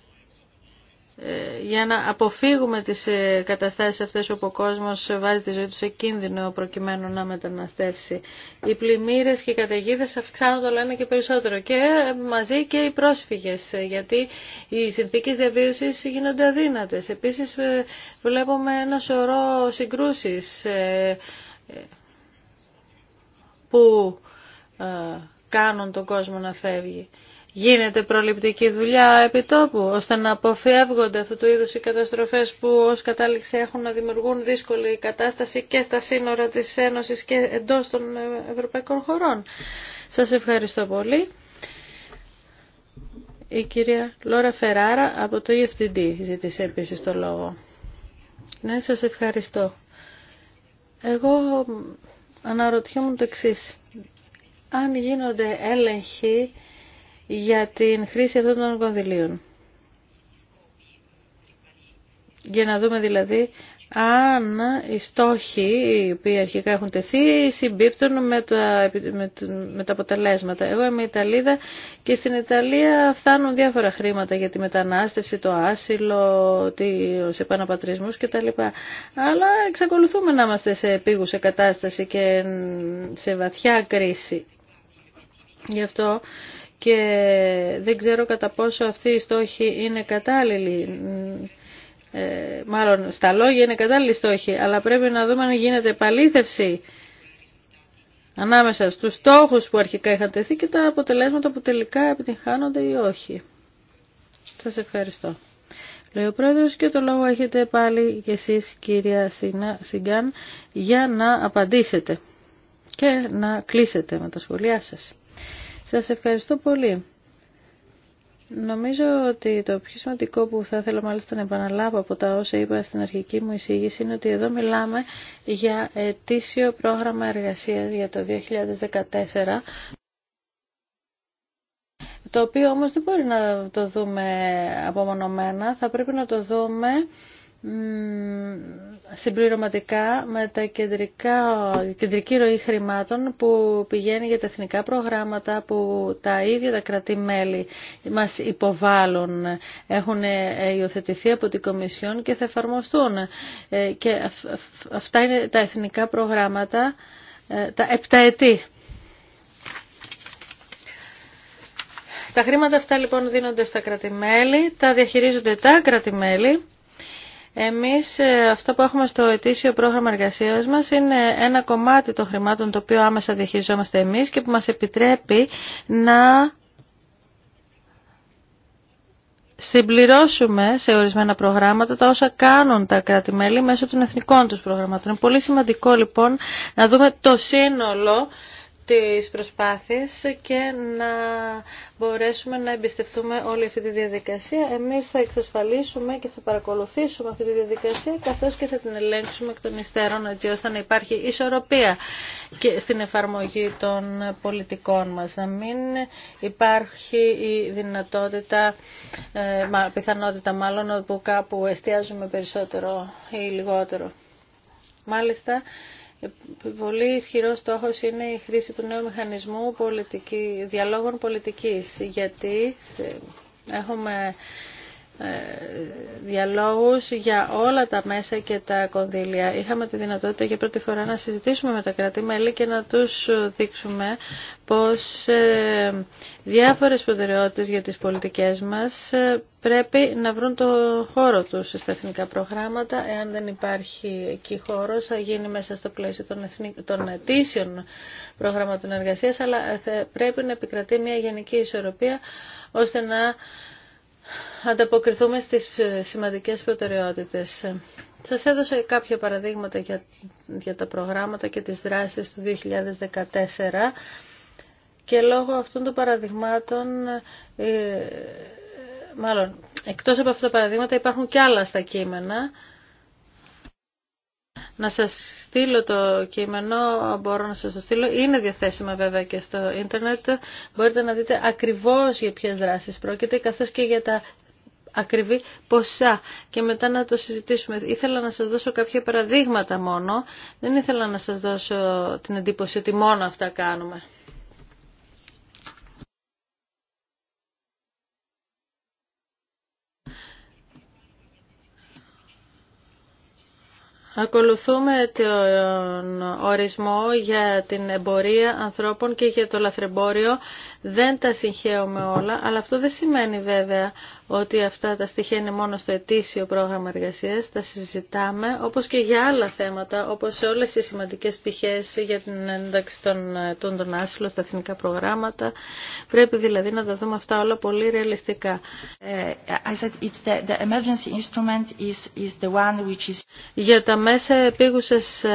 ε, για να αποφύγουμε τις ε, καταστάσεις αυτές όπου ο κόσμος βάζει τη ζωή του σε κίνδυνο προκειμένου να μεταναστεύσει. Οι πλημμύρες και οι καταιγίδες αυξάνονται όλο ένα και περισσότερο και ε, μαζί και οι πρόσφυγες γιατί οι συνθήκες διαβίωσης γίνονται αδύνατες. Επίσης βλέπουμε ένα σωρό συγκρούσεις που κάνουν τον κόσμο να φεύγει γίνεται προληπτική δουλειά επί τόπου, ώστε να αποφεύγονται αυτού του είδους οι καταστροφές που ως κατάληξη έχουν να δημιουργούν δύσκολη κατάσταση και στα σύνορα της Ένωσης και εντός των ευρωπαϊκών χωρών. Σας ευχαριστώ πολύ. Η κυρία Λόρα Φεράρα από το EFTD ζήτησε επίσης το λόγο. Ναι, σας ευχαριστώ. Εγώ αναρωτιόμουν το εξής. Αν γίνονται έλεγχοι για την χρήση αυτών των κονδυλίων. Για να δούμε δηλαδή αν οι στόχοι οι οποίοι αρχικά έχουν τεθεί συμπίπτουν με τα, με, με τα αποτελέσματα. Εγώ είμαι Ιταλίδα και στην Ιταλία φτάνουν διάφορα χρήματα για τη μετανάστευση, το άσυλο, τους επαναπατρισμούς κτλ. Αλλά εξακολουθούμε να είμαστε σε επίγουσα κατάσταση και σε βαθιά κρίση. Γι' αυτό και δεν ξέρω κατά πόσο αυτή η στόχη είναι κατάλληλη. Ε, μάλλον στα λόγια είναι κατάλληλη στόχη, αλλά πρέπει να δούμε αν γίνεται επαλήθευση ανάμεσα στους στόχους που αρχικά είχαν τεθεί και τα αποτελέσματα που τελικά επιτυγχάνονται ή όχι. Σας ευχαριστώ. Λέει ο Πρόεδρος και το λόγο έχετε πάλι και εσείς κυρία Σιγκάν για να απαντήσετε και να κλείσετε με τα σχολιά σας. Σας ευχαριστώ πολύ. Νομίζω ότι το πιο σημαντικό που θα ήθελα μάλιστα να επαναλάβω από τα όσα είπα στην αρχική μου εισήγηση είναι ότι εδώ μιλάμε για ετήσιο πρόγραμμα εργασίας για το 2014 το οποίο όμως δεν μπορεί να το δούμε απομονωμένα, θα πρέπει να το δούμε συμπληρωματικά με τα κεντρικά, κεντρική ροή χρημάτων που πηγαίνει για τα εθνικά προγράμματα που τα ίδια τα κρατή-μέλη μας υποβάλλουν, έχουν ε, υιοθετηθεί από την Κομισιόν και θα εφαρμοστούν. Ε, και αυτά είναι τα εθνικά προγράμματα, ε, τα επταετή. Τα χρήματα αυτά λοιπόν δίνονται στα κρατημέλη, τα διαχειρίζονται τα κρατημέλη. Εμείς ε, αυτό που έχουμε στο ετήσιο πρόγραμμα εργασίας μας είναι ένα κομμάτι των χρημάτων το οποίο άμεσα διαχειριζόμαστε εμείς και που μας επιτρέπει να συμπληρώσουμε σε ορισμένα προγράμματα τα όσα κάνουν τα κράτη-μέλη μέσω των εθνικών τους προγραμμάτων. Είναι πολύ σημαντικό λοιπόν να δούμε το σύνολο τις προσπάθειες και να μπορέσουμε να εμπιστευτούμε όλη αυτή τη διαδικασία. Εμείς θα εξασφαλίσουμε και θα παρακολουθήσουμε αυτή τη διαδικασία καθώς και θα την ελέγξουμε εκ των υστέρων έτσι ώστε να υπάρχει ισορροπία και στην εφαρμογή των πολιτικών μας. Να μην υπάρχει η δυνατότητα, ε, πιθανότητα μάλλον, όπου κάπου εστιάζουμε περισσότερο ή λιγότερο. Μάλιστα, Πολύ ισχυρό στόχο είναι η χρήση του νέου μηχανισμού πολιτική, διαλόγων πολιτικής, γιατί έχουμε ε, διαλόγους για όλα τα μέσα και τα κονδύλια. Είχαμε τη δυνατότητα για πρώτη φορά να συζητήσουμε με τα κράτη-μέλη και να τους δείξουμε πως ε, διάφορες προτεραιότητες για τις πολιτικές μας ε, πρέπει να βρουν το χώρο τους στα εθνικά προγράμματα. Εάν δεν υπάρχει εκεί χώρος θα γίνει μέσα στο πλαίσιο των, εθνι... των ετήσιων προγραμμάτων εργασίας αλλά πρέπει να επικρατεί μια γενική ισορροπία ώστε να ανταποκριθούμε στις ε, σημαντικές προτεραιότητες. Σας έδωσα κάποια παραδείγματα για, για τα προγράμματα και τις δράσεις του 2014 και λόγω αυτών των παραδειγμάτων, ε, ε, μάλλον εκτός από αυτά τα παραδείγματα υπάρχουν και άλλα στα κείμενα, να σας στείλω το κείμενο, μπορώ να σας το στείλω. Είναι διαθέσιμα βέβαια και στο ίντερνετ. Μπορείτε να δείτε ακριβώς για ποιες δράσεις πρόκειται, καθώς και για τα ακριβή ποσά και μετά να το συζητήσουμε. Ήθελα να σας δώσω κάποια παραδείγματα μόνο, δεν ήθελα να σας δώσω την εντύπωση ότι μόνο αυτά κάνουμε. Ακολουθούμε τον ορισμό για την εμπορία ανθρώπων και για το λαθρεμπόριο δεν τα συγχαίουμε όλα, αλλά αυτό δεν σημαίνει βέβαια ότι αυτά τα στοιχεία είναι μόνο στο ετήσιο πρόγραμμα εργασίας. Τα συζητάμε όπως και για άλλα θέματα, όπως σε όλες οι σημαντικές πτυχές για την ένταξη των, των, των άσυλων στα εθνικά προγράμματα. Πρέπει δηλαδή να τα δούμε αυτά όλα πολύ ρεαλιστικά. Για τα μέσα επίγουσες ε,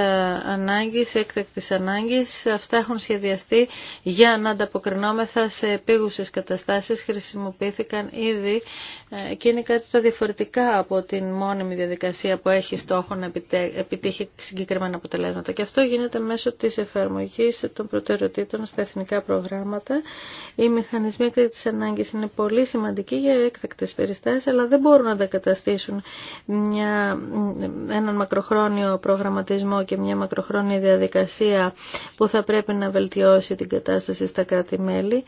ανάγκης, έκτακτης ανάγκης, αυτά έχουν σχεδιαστεί για να ανταποκρινόμεθα σε επίγουσες καταστάσεις χρησιμοποιήθηκαν ήδη ε, και είναι κάτι τα διαφορετικά από την μόνιμη διαδικασία που έχει στόχο να επιτύχει συγκεκριμένα αποτελέσματα. Και αυτό γίνεται μέσω της εφαρμογής των προτεραιοτήτων στα εθνικά προγράμματα. Οι μηχανισμοί της ανάγκης είναι πολύ σημαντικοί για έκτακτες περιστάσεις, αλλά δεν μπορούν να αντακαταστήσουν έναν μακροχρόνιο προγραμματισμό και μια μακροχρόνια διαδικασία που θα πρέπει να βελτιώσει την κατάσταση στα κράτη-μέλη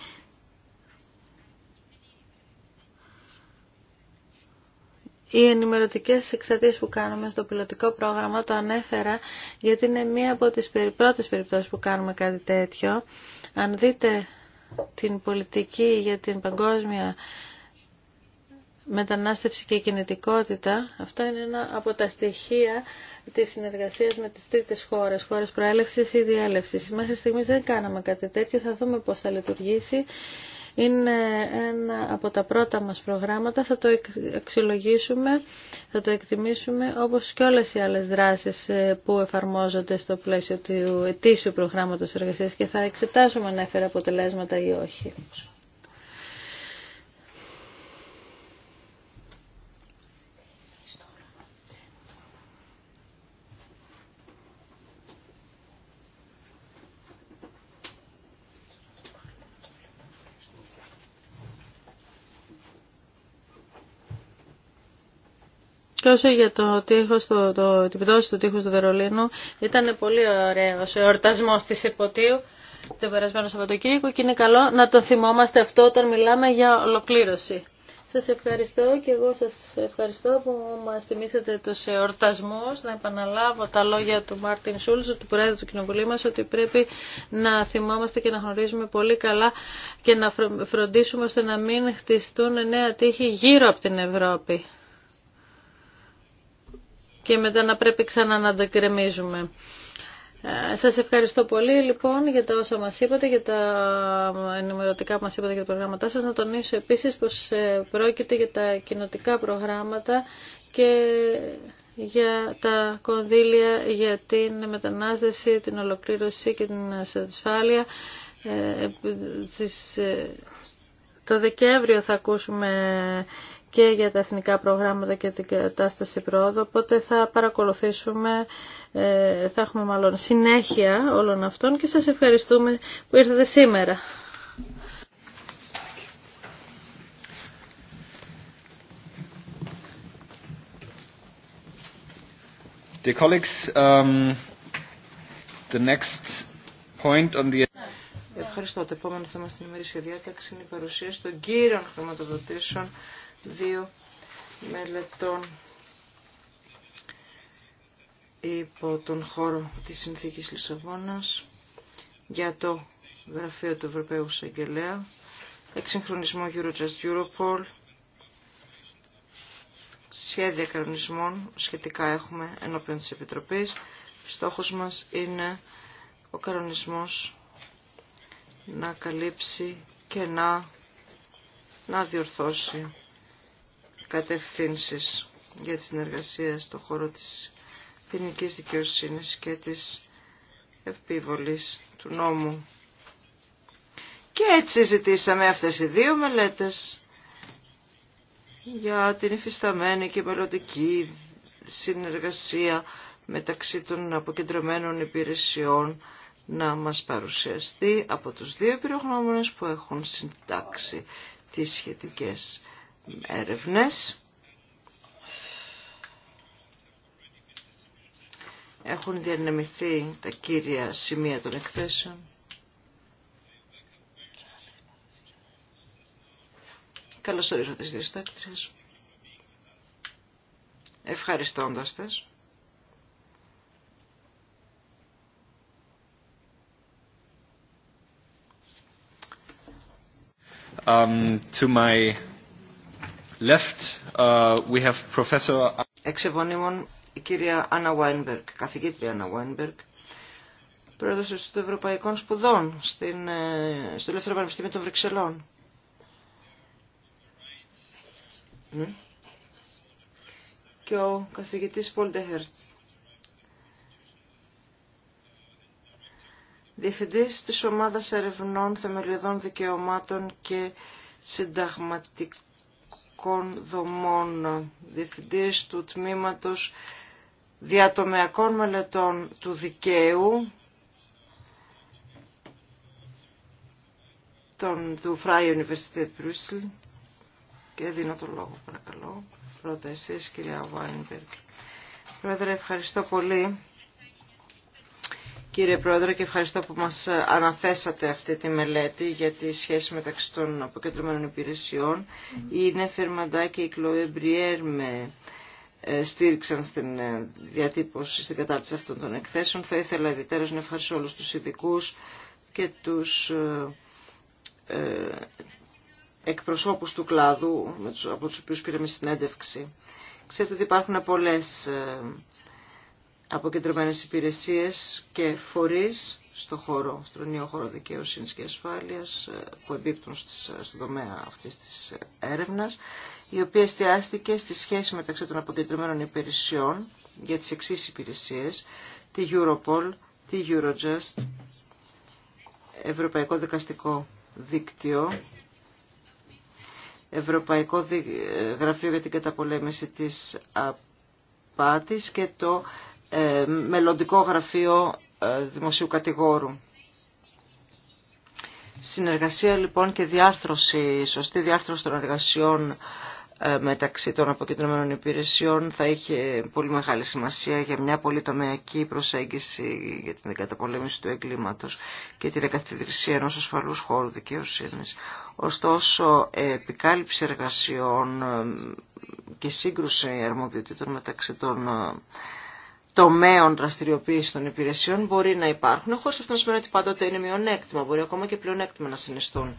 οι ενημερωτικές εξαρτήσεις που κάνουμε στο πιλωτικό πρόγραμμα το ανέφερα γιατί είναι μία από τις πρώτες περιπτώσεις που κάνουμε κάτι τέτοιο. Αν δείτε την πολιτική για την παγκόσμια μετανάστευση και κινητικότητα. Αυτό είναι ένα από τα στοιχεία της συνεργασίας με τις τρίτες χώρες, χώρες προέλευσης ή διέλευσης. Μέχρι στιγμή δεν κάναμε κάτι τέτοιο, θα δούμε πώς θα λειτουργήσει. Είναι ένα από τα πρώτα μας προγράμματα, θα το αξιολογήσουμε, θα το εκτιμήσουμε όπως και όλες οι άλλες δράσεις ε, που εφαρμόζονται στο πλαίσιο του ετήσιου προγράμματος εργασίας και θα εξετάσουμε αν έφερε αποτελέσματα ή όχι. όσο για το το, το, την πτώση του τείχου του Βερολίνου ήταν πολύ ωραίο ο εορτασμό τη Εποτίου το περασμένο Σαββατοκύριακο και είναι καλό να το θυμόμαστε αυτό όταν μιλάμε για ολοκλήρωση. Σα ευχαριστώ και εγώ σα ευχαριστώ που μα θυμήσατε του εορτασμού. Να επαναλάβω τα λόγια του Μάρτιν Σούλτ, του Πρόεδρου του Κοινοβουλίου μα, ότι πρέπει να θυμόμαστε και να γνωρίζουμε πολύ καλά και να φροντίσουμε ώστε να μην χτιστούν νέα τείχη γύρω από την Ευρώπη και μετά να πρέπει ξανά να το ε, Σας ευχαριστώ πολύ λοιπόν για τα όσα μας είπατε, για τα ενημερωτικά που μας είπατε για τα προγράμματά σας. Να τονίσω επίσης πως ε, πρόκειται για τα κοινοτικά προγράμματα και για τα κονδύλια για την μετανάστευση, την ολοκλήρωση και την ασφάλεια. Ε, το Δεκέμβριο θα ακούσουμε και για τα εθνικά προγράμματα και την κατάσταση πρόοδο, οπότε θα παρακολουθήσουμε, ε, θα έχουμε μάλλον συνέχεια όλων αυτών και σας ευχαριστούμε που ήρθατε σήμερα. colleagues, um, the next point on the... Ευχαριστώ. Το επόμενο θέμα στην ημερήσια διάταξη είναι η παρουσίαση των κύριων χρηματοδοτήσεων δύο μελετών υπό τον χώρο της Συνθήκης Λισαβόνας για το Γραφείο του Ευρωπαίου Σαγγελέα εξυγχρονισμό Eurojust Europol, σχέδια κανονισμών σχετικά έχουμε ενώπιον της Επιτροπής. Στόχος μας είναι ο κανονισμός να καλύψει και να, να διορθώσει κατευθύνσεις για τη συνεργασία στον χώρο της ποινικής δικαιοσύνης και της επίβολης του νόμου. Και έτσι ζητήσαμε αυτές οι δύο μελέτες για την υφισταμένη και μελλοντική συνεργασία μεταξύ των αποκεντρωμένων υπηρεσιών να μας παρουσιαστεί από τους δύο πυρογνώμονες που έχουν συντάξει τις σχετικές έρευνες. Έχουν διανεμηθεί τα κύρια σημεία των εκθέσεων. Καλώς ορίζω τις δύο στάκτρες. Ευχαριστώντας τες. Um, to my left uh, η κυρία Άννα Βάινμπεργκ, καθηγήτρια Άννα Βάινμπεργκ, πρόεδρος του Ευρωπαϊκών Σπουδών στην, ε, στο Ελεύθερο Πανεπιστήμιο των Βρυξελών. Και ο καθηγητής Πολ Ντεχερτς. Διευθυντής της Ομάδας Ερευνών Θεμελιωδών Δικαιωμάτων και Συνταγματικών κρατικών δομών, διευθυντής του τμήματος διατομεακών μελετών του δικαίου τον, του Φράι Universität Brüssel και δίνω τον λόγο παρακαλώ πρώτα εσείς κυρία Βάινμπεργκ Πρόεδρε ευχαριστώ πολύ Κύριε Πρόεδρε και ευχαριστώ που μας αναθέσατε αυτή τη μελέτη για τη σχέση μεταξύ των αποκεντρωμένων υπηρεσιών. Η Νεφερμαντά και η Κλωέ με ε, στήριξαν στην ε, διατύπωση, στην κατάρτιση αυτών των εκθέσεων. Θα ήθελα ιδιαίτερως να ευχαριστήσω όλους τους ειδικού και τους ε, εκπροσώπους του κλάδου από τους οποίους πήραμε συνέντευξη. Ξέρετε ότι υπάρχουν πολλές αποκεντρωμένες υπηρεσίες και φορείς στο χώρο, στον νέο χώρο δικαιοσύνης και ασφάλειας ε, που εμπίπτουν στις, ε, στον τομέα αυτής της ε, έρευνας, η οποία εστιάστηκε στη σχέση μεταξύ των αποκεντρωμένων υπηρεσιών για τις εξής υπηρεσίες, τη Europol, τη Eurojust, Ευρωπαϊκό Δικαστικό Δίκτυο, Ευρωπαϊκό Γραφείο για την Καταπολέμηση της Απάτης και το ε, μελλοντικό γραφείο ε, δημοσίου κατηγόρου. Συνεργασία λοιπόν και διάρθρωση, σωστή διάρθρωση των εργασιών ε, μεταξύ των αποκεντρωμένων υπηρεσιών θα είχε πολύ μεγάλη σημασία για μια πολυτομεακή προσέγγιση για την καταπολέμηση του εγκλήματος και την εγκαθιδρυσία ενός ασφαλούς χώρου δικαιοσύνης. Ωστόσο, επικάλυψη εργασιών και σύγκρουση αρμοδιοτήτων μεταξύ των τομέων δραστηριοποίηση των υπηρεσιών μπορεί να υπάρχουν, χωρί αυτό να σημαίνει ότι πάντοτε είναι μειονέκτημα, μπορεί ακόμα και πλεονέκτημα να συνιστούν.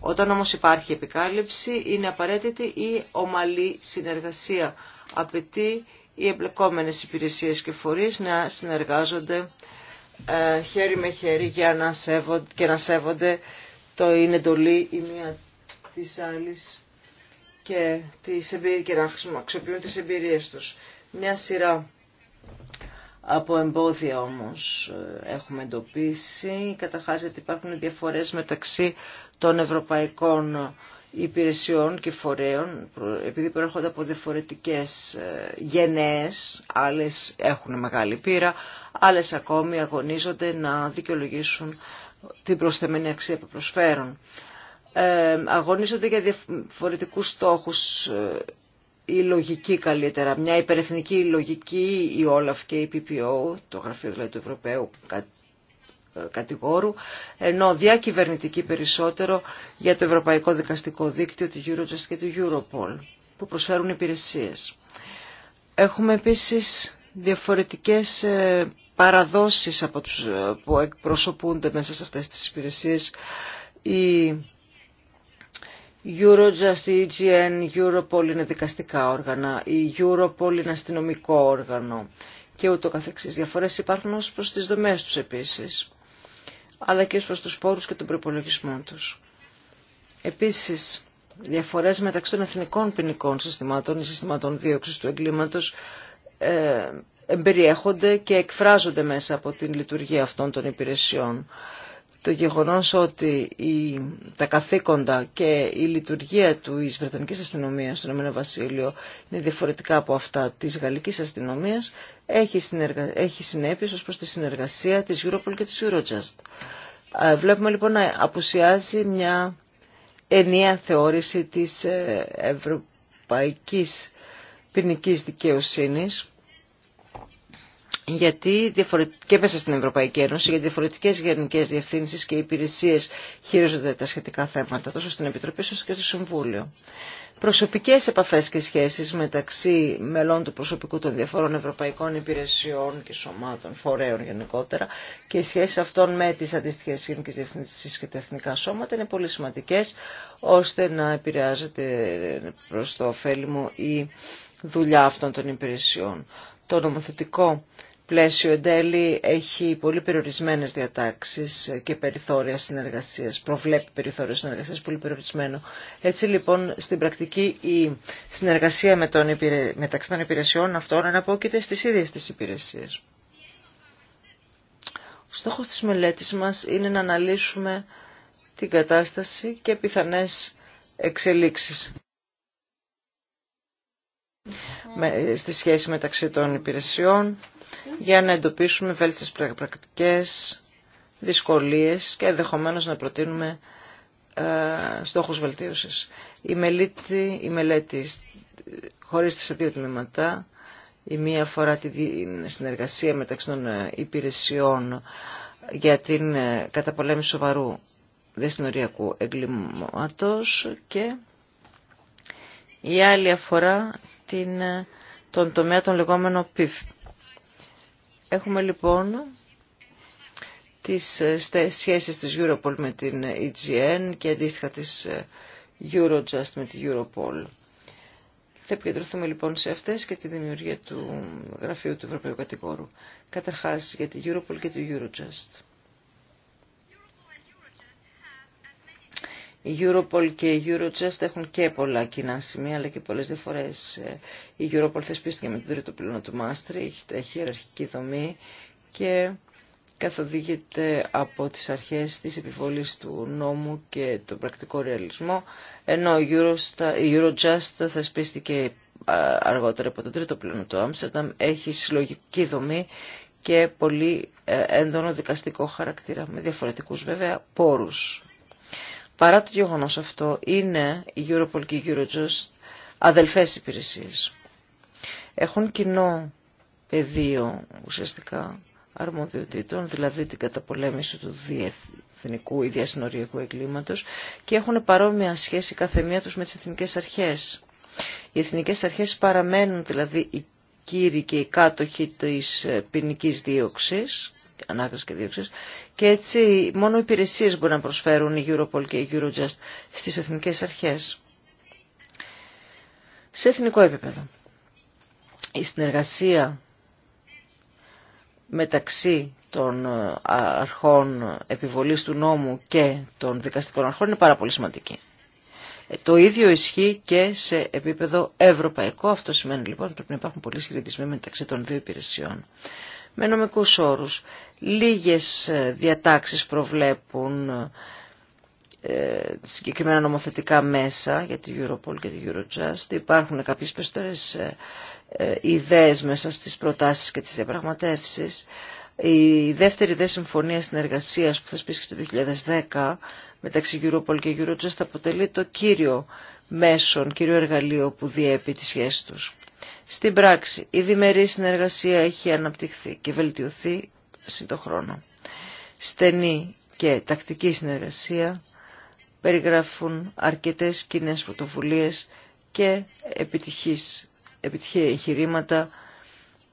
Όταν όμω υπάρχει επικάλυψη, είναι απαραίτητη η ομαλή συνεργασία. Απαιτεί οι εμπλεκόμενε υπηρεσίε και φορεί να συνεργάζονται ε, χέρι με χέρι για να σέβονται, και να σέβονται το είναι εντολή η μία τη άλλη και, και να αξιοποιούν τι εμπειρίε του. Μια σειρά από εμπόδια όμως ε, έχουμε εντοπίσει. Καταχάζεται ότι υπάρχουν διαφορές μεταξύ των ευρωπαϊκών υπηρεσιών και φορέων, επειδή προέρχονται από διαφορετικές ε, γενναίες, άλλες έχουν μεγάλη πείρα, άλλες ακόμη αγωνίζονται να δικαιολογήσουν την προσθεμένη αξία που προσφέρουν. Ε, αγωνίζονται για διαφορετικούς στόχους η λογική καλύτερα, μια υπερεθνική λογική, η OLAF και η PPO, το γραφείο δηλαδή του Ευρωπαίου κατηγόρου, ενώ διακυβερνητική περισσότερο για το Ευρωπαϊκό Δικαστικό Δίκτυο, τη Eurojust και τη Europol, που προσφέρουν υπηρεσίες. Έχουμε επίσης διαφορετικές ε, παραδόσεις από τους ε, που εκπροσωπούνται μέσα σε αυτές τις υπηρεσίες. Eurojust, EGN, Europol είναι δικαστικά όργανα, η Europol είναι αστυνομικό όργανο και ούτω καθεξής. Διαφορές υπάρχουν ως προς τις δομές τους επίσης, αλλά και ως προς τους πόρους και τον προπολογισμό τους. Επίσης, διαφορές μεταξύ των εθνικών ποινικών συστημάτων ή συστημάτων δίωξης του εγκλήματος ε, εμπεριέχονται και εκφράζονται μέσα από την λειτουργία αυτών των υπηρεσιών το γεγονός ότι η, τα καθήκοντα και η λειτουργία του εις Βρετανικής Αστυνομίας στον Ηνωμένο Βασίλειο είναι διαφορετικά από αυτά της Γαλλικής Αστυνομίας έχει, συνεργα... έχει συνέπειες ως προς τη συνεργασία της Europol και της Eurojust. Ε, βλέπουμε λοιπόν να απουσιάζει μια ενιαία θεώρηση της ε, ευρωπαϊκής ποινικής δικαιοσύνης γιατί και μέσα στην Ευρωπαϊκή Ένωση, γιατί διαφορετικέ γενικέ διευθύνσει και υπηρεσίε χειρίζονται τα σχετικά θέματα, τόσο στην Επιτροπή όσο και στο Συμβούλιο. Προσωπικέ επαφέ και σχέσει μεταξύ μελών του προσωπικού των διαφόρων ευρωπαϊκών υπηρεσιών και σωμάτων, φορέων γενικότερα, και οι σχέσει αυτών με τι αντίστοιχε γενικέ διευθύνσει και τα εθνικά σώματα είναι πολύ σημαντικέ, ώστε να επηρεάζεται προ το ωφέλιμο η δουλειά αυτών των υπηρεσιών το νομοθετικό πλαίσιο εν τέλει έχει πολύ περιορισμένες διατάξεις και περιθώρια συνεργασίας, προβλέπει περιθώρια συνεργασίας πολύ περιορισμένο. Έτσι λοιπόν στην πρακτική η συνεργασία με τον μεταξύ των υπηρεσιών αυτών αναπόκειται στις ίδιες τις υπηρεσίες. Ο στόχος της μελέτης μας είναι να αναλύσουμε την κατάσταση και πιθανές εξελίξεις στη σχέση μεταξύ των υπηρεσιών για να εντοπίσουμε βέλτιστες πρακτικές, δυσκολίες και ενδεχομένω να προτείνουμε ε, στόχους βελτίωσης. Η μελέτη, η μελέτη χωρίζεται σε δύο τμήματα. Η μία αφορά τη συνεργασία μεταξύ των ε, υπηρεσιών για την ε, καταπολέμηση σοβαρού δεσυνοριακού εγκλήματος και η άλλη αφορά την, τον τομέα των λεγόμενο PIF. Έχουμε λοιπόν τις ε, σχέσεις της Europol με την ε, EGN και αντίστοιχα της ε, Eurojust με την Europol. Θα επικεντρωθούμε λοιπόν σε αυτές και τη δημιουργία του γραφείου του Ευρωπαϊκού Κατηγόρου. Καταρχάς για την Europol και την Eurojust. Η Europol και η Eurojust έχουν και πολλά κοινά σημεία, αλλά και πολλέ διαφορέ. Ε, η Europol θεσπίστηκε με τον τρίτο πυλώνα του Μάστριχτ, έχει ιεραρχική δομή και καθοδήγεται από τις αρχές της επιβολής του νόμου και τον πρακτικό ρεαλισμό, ενώ η Eurojust θεσπίστηκε αργότερα από τον τρίτο πλήνο του Άμστερνταμ, έχει συλλογική δομή και πολύ ε, έντονο δικαστικό χαρακτήρα, με διαφορετικούς βέβαια πόρους Παρά το γεγονός αυτό, είναι η Europol και η Eurojust αδελφές υπηρεσίες. Έχουν κοινό πεδίο ουσιαστικά αρμοδιοτήτων, δηλαδή την καταπολέμηση του διεθνικού ή διασυνοριακού εγκλήματος και έχουν παρόμοια σχέση κάθε μία τους με τις εθνικές αρχές. Οι εθνικές αρχές παραμένουν δηλαδή οι κύριοι και οι κάτοχοι της ποινική δίωξης ανάκριση και δίωξη. Και έτσι μόνο οι υπηρεσίε μπορούν να προσφέρουν η Europol και η Eurojust στι εθνικέ αρχέ. Σε εθνικό επίπεδο. Η συνεργασία μεταξύ των ε, αρχών επιβολής του νόμου και των δικαστικών αρχών είναι πάρα πολύ σημαντική. Ε, το ίδιο ισχύει και σε επίπεδο ευρωπαϊκό. Αυτό σημαίνει λοιπόν ότι πρέπει να υπάρχουν πολλοί συγκριτισμοί μεταξύ των δύο υπηρεσιών με νομικούς όρους. Λίγες ε, διατάξεις προβλέπουν ε, συγκεκριμένα νομοθετικά μέσα για την Europol και την Eurojust. Υπάρχουν κάποιες περιστορές ε, ιδέες μέσα στις προτάσεις και τις διαπραγματεύσεις. Η δεύτερη δε συμφωνία συνεργασίας που θα σπίσει το 2010 μεταξύ Europol και Eurojust αποτελεί το κύριο μέσον, κύριο εργαλείο που διέπει τις σχέσεις τους. Στην πράξη, η διμερή συνεργασία έχει αναπτυχθεί και βελτιωθεί σε σύντο χρόνο. Στενή και τακτική συνεργασία περιγράφουν αρκετές κοινέ πρωτοβουλίε και επιτυχής, επιτυχή εγχειρήματα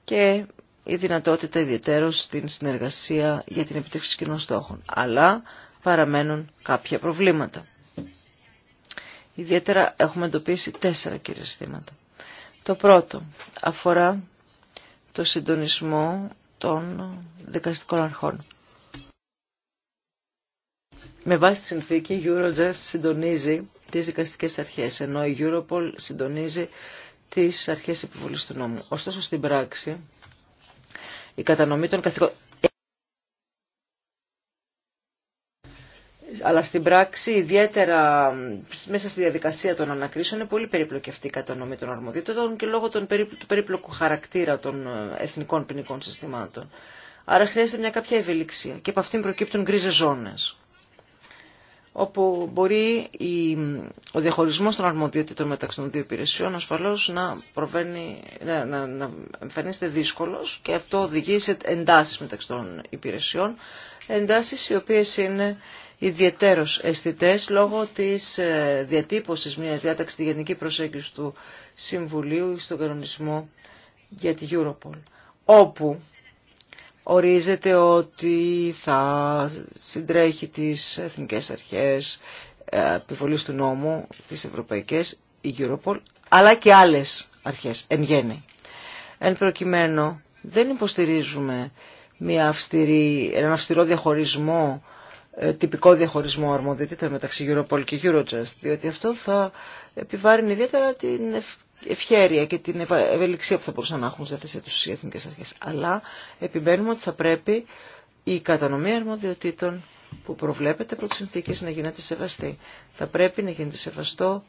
και η δυνατότητα ιδιαίτερως στην συνεργασία για την επιτύχηση κοινών στόχων. Αλλά παραμένουν κάποια προβλήματα. Ιδιαίτερα έχουμε εντοπίσει τέσσερα κύριε το πρώτο αφορά το συντονισμό των δικαστικών αρχών. Με βάση τη συνθήκη, η Eurojust συντονίζει τις δικαστικές αρχές, ενώ η Europol συντονίζει τις αρχές επιβολής του νόμου. Ωστόσο, στην πράξη, η κατανομή των καθηγόντων... αλλά στην πράξη, ιδιαίτερα μέσα στη διαδικασία των ανακρίσεων, είναι πολύ περίπλοκη αυτή η κατανομή των αρμοδιότητων και λόγω του περίπλοκου χαρακτήρα των ε, εθνικών ποινικών συστημάτων. Άρα χρειάζεται μια κάποια ευελιξία και από αυτήν προκύπτουν γκρίζε ζώνε. Όπου μπορεί η, ο διαχωρισμό των αρμοδιότητων μεταξύ των δύο υπηρεσιών ασφαλώ να, να, να, να εμφανίζεται δύσκολο και αυτό οδηγεί σε εντάσει μεταξύ των υπηρεσιών. Εντάσει οι οποίε είναι ιδιαίτερως αισθητέ λόγω της ε, διατύπωσης μιας διάταξης στη Γενική Προσέγγιση του Συμβουλίου στον κανονισμό για τη Europol, όπου ορίζεται ότι θα συντρέχει τις εθνικές αρχές ε, επιβολής του νόμου, τις ευρωπαϊκές, η Europol, αλλά και άλλες αρχές εν γέννη. Εν προκειμένου δεν υποστηρίζουμε μια αυστηρή, έναν αυστηρό διαχωρισμό ε, τυπικό διαχωρισμό αρμοδιότητα μεταξύ Europol και Eurojust, διότι αυτό θα επιβάρει ιδιαίτερα την ευχέρεια και την ευελιξία που θα μπορούσαν να έχουν στη θέση τους οι εθνικές αρχές. Αλλά επιμένουμε ότι θα πρέπει η κατανομή αρμοδιοτήτων που προβλέπεται από τι συνθήκες να γίνεται σεβαστή. Θα πρέπει να γίνεται σεβαστό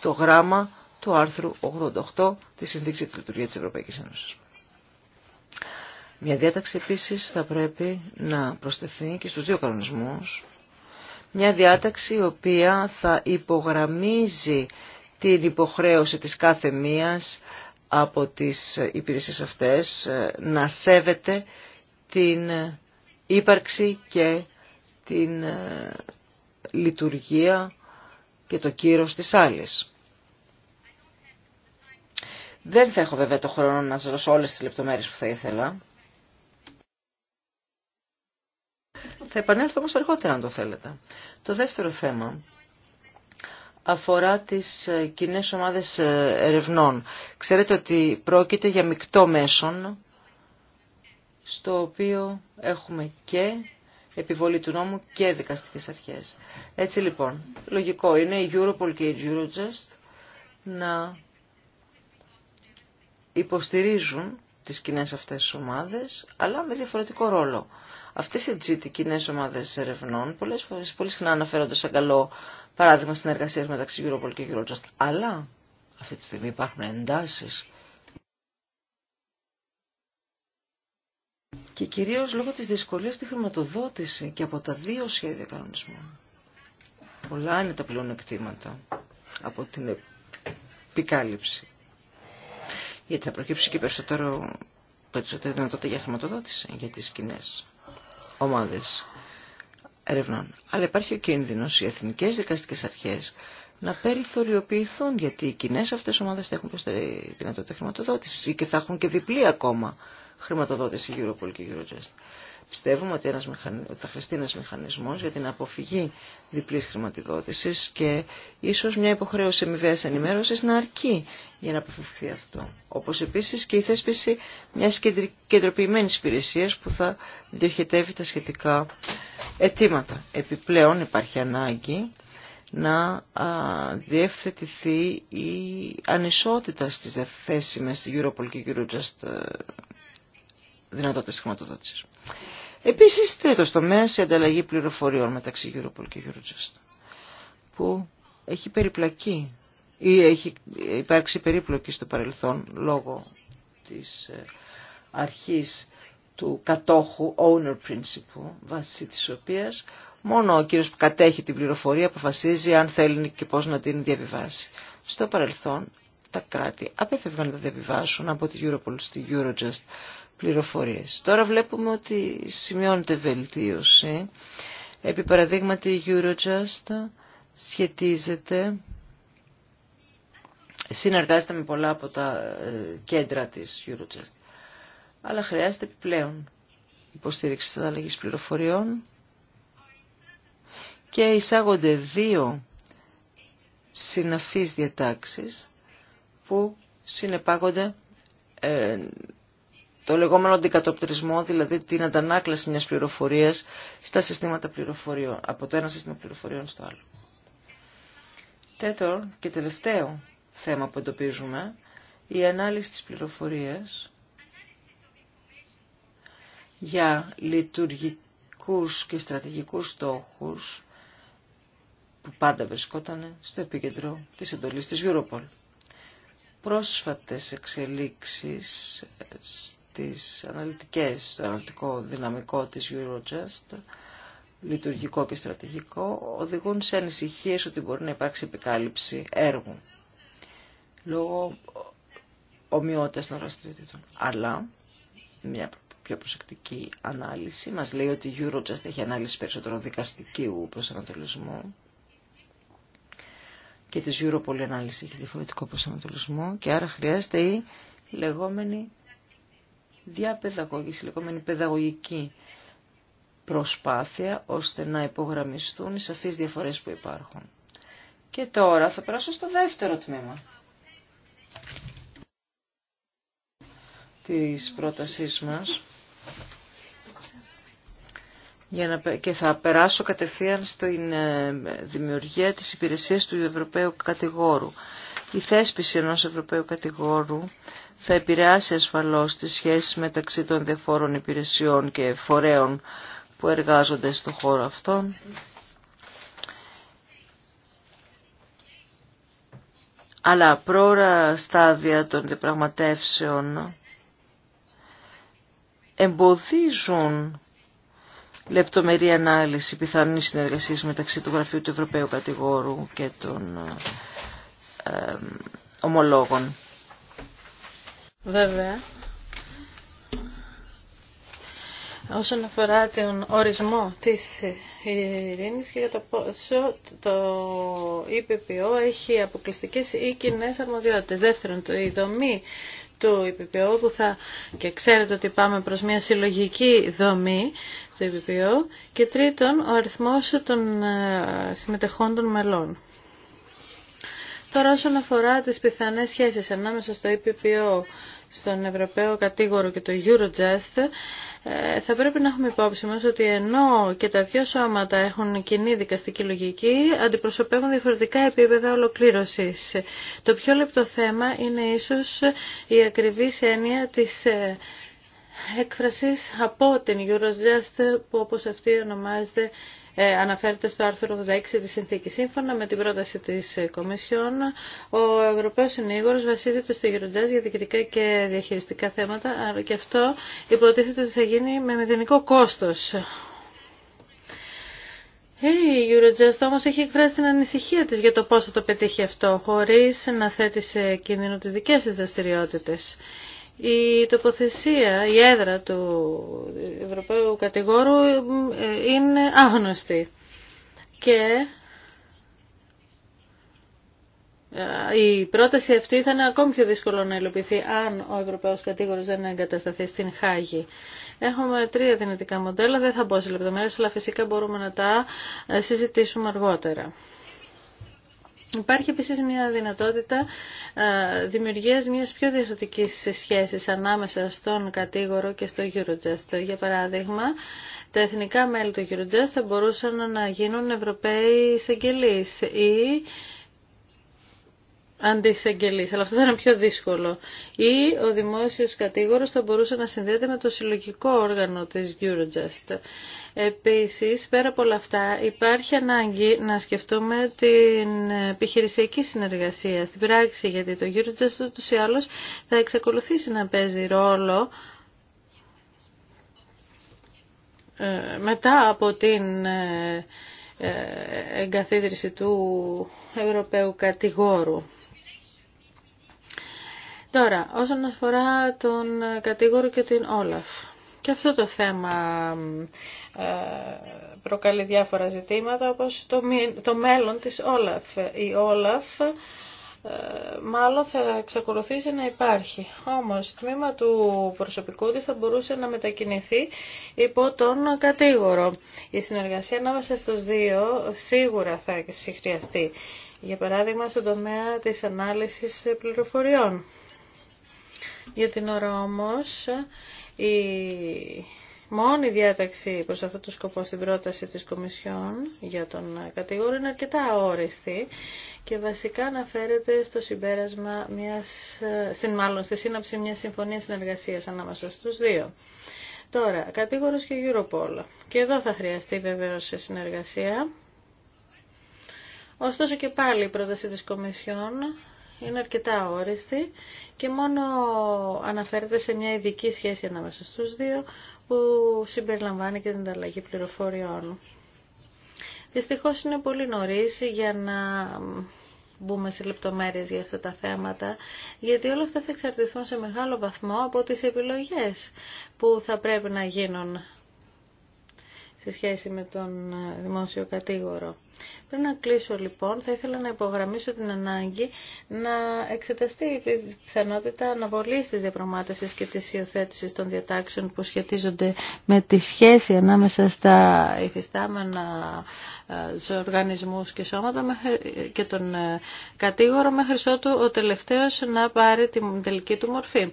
το γράμμα του άρθρου 88 της Συνθήκης για τη Λειτουργία της Ευρωπαϊκής Ένωσης. Μια διάταξη επίσης θα πρέπει να προσθεθεί και στους δύο κανονισμούς. Μια διάταξη η οποία θα υπογραμμίζει την υποχρέωση της κάθε μίας από τις υπηρεσίες αυτές ε, να σέβεται την ε, ύπαρξη και την ε, λειτουργία και το κύρος της άλλης. Δεν θα έχω βέβαια το χρόνο να σας δώσω όλες τις λεπτομέρειες που θα ήθελα. Θα επανέλθω όμως αργότερα αν το θέλετε. Το δεύτερο θέμα αφορά τις ε, κοινέ ομάδες ε, ερευνών. Ξέρετε ότι πρόκειται για μεικτό μέσον, στο οποίο έχουμε και επιβολή του νόμου και δικαστικές αρχές. Έτσι λοιπόν, λογικό είναι η Europol και η Eurojust να υποστηρίζουν τις κοινέ αυτές ομάδες, αλλά με διαφορετικό ρόλο. Αυτέ οι τζίτι, κοινέ ομάδε ερευνών, Πολλέ φορέ πολύ συχνά αναφέρονται σαν καλό παράδειγμα συνεργασία μεταξύ Europol και Eurojust. Αλλά αυτή τη στιγμή υπάρχουν εντάσει. Και κυρίω λόγω τη δυσκολία στη χρηματοδότηση και από τα δύο σχέδια κανονισμού. Πολλά είναι τα πλεονεκτήματα από την επικάλυψη. Γιατί θα προκύψει και περισσότερο, περισσότερο δυνατότητα για χρηματοδότηση για τις κοινέ ομάδες ερευνών. Αλλά υπάρχει ο κίνδυνος οι εθνικέ δικαστικές αρχές να περιθωριοποιηθούν γιατί οι κοινέ αυτές ομάδες θα έχουν προσθέτει δυνατότητα χρηματοδότηση και θα έχουν και διπλή ακόμα χρηματοδότηση Europol και Eurojust. Πιστεύουμε ότι, ένας ότι θα χρειαστεί ένας μηχανισμός για την αποφυγή διπλή χρηματοδότηση και ίσως μια υποχρέωση αμοιβαίας ενημέρωση να αρκεί για να αποφευχθεί αυτό. Όπως επίσης και η θέσπιση μιας κεντροποιημένη υπηρεσία που θα διοχετεύει τα σχετικά αιτήματα. Επιπλέον υπάρχει ανάγκη να διευθετηθεί η ανισότητα στις διαθέσιμες Europol και Eurojust ε, δυνατότητες χρηματοδότησης. Επίσης, τρίτος τομέας, η ανταλλαγή πληροφοριών μεταξύ Europol και Eurojust, που έχει περιπλακεί ή έχει υπάρξει περίπλοκη στο παρελθόν λόγω της ε, αρχής του κατόχου owner principle, βάση της οποίας μόνο ο κύριος που κατέχει την πληροφορία αποφασίζει αν θέλει και πώς να την διαβιβάσει. Στο παρελθόν τα κράτη απέφευγαν να διαβιβάσουν από τη Europol στη Eurojust πληροφορίες. Τώρα βλέπουμε ότι σημειώνεται βελτίωση. Επί παραδείγματι η Eurojust σχετίζεται, συνεργάζεται με πολλά από τα ε, κέντρα της Eurojust. Αλλά χρειάζεται επιπλέον υποστήριξη της αλλαγής πληροφοριών και εισάγονται δύο συναφείς διατάξεις που συνεπάγονται ε, το λεγόμενο αντικατοπτρισμό, δηλαδή την αντανάκλαση μιας πληροφορίας στα συστήματα πληροφοριών, από το ένα σύστημα πληροφοριών στο άλλο. Τέτοιο και τελευταίο θέμα που εντοπίζουμε, η ανάλυση της πληροφορίας για λειτουργικούς και στρατηγικούς στόχους που πάντα βρισκόταν στο επίκεντρο της εντολής της Europol πρόσφατες εξελίξεις τις αναλυτικές, το αναλυτικό δυναμικό της Eurojust, λειτουργικό και στρατηγικό, οδηγούν σε ανησυχίες ότι μπορεί να υπάρξει επικάλυψη έργου λόγω ομοιότητας των δραστηριοτήτων. Αλλά μια πιο προσεκτική ανάλυση μας λέει ότι η Eurojust έχει ανάλυση περισσότερο δικαστικού προσανατολισμού και της Europol η ανάλυση έχει διαφορετικό προσανατολισμό και άρα χρειάζεται η λεγόμενη διαπαιδαγώγηση, λεγόμενη παιδαγωγική προσπάθεια, ώστε να υπογραμμιστούν οι σαφείς διαφορές που υπάρχουν. Και τώρα θα περάσω στο δεύτερο τμήμα της πρότασής μας για να, και θα περάσω κατευθείαν στην ε, δημιουργία της υπηρεσίας του Ευρωπαίου Κατηγόρου. Η θέσπιση ενός Ευρωπαίου Κατηγόρου θα επηρεάσει ασφαλώς τις σχέσεις μεταξύ των διαφόρων υπηρεσιών και φορέων που εργάζονται στον χώρο αυτόν. Αλλά πρόωρα στάδια των διαπραγματεύσεων εμποδίζουν λεπτομερή ανάλυση πιθανή συνεργασία μεταξύ του Γραφείου του Ευρωπαίου Κατηγόρου και των ε, ομολόγων. Βέβαια, όσον αφορά τον ορισμό της ειρήνης και για το πόσο το ΙΠΠΟ έχει αποκλειστικές ή κοινέ αρμοδιότητες. Δεύτερον, το η δομή του ΙΠΠΟ που θα, και ξέρετε ότι πάμε προς μια συλλογική δομή του ΙΠΠΟ και τρίτον, ο αριθμός των ε, συμμετεχόντων μελών. Τώρα όσον αφορά τις πιθανές σχέσεις ανάμεσα στο ΙΠΠΟ στον Ευρωπαίο κατήγορο και το Eurojust, ε, θα πρέπει να έχουμε υπόψη μας ότι ενώ και τα δύο σώματα έχουν κοινή δικαστική λογική, αντιπροσωπεύουν διαφορετικά επίπεδα ολοκλήρωσης. Το πιο λεπτό θέμα είναι ίσως η ακριβής έννοια της ε, έκφρασης από την Eurojust που όπως αυτή ονομάζεται ε, αναφέρεται στο άρθρο 16 της συνθήκης. Σύμφωνα με την πρόταση της ε, Κομισιόν, ο Ευρωπαίος Συνήγορος βασίζεται στο γεροντάζ για διοικητικά και διαχειριστικά θέματα και αυτό υποτίθεται ότι θα γίνει με μηδενικό κόστος. Ε, η Eurojust όμω έχει εκφράσει την ανησυχία της για το πώ θα το πετύχει αυτό, χωρί να θέτει σε κίνδυνο τι δικέ τη δραστηριότητε. Η τοποθεσία, η έδρα του Ευρωπαίου κατηγόρου ε, είναι άγνωστη και ε, η πρόταση αυτή θα είναι ακόμη πιο δύσκολο να υλοποιηθεί αν ο Ευρωπαίος κατήγορος δεν εγκατασταθεί στην Χάγη. Έχουμε τρία δυνατικά μοντέλα, δεν θα μπω σε λεπτομέρειες, αλλά φυσικά μπορούμε να τα ε, συζητήσουμε αργότερα. Υπάρχει επίσης μια δυνατότητα ε, δημιουργίας μιας πιο διαφορετικής σχέσης ανάμεσα στον κατήγορο και στο Eurojust. Για παράδειγμα, τα εθνικά μέλη του Eurojust θα μπορούσαν να γίνουν Ευρωπαίοι εισαγγελείς ή αντισεγγελής, Αλλά αυτό θα είναι πιο δύσκολο. Ή ο δημόσιος κατήγορος θα μπορούσε να συνδέεται με το συλλογικό όργανο της Eurojust. Επίσης, πέρα από όλα αυτά, υπάρχει ανάγκη να σκεφτούμε την επιχειρησιακή συνεργασία στην πράξη, γιατί το Eurojust ούτως ή άλλως θα εξακολουθήσει να παίζει ρόλο ε, μετά από την ε, ε, εγκαθίδρυση του Ευρωπαίου κατηγόρου. Τώρα, όσον αφορά τον κατήγορο και την Όλαφ. Και αυτό το θέμα ε, προκαλεί διάφορα ζητήματα, όπως το μέλλον της Όλαφ. Η Όλαφ ε, μάλλον θα εξακολουθήσει να υπάρχει. Όμως, το τμήμα του προσωπικού της θα μπορούσε να μετακινηθεί υπό τον κατήγορο. Η συνεργασία ανάμεσα στους δύο σίγουρα θα συγχρειαστεί. Για παράδειγμα, στον τομέα της ανάλυσης πληροφοριών. Για την ώρα όμως η μόνη διάταξη προς αυτό το σκοπό στην πρόταση της Κομισιόν για τον κατηγόρο είναι αρκετά αόριστη και βασικά αναφέρεται στο συμπέρασμα μιας, στην μάλλον στη σύναψη μιας συμφωνίας συνεργασίας ανάμεσα στους δύο. Τώρα, κατήγορος και Europol. Και εδώ θα χρειαστεί βεβαίως σε συνεργασία. Ωστόσο και πάλι η πρόταση της Κομισιόν είναι αρκετά όριστη και μόνο αναφέρεται σε μια ειδική σχέση ανάμεσα στους δύο που συμπεριλαμβάνει και την ανταλλαγή πληροφοριών. Δυστυχώς είναι πολύ νωρίς για να μπούμε σε λεπτομέρειες για αυτά τα θέματα, γιατί όλα αυτά θα εξαρτηθούν σε μεγάλο βαθμό από τις επιλογές που θα πρέπει να γίνουν σε σχέση με τον ε, δημόσιο κατήγορο. Πριν να κλείσω λοιπόν, θα ήθελα να υπογραμμίσω την ανάγκη να εξεταστεί η πιθανότητα αναβολή τη διαπραγμάτευση και τη υιοθέτηση των διατάξεων που σχετίζονται με τη σχέση ανάμεσα στα υφιστάμενα ε, σε οργανισμούς και σώματα και τον ε, κατήγορο μέχρι ότου ο τελευταίο να πάρει την τελική του μορφή.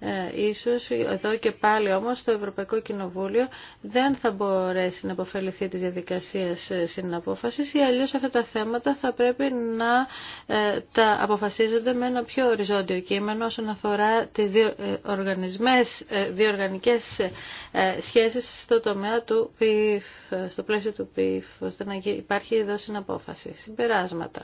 Ε, ίσως εδώ και πάλι όμως το Ευρωπαϊκό Κοινοβούλιο δεν θα μπορέσει να αποφεληθεί της διαδικασίας ε, συναπόφασης ή αλλιώς αυτά τα θέματα θα πρέπει να ε, τα αποφασίζονται με ένα πιο οριζόντιο κείμενο όσον αφορά τις δύο, ε, οργανισμές, ε, διοργανικές σχέσεις στο τομέα του ΠΙΦ, στο πλαίσιο του ΠΙΦ, ώστε να υπάρχει εδώ συναπόφαση. Συμπεράσματα.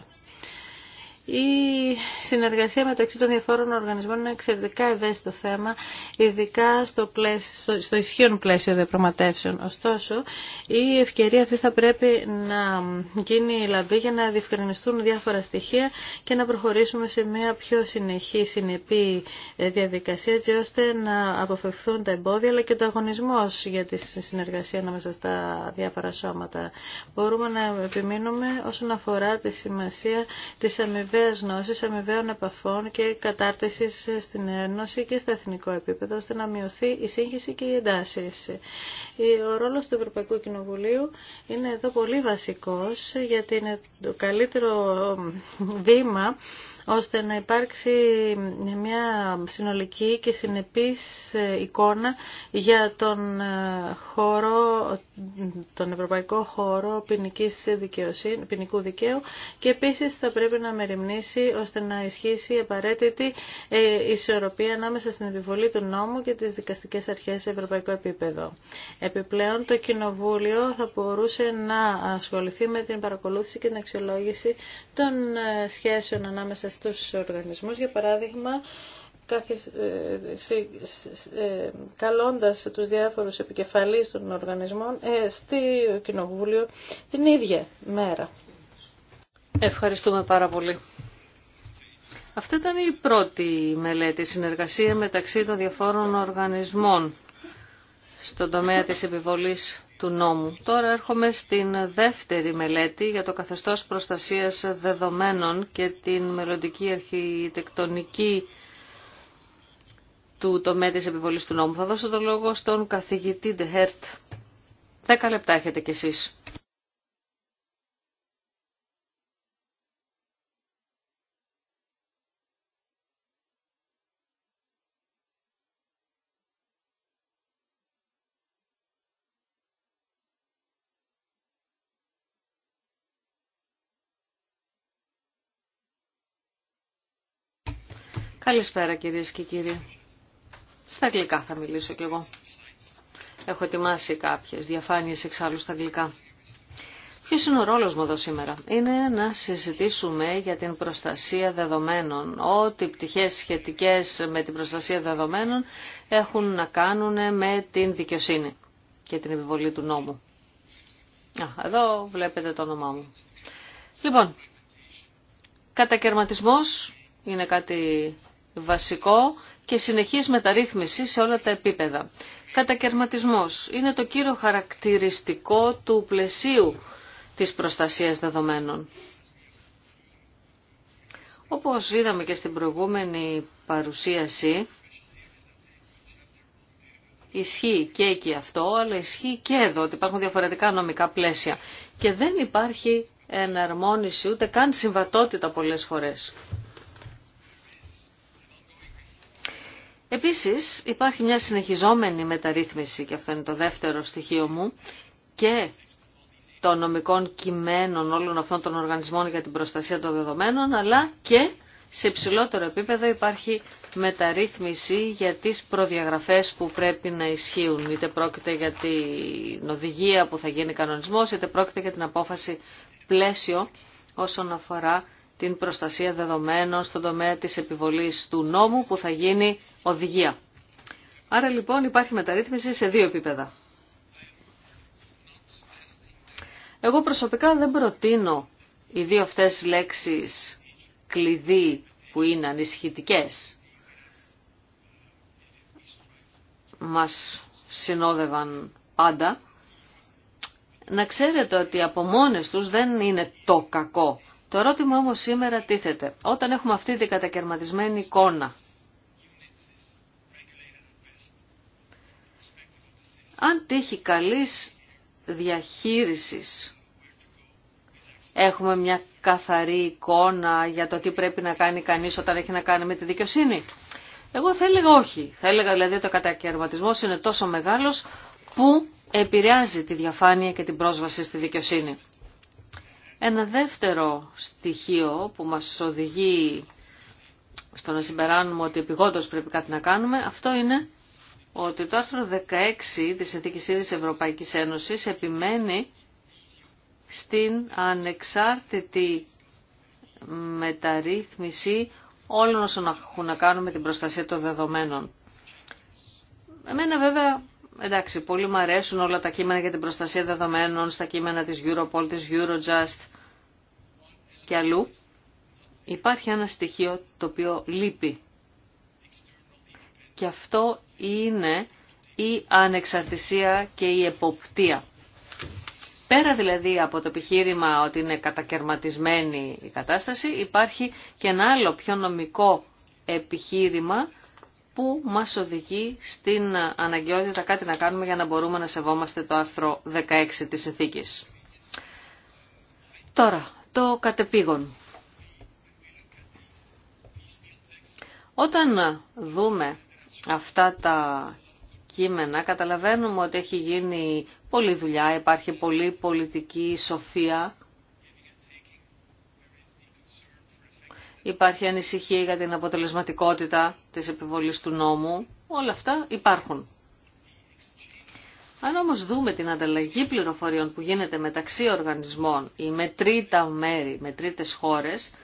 Η συνεργασία μεταξύ των διαφόρων οργανισμών είναι εξαιρετικά ευαίσθητο θέμα, ειδικά στο, πλαίσιο, στο ισχύον πλαίσιο διαπραγματεύσεων. Ωστόσο, η ευκαιρία αυτή θα πρέπει να γίνει λαμπή για να διευκρινιστούν διάφορα στοιχεία και να προχωρήσουμε σε μια πιο συνεχή, συνεπή ε, διαδικασία, έτσι ώστε να αποφευθούν τα εμπόδια αλλά και το αγωνισμό για τη συνεργασία ανάμεσα στα διάφορα σώματα. Μπορούμε να επιμείνουμε όσον αφορά τη σημασία τη αμοιβή αμοιβαία γνώση, αμοιβαίων επαφών και κατάρτισης στην Ένωση και στο εθνικό επίπεδο, ώστε να μειωθεί η σύγχυση και οι εντάσει. Ο ρόλος του Ευρωπαϊκού Κοινοβουλίου είναι εδώ πολύ βασικός, γιατί είναι το καλύτερο βήμα ώστε να υπάρξει μια συνολική και συνεπής ε, εικόνα για τον ε, χώρο, τον ευρωπαϊκό χώρο ποινικής ποινικού δικαίου και επίσης θα πρέπει να μεριμνήσει ώστε να ισχύσει η απαραίτητη ε, ισορροπία ανάμεσα στην επιβολή του νόμου και τις δικαστικές αρχές σε ευρωπαϊκό επίπεδο. Επιπλέον το Κοινοβούλιο θα μπορούσε να ασχοληθεί με την παρακολούθηση και την αξιολόγηση των σχέσεων ανάμεσα στους οργανισμούς, για παράδειγμα, ε, ε, καλώντας τους διάφορους επικεφαλείς των οργανισμών ε, στη Κοινοβούλιο την ίδια μέρα. Ευχαριστούμε πάρα πολύ. Αυτή ήταν η πρώτη μελέτη συνεργασία μεταξύ των διαφόρων οργανισμών στον τομέα της επιβολής του νόμου. Τώρα έρχομαι στην δεύτερη μελέτη για το καθεστώς προστασίας δεδομένων και την μελλοντική αρχιτεκτονική του τομέα της επιβολής του νόμου. Θα δώσω το λόγο στον καθηγητή Ντεχέρτ. Δέκα λεπτά έχετε κι εσείς. Καλησπέρα κυρίες και κύριοι. Στα αγγλικά θα μιλήσω κι εγώ. Έχω ετοιμάσει κάποιες διαφάνειες εξάλλου στα αγγλικά. Ποιος είναι ο ρόλος μου εδώ σήμερα. Είναι να συζητήσουμε για την προστασία δεδομένων. Ό,τι πτυχές σχετικές με την προστασία δεδομένων έχουν να κάνουν με την δικαιοσύνη και την επιβολή του νόμου. Α, εδώ βλέπετε το όνομά μου. Λοιπόν, κατακαιρματισμός είναι κάτι βασικό και συνεχής μεταρρύθμιση σε όλα τα επίπεδα. Κατακαιρματισμός είναι το κύριο χαρακτηριστικό του πλαισίου της προστασίας δεδομένων. Όπως είδαμε και στην προηγούμενη παρουσίαση, ισχύει και εκεί αυτό, αλλά ισχύει και εδώ, ότι υπάρχουν διαφορετικά νομικά πλαίσια. Και δεν υπάρχει εναρμόνιση, ούτε καν συμβατότητα πολλές φορές. Επίσης υπάρχει μια συνεχιζόμενη μεταρρύθμιση και αυτό είναι το δεύτερο στοιχείο μου και των νομικών κειμένων όλων αυτών των οργανισμών για την προστασία των δεδομένων αλλά και σε υψηλότερο επίπεδο υπάρχει μεταρρύθμιση για τις προδιαγραφές που πρέπει να ισχύουν. Είτε πρόκειται για την οδηγία που θα γίνει κανονισμός, είτε πρόκειται για την απόφαση πλαίσιο όσον αφορά την προστασία δεδομένων στον τομέα της επιβολής του νόμου που θα γίνει οδηγία. Άρα λοιπόν υπάρχει μεταρρύθμιση σε δύο επίπεδα. Εγώ προσωπικά δεν προτείνω οι δύο αυτές λέξεις κλειδί που είναι ανησυχητικές. Μας συνόδευαν πάντα. Να ξέρετε ότι από μόνες τους δεν είναι το κακό. Το ερώτημα όμως σήμερα τίθεται. Όταν έχουμε αυτή την κατακαιρματισμένη εικόνα, αν τύχει καλής διαχείρισης, έχουμε μια καθαρή εικόνα για το τι πρέπει να κάνει κανείς όταν έχει να κάνει με τη δικαιοσύνη. Εγώ θα έλεγα όχι. Θα έλεγα δηλαδή ότι ο κατακαιρματισμός είναι τόσο μεγάλος που επηρεάζει τη διαφάνεια και την πρόσβαση στη δικαιοσύνη. Ένα δεύτερο στοιχείο που μας οδηγεί στο να συμπεράνουμε ότι επιγόντως πρέπει κάτι να κάνουμε, αυτό είναι ότι το άρθρο 16 της Εθνικής Ήδης Ευρωπαϊκής Ένωσης επιμένει στην ανεξάρτητη μεταρρύθμιση όλων όσων έχουν να κάνουν με την προστασία των δεδομένων. Εμένα βέβαια εντάξει, πολύ μου αρέσουν όλα τα κείμενα για την προστασία δεδομένων στα κείμενα της Europol, της Eurojust και αλλού. Υπάρχει ένα στοιχείο το οποίο λείπει. Και αυτό είναι η ανεξαρτησία και η εποπτεία. Πέρα δηλαδή από το επιχείρημα ότι είναι κατακαιρματισμένη η κατάσταση, υπάρχει και ένα άλλο πιο νομικό επιχείρημα που μας οδηγεί στην αναγκαιότητα κάτι να κάνουμε για να μπορούμε να σεβόμαστε το άρθρο 16 της συνθήκης. Τώρα, το κατεπήγον. Όταν δούμε αυτά τα κείμενα καταλαβαίνουμε ότι έχει γίνει πολλή δουλειά, υπάρχει πολλή πολιτική σοφία υπάρχει ανησυχία για την αποτελεσματικότητα της επιβολής του νόμου, όλα αυτά υπάρχουν. Αν όμως δούμε την ανταλλαγή πληροφοριών που γίνεται μεταξύ οργανισμών ή με τρίτα μέρη, με τρίτες χώρες,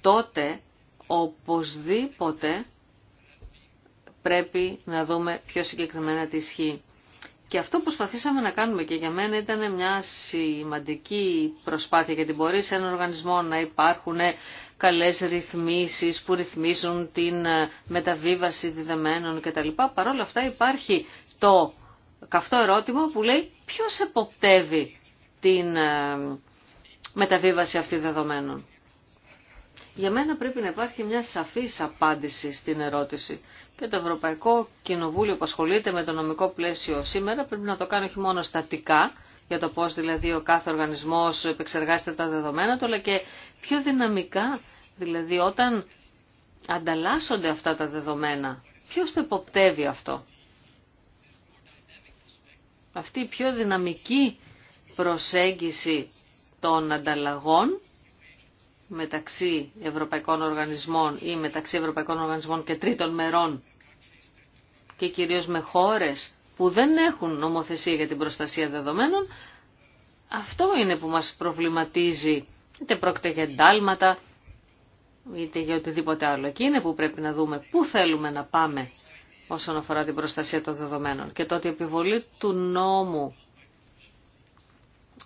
τότε οπωσδήποτε πρέπει να δούμε πιο συγκεκριμένα τι ισχύει. Και αυτό που προσπαθήσαμε να κάνουμε και για μένα ήταν μια σημαντική προσπάθεια γιατί μπορεί σε έναν οργανισμό να υπάρχουν καλές ρυθμίσεις που ρυθμίζουν την ε, μεταβίβαση δεδομένων κτλ. Παρ' όλα αυτά υπάρχει το καυτό ερώτημα που λέει ποιος εποπτεύει την ε, μεταβίβαση αυτή δεδομένων. Για μένα πρέπει να υπάρχει μια σαφής απάντηση στην ερώτηση. Και το Ευρωπαϊκό Κοινοβούλιο που ασχολείται με το νομικό πλαίσιο σήμερα πρέπει να το κάνει όχι μόνο στατικά, για το πώς δηλαδή ο κάθε οργανισμός επεξεργάζεται τα δεδομένα του, πιο δυναμικά, δηλαδή όταν ανταλλάσσονται αυτά τα δεδομένα, ποιος το υποπτεύει αυτό. Αυτή η πιο δυναμική προσέγγιση των ανταλλαγών μεταξύ ευρωπαϊκών οργανισμών ή μεταξύ ευρωπαϊκών οργανισμών και τρίτων μερών και κυρίως με χώρες που δεν έχουν νομοθεσία για την προστασία δεδομένων, αυτό είναι που μας προβληματίζει είτε πρόκειται για εντάλματα, είτε για οτιδήποτε άλλο. Εκεί είναι που πρέπει να δούμε πού θέλουμε να πάμε όσον αφορά την προστασία των δεδομένων. Και ότι η επιβολή του νόμου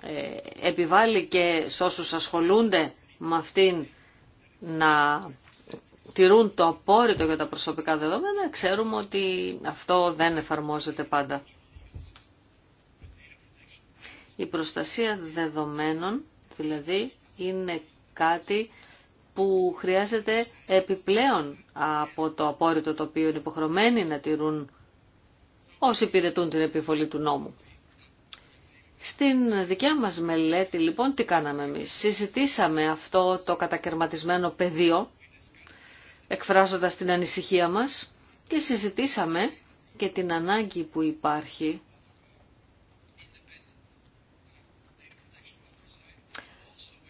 ε, επιβάλλει και σε όσους ασχολούνται με αυτήν να τηρούν το απόρριτο για τα προσωπικά δεδομένα, ξέρουμε ότι αυτό δεν εφαρμόζεται πάντα. Η προστασία δεδομένων, δηλαδή, είναι κάτι που χρειάζεται επιπλέον από το απόρριτο το οποίο είναι υποχρεωμένοι να τηρούν όσοι υπηρετούν την επιβολή του νόμου. Στην δικιά μας μελέτη λοιπόν τι κάναμε εμείς. Συζητήσαμε αυτό το κατακαιρματισμένο πεδίο εκφράζοντας την ανησυχία μας και συζητήσαμε και την ανάγκη που υπάρχει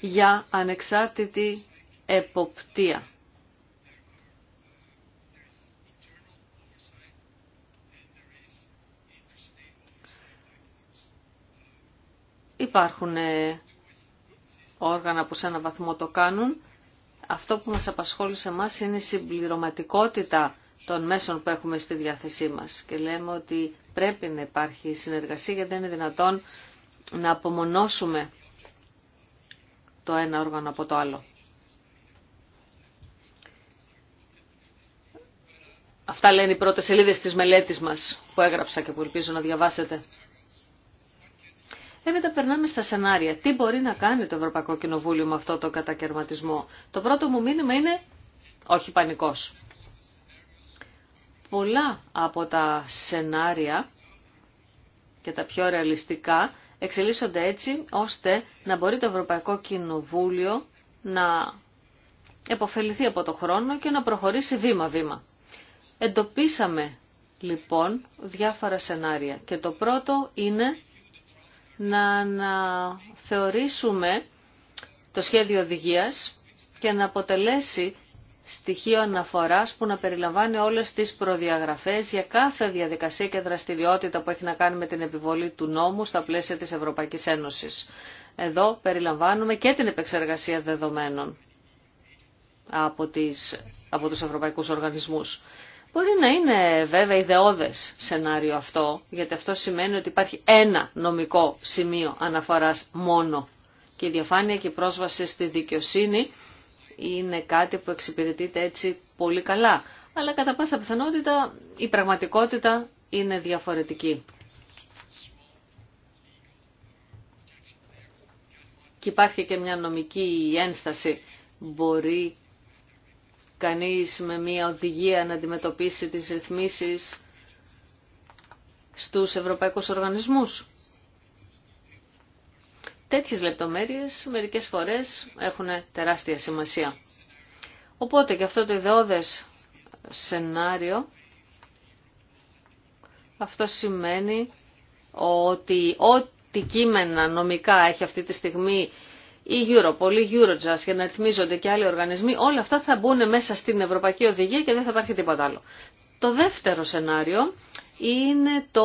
για ανεξάρτητη εποπτεία. Υπάρχουν ε, όργανα που σε ένα βαθμό το κάνουν. Αυτό που μας απασχόλησε μας είναι η συμπληρωματικότητα των μέσων που έχουμε στη διάθεσή μας. Και λέμε ότι πρέπει να υπάρχει συνεργασία γιατί δεν είναι δυνατόν να απομονώσουμε το ένα όργανο από το άλλο. Αυτά λένε οι πρώτες σελίδες της μελέτης μας που έγραψα και που ελπίζω να διαβάσετε. Έπειτα περνάμε στα σενάρια. Τι μπορεί να κάνει το Ευρωπαϊκό Κοινοβούλιο με αυτό το κατακαιρματισμό. Το πρώτο μου μήνυμα είναι όχι πανικός. Πολλά από τα σενάρια και τα πιο ρεαλιστικά εξελίσσονται έτσι ώστε να μπορεί το Ευρωπαϊκό Κοινοβούλιο να εποφεληθεί από το χρόνο και να προχωρήσει βήμα-βήμα. Εντοπίσαμε λοιπόν διάφορα σενάρια και το πρώτο είναι να, να θεωρήσουμε το σχέδιο οδηγίας και να αποτελέσει στοιχείο αναφοράς που να περιλαμβάνει όλες τις προδιαγραφές για κάθε διαδικασία και δραστηριότητα που έχει να κάνει με την επιβολή του νόμου στα πλαίσια της Ευρωπαϊκής Ένωσης. Εδώ περιλαμβάνουμε και την επεξεργασία δεδομένων από, τις, από τους ευρωπαϊκούς οργανισμούς. Μπορεί να είναι βέβαια ιδεώδες σενάριο αυτό, γιατί αυτό σημαίνει ότι υπάρχει ένα νομικό σημείο αναφοράς μόνο. Και η διαφάνεια και η πρόσβαση στη δικαιοσύνη είναι κάτι που εξυπηρετείται έτσι πολύ καλά. Αλλά κατά πάσα πιθανότητα η πραγματικότητα είναι διαφορετική. Και υπάρχει και μια νομική ένσταση. Μπορεί κανείς με μια οδηγία να αντιμετωπίσει τις ρυθμίσεις στους ευρωπαϊκούς οργανισμούς τέτοιες λεπτομέρειες μερικές φορές έχουν τεράστια σημασία. Οπότε και αυτό το ιδεώδες σενάριο, αυτό σημαίνει ότι ό,τι κείμενα νομικά έχει αυτή τη στιγμή η Europol, η Eurojust για να ρυθμίζονται και άλλοι οργανισμοί, όλα αυτά θα μπουν μέσα στην Ευρωπαϊκή Οδηγία και δεν θα υπάρχει τίποτα άλλο. Το δεύτερο σενάριο είναι το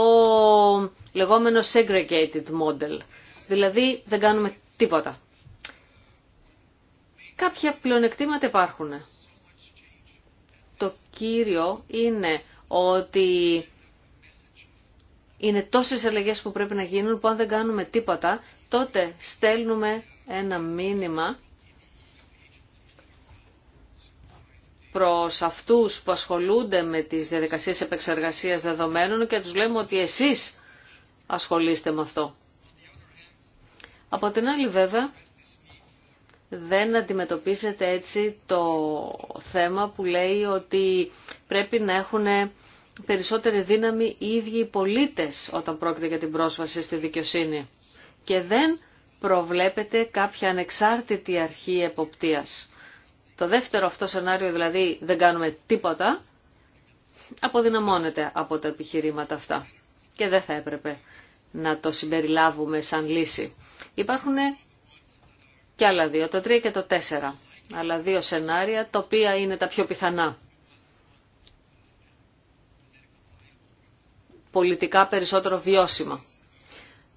λεγόμενο segregated model, Δηλαδή δεν κάνουμε τίποτα. Κάποια πλεονεκτήματα υπάρχουν. Το κύριο είναι ότι είναι τόσες αλλαγές που πρέπει να γίνουν που αν δεν κάνουμε τίποτα, τότε στέλνουμε ένα μήνυμα προς αυτούς που ασχολούνται με τις διαδικασίες επεξεργασίας δεδομένων και τους λέμε ότι εσείς ασχολείστε με αυτό. Από την άλλη βέβαια δεν αντιμετωπίζεται έτσι το θέμα που λέει ότι πρέπει να έχουν περισσότερη δύναμη οι ίδιοι οι πολίτες όταν πρόκειται για την πρόσβαση στη δικαιοσύνη και δεν προβλέπεται κάποια ανεξάρτητη αρχή εποπτείας. Το δεύτερο αυτό σενάριο, δηλαδή δεν κάνουμε τίποτα, αποδυναμώνεται από τα επιχειρήματα αυτά και δεν θα έπρεπε να το συμπεριλάβουμε σαν λύση. Υπάρχουν και άλλα δύο, το 3 και το 4. Αλλά δύο σενάρια, τα οποία είναι τα πιο πιθανά. Πολιτικά περισσότερο βιώσιμα.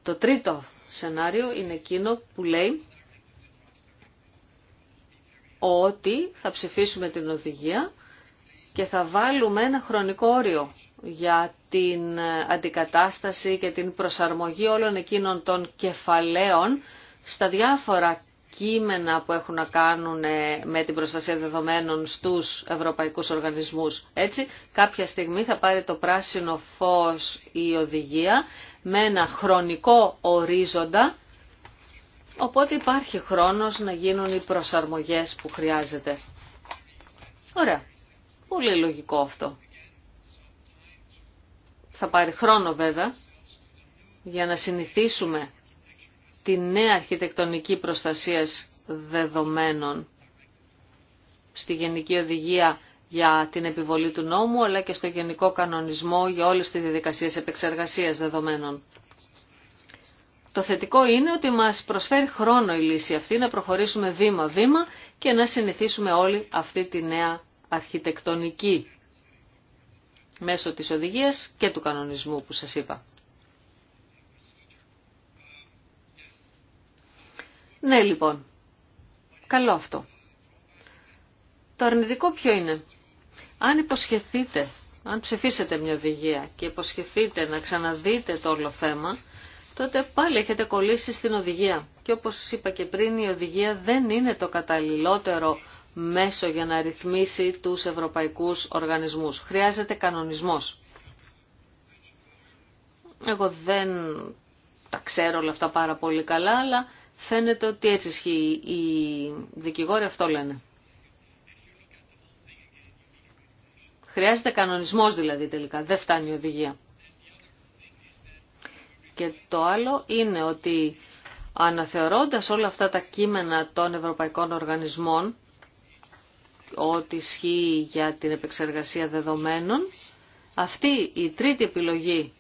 Το τρίτο σενάριο είναι εκείνο που λέει ότι θα ψηφίσουμε την οδηγία και θα βάλουμε ένα χρονικό όριο για την ε, αντικατάσταση και την προσαρμογή όλων εκείνων των κεφαλαίων στα διάφορα κείμενα που έχουν να κάνουν ε, με την προστασία δεδομένων στους ευρωπαϊκούς οργανισμούς. Έτσι, κάποια στιγμή θα πάρει το πράσινο φως η οδηγία με ένα χρονικό ορίζοντα, οπότε υπάρχει χρόνος να γίνουν οι προσαρμογές που χρειάζεται. Ωραία. Πολύ λογικό αυτό. Θα πάρει χρόνο βέβαια για να συνηθίσουμε τη νέα αρχιτεκτονική προστασίας δεδομένων στη Γενική Οδηγία για την επιβολή του νόμου, αλλά και στο Γενικό Κανονισμό για όλες τις διαδικασίες επεξεργασίας δεδομένων. Το θετικό είναι ότι μας προσφέρει χρόνο η λύση αυτή να προχωρήσουμε βήμα-βήμα και να συνηθίσουμε όλη αυτή τη νέα αρχιτεκτονική μέσω της οδηγίας και του κανονισμού που σας είπα. Ναι, λοιπόν. Καλό αυτό. Το αρνητικό ποιο είναι. Αν υποσχεθείτε, αν ψηφίσετε μια οδηγία και υποσχεθείτε να ξαναδείτε το όλο θέμα, τότε πάλι έχετε κολλήσει στην οδηγία. Και όπως είπα και πριν, η οδηγία δεν είναι το καταλληλότερο μέσο για να ρυθμίσει τους ευρωπαϊκούς οργανισμούς. Χρειάζεται κανονισμός. Εγώ δεν τα ξέρω όλα αυτά πάρα πολύ καλά, αλλά φαίνεται ότι έτσι ισχύει. η δικηγόρη, αυτό λένε. Χρειάζεται κανονισμός δηλαδή τελικά, δεν φτάνει η οδηγία. Και το άλλο είναι ότι αναθεωρώντας όλα αυτά τα κείμενα των ευρωπαϊκών οργανισμών, ό,τι ισχύει για την επεξεργασία δεδομένων. Αυτή η τρίτη επιλογή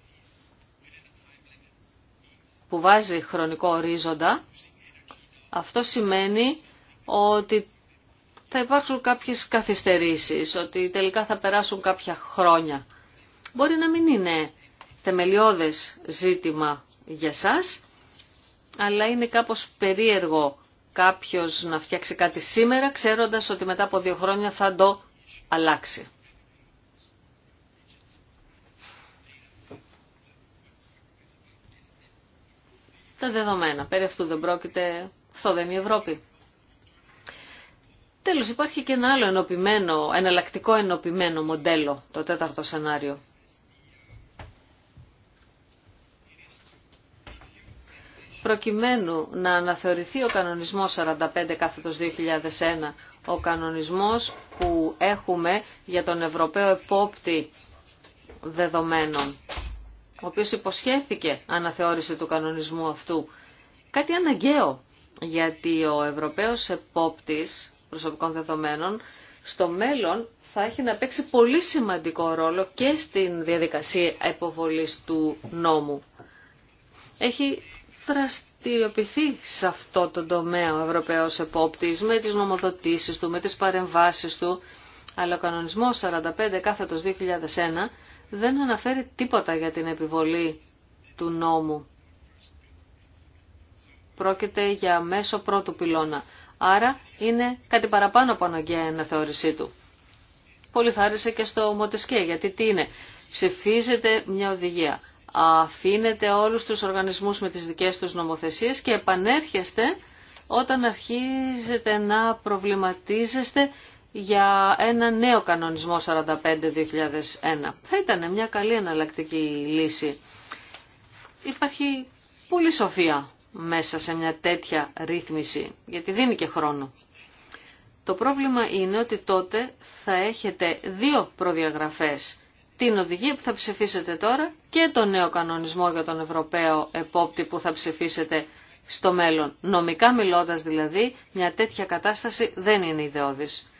που βάζει χρονικό ορίζοντα, αυτό σημαίνει ότι θα υπάρξουν κάποιες καθυστερήσεις, ότι τελικά θα περάσουν κάποια χρόνια. Μπορεί να μην είναι θεμελιώδες ζήτημα για σας, αλλά είναι κάπως περίεργο κάποιος να φτιάξει κάτι σήμερα ξέροντας ότι μετά από δύο χρόνια θα το αλλάξει. Τα δεδομένα. Πέρα αυτού δεν πρόκειται. Αυτό δεν είναι η Ευρώπη. Τέλος υπάρχει και ένα άλλο ενωπημένο, εναλλακτικό ενωπημένο μοντέλο, το τέταρτο σενάριο. προκειμένου να αναθεωρηθεί ο κανονισμός 45 2001, ο κανονισμός που έχουμε για τον Ευρωπαίο Επόπτη Δεδομένων, ο οποίος υποσχέθηκε αναθεώρηση του κανονισμού αυτού. Κάτι αναγκαίο, γιατί ο Ευρωπαίος Επόπτης Προσωπικών Δεδομένων στο μέλλον θα έχει να παίξει πολύ σημαντικό ρόλο και στην διαδικασία υποβολής του νόμου. Έχει δραστηριοποιηθεί σε αυτό το τομέα ο Ευρωπαίος Επόπτης με τις νομοδοτήσεις του, με τις παρεμβάσεις του, αλλά ο κανονισμός 45 κάθετος 2001 δεν αναφέρει τίποτα για την επιβολή του νόμου. Πρόκειται για μέσο πρώτου πυλώνα. Άρα είναι κάτι παραπάνω από αναγκαία αναθεώρησή του. Πολύ και στο Μοτεσκέ, γιατί τι είναι. Ψηφίζεται μια οδηγία αφήνετε όλους τους οργανισμούς με τις δικές τους νομοθεσίες και επανέρχεστε όταν αρχίζετε να προβληματίζεστε για ένα νέο κανονισμό 45-2001. Θα ήταν μια καλή εναλλακτική λύση. Υπάρχει πολύ σοφία μέσα σε μια τέτοια ρύθμιση, γιατί δίνει και χρόνο. Το πρόβλημα είναι ότι τότε θα έχετε δύο προδιαγραφές την οδηγία που θα ψηφίσετε τώρα και τον νέο κανονισμό για τον Ευρωπαίο επόπτη που θα ψηφίσετε στο μέλλον. Νομικά μιλώντας δηλαδή, μια τέτοια κατάσταση δεν είναι ιδεώδης.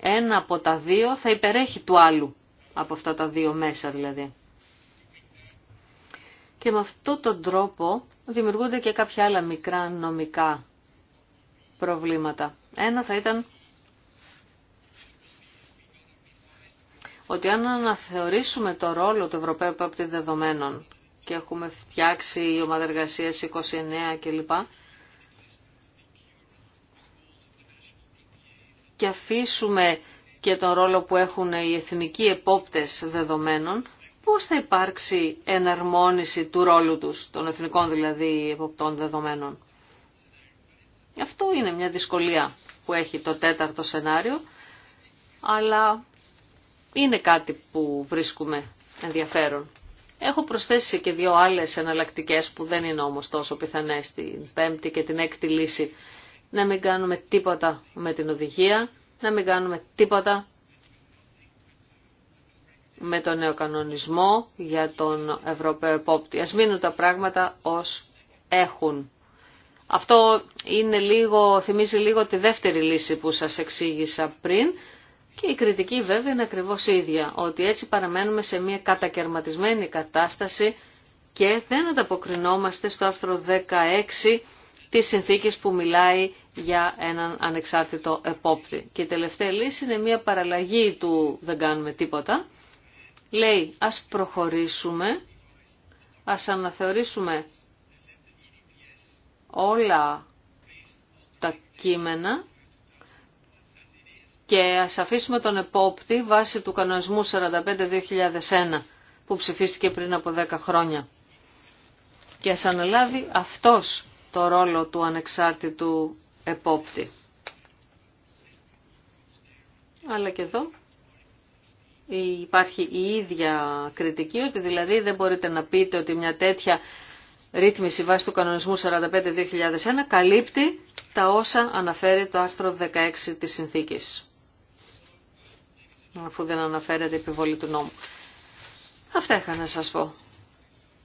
Ένα από τα δύο θα υπερέχει του άλλου, από αυτά τα δύο μέσα δηλαδή. Και με αυτόν τον τρόπο δημιουργούνται και κάποια άλλα μικρά νομικά προβλήματα. Ένα θα ήταν ότι αν αναθεωρήσουμε το ρόλο του Ευρωπαίου Επόπτη Δεδομένων και έχουμε φτιάξει η ομάδα εργασία 29 κλπ. και αφήσουμε και τον ρόλο που έχουν οι εθνικοί επόπτες δεδομένων, πώς θα υπάρξει εναρμόνιση του ρόλου τους, των εθνικών δηλαδή εποπτών δεδομένων. Αυτό είναι μια δυσκολία που έχει το τέταρτο σενάριο, αλλά είναι κάτι που βρίσκουμε ενδιαφέρον. Έχω προσθέσει και δύο άλλες εναλλακτικέ που δεν είναι όμως τόσο πιθανές, την πέμπτη και την έκτη λύση. Να μην κάνουμε τίποτα με την οδηγία, να μην κάνουμε τίποτα με τον νέο κανονισμό για τον Ευρωπαίο Επόπτη. Ας μείνουν τα πράγματα ως έχουν. Αυτό είναι λίγο, θυμίζει λίγο τη δεύτερη λύση που σας εξήγησα πριν, και η κριτική βέβαια είναι ακριβώς ίδια, ότι έτσι παραμένουμε σε μια κατακαιρματισμένη κατάσταση και δεν ανταποκρινόμαστε στο άρθρο 16 της συνθήκης που μιλάει για έναν ανεξάρτητο επόπτη. Και η τελευταία λύση είναι μια παραλλαγή του δεν κάνουμε τίποτα. Λέει ας προχωρήσουμε, ας αναθεωρήσουμε όλα τα κείμενα και ας αφήσουμε τον επόπτη βάσει του κανονισμού 45-2001 που ψηφίστηκε πριν από 10 χρόνια. Και ας αναλάβει αυτός το ρόλο του ανεξάρτητου επόπτη. Αλλά και εδώ υπάρχει η ίδια κριτική ότι δηλαδή δεν μπορείτε να πείτε ότι μια τέτοια ρύθμιση βάσει του κανονισμού 45-2001 καλύπτει τα όσα αναφέρει το άρθρο 16 της συνθήκης αφού δεν αναφέρεται η επιβολή του νόμου. Αυτά είχα να σας πω.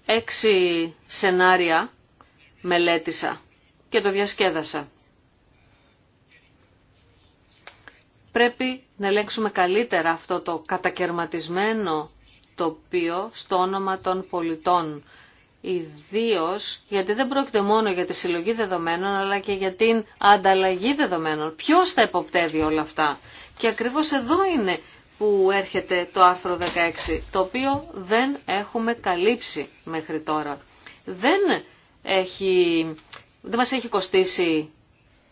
Έξι σενάρια μελέτησα και το διασκέδασα. Πρέπει να ελέγξουμε καλύτερα αυτό το κατακαιρματισμένο τοπίο στο όνομα των πολιτών. Ιδίω γιατί δεν πρόκειται μόνο για τη συλλογή δεδομένων αλλά και για την ανταλλαγή δεδομένων. Ποιος θα υποπτεύει όλα αυτά. Και ακριβώς εδώ είναι που έρχεται το άρθρο 16, το οποίο δεν έχουμε καλύψει μέχρι τώρα. Δεν, έχει, δεν μας έχει κοστίσει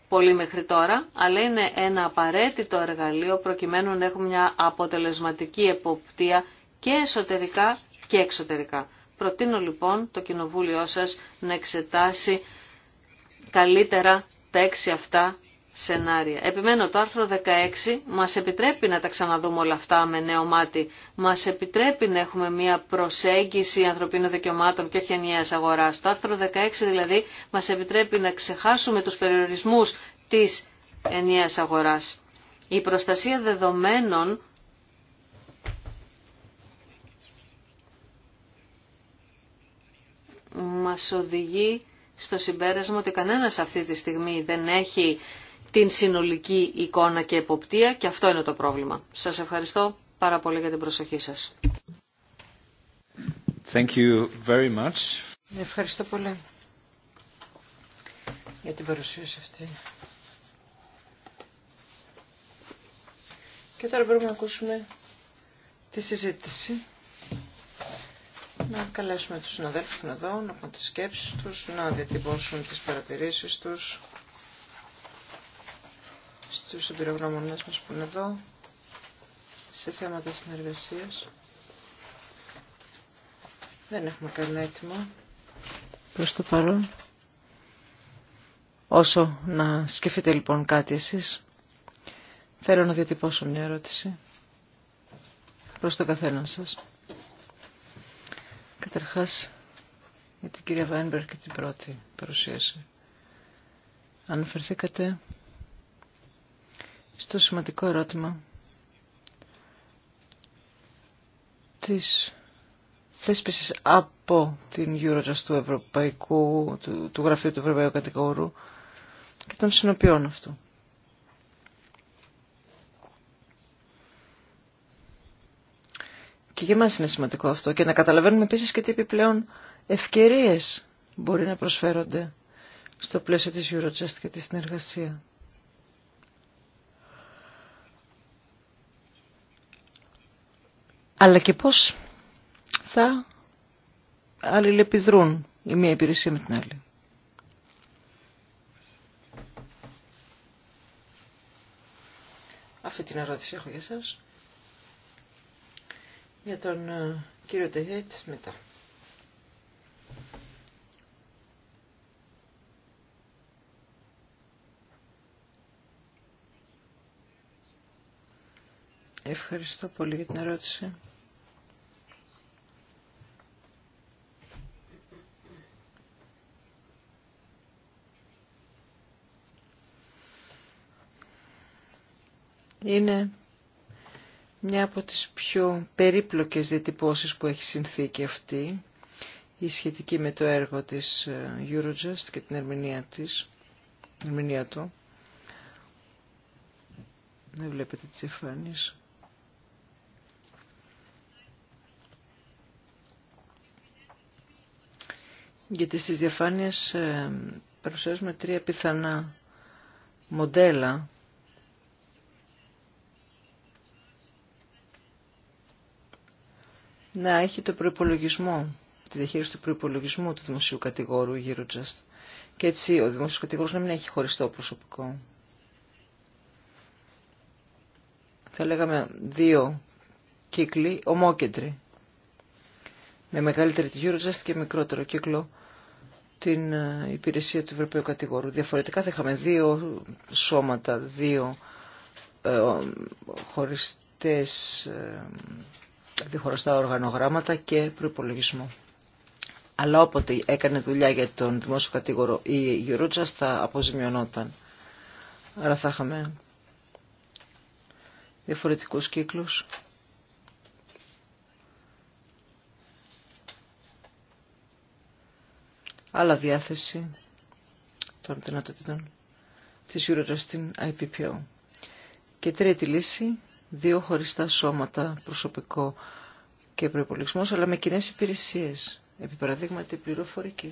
πολύ μέχρι τώρα, αλλά είναι ένα απαραίτητο εργαλείο προκειμένου να έχουμε μια αποτελεσματική εποπτεία και εσωτερικά και εξωτερικά. Προτείνω λοιπόν το κοινοβούλιο σας να εξετάσει καλύτερα τα έξι αυτά σενάρια. Επιμένω το άρθρο 16 μας επιτρέπει να τα ξαναδούμε όλα αυτά με νέο μάτι. Μας επιτρέπει να έχουμε μια προσέγγιση ανθρωπίνων δικαιωμάτων και όχι ενιαίας αγοράς. Το άρθρο 16 δηλαδή μας επιτρέπει να ξεχάσουμε τους περιορισμούς της ενιαίας αγοράς. Η προστασία δεδομένων μας οδηγεί στο συμπέρασμα ότι κανένας αυτή τη στιγμή δεν έχει την συνολική εικόνα και εποπτεία και αυτό είναι το πρόβλημα. Σας ευχαριστώ πάρα πολύ για την προσοχή σας. Thank you very much. Ευχαριστώ πολύ για την παρουσίαση αυτή. Και τώρα μπορούμε να ακούσουμε τη συζήτηση. Να καλέσουμε τους συναδέλφους να δω, εδώ, να πούν τις σκέψεις τους, να διατυπώσουν τις παρατηρήσεις τους στους εμπειρογνώμονες μας που είναι εδώ σε θέματα συνεργασίας. Δεν έχουμε κανένα έτοιμο προς το παρόν. Όσο να σκεφτείτε λοιπόν κάτι εσείς, θέλω να διατυπώσω μια ερώτηση προς το καθένα σας. Καταρχάς, για την κυρία Βάινμπερ και την πρώτη παρουσίαση. Αναφερθήκατε στο σημαντικό ερώτημα της θέσπισης από την Eurojust του, Ευρωπαϊκού, του, του Γραφείου του Ευρωπαϊκού Κατηγορού και των συνοποιών αυτού. Και για μας είναι σημαντικό αυτό και να καταλαβαίνουμε επίσης και τι επιπλέον ευκαιρίες μπορεί να προσφέρονται στο πλαίσιο της Eurojust και της συνεργασίας. αλλά και πώς θα αλληλεπιδρούν η μία υπηρεσία με την άλλη. Αυτή την ερώτηση έχω για σας. Για τον ε, κύριο Τεχέτ μετά. Ευχαριστώ πολύ για την ερώτηση. είναι μια από τις πιο περίπλοκες διατυπώσεις που έχει και αυτή, η σχετική με το έργο της ε, Eurojust και την ερμηνεία, της, ερμηνεία του. Δεν βλέπετε τις εφάνειες. Γιατί στις διαφάνειες ε, παρουσιάζουμε τρία πιθανά μοντέλα να έχει το προπολογισμό, τη διαχείριση του προπολογισμού του δημοσίου κατηγόρου Eurojust. Και έτσι ο δημοσίος κατηγόρος να μην έχει χωριστό προσωπικό. Θα λέγαμε δύο κύκλοι ομόκεντροι. Με μεγαλύτερη τη Eurojust και μικρότερο κύκλο την ε, υπηρεσία του Ευρωπαίου Κατηγόρου. Διαφορετικά θα είχαμε δύο σώματα, δύο ε, χωριστές ε, δηλαδή οργανογράμματα και προπολογισμό. Αλλά όποτε έκανε δουλειά για τον δημόσιο κατήγορο η Eurojust θα αποζημιωνόταν. Άρα θα είχαμε διαφορετικούς κύκλους. Άλλα διάθεση των δυνατοτήτων της Eurojust στην IPPO. Και τρίτη λύση δύο χωριστά σώματα, προσωπικό και προπολογισμό, αλλά με κοινέ υπηρεσίε, επί παραδείγματι πληροφορική.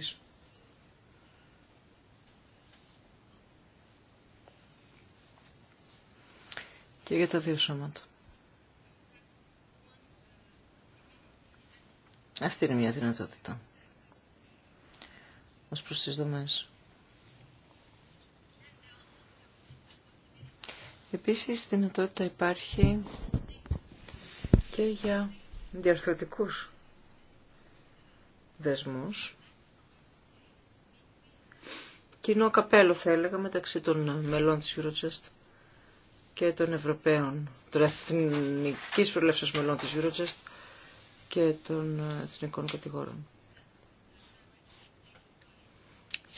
Και για τα δύο σώματα. Αυτή είναι μια δυνατότητα. Ως προς τις δομές. Επίσης δυνατότητα υπάρχει και για διαρθρωτικούς δεσμούς. Κοινό καπέλο θα έλεγα μεταξύ των μελών της Eurogest και των Ευρωπαίων, των εθνικής προλεύσεως μελών της Eurogest και των εθνικών κατηγόρων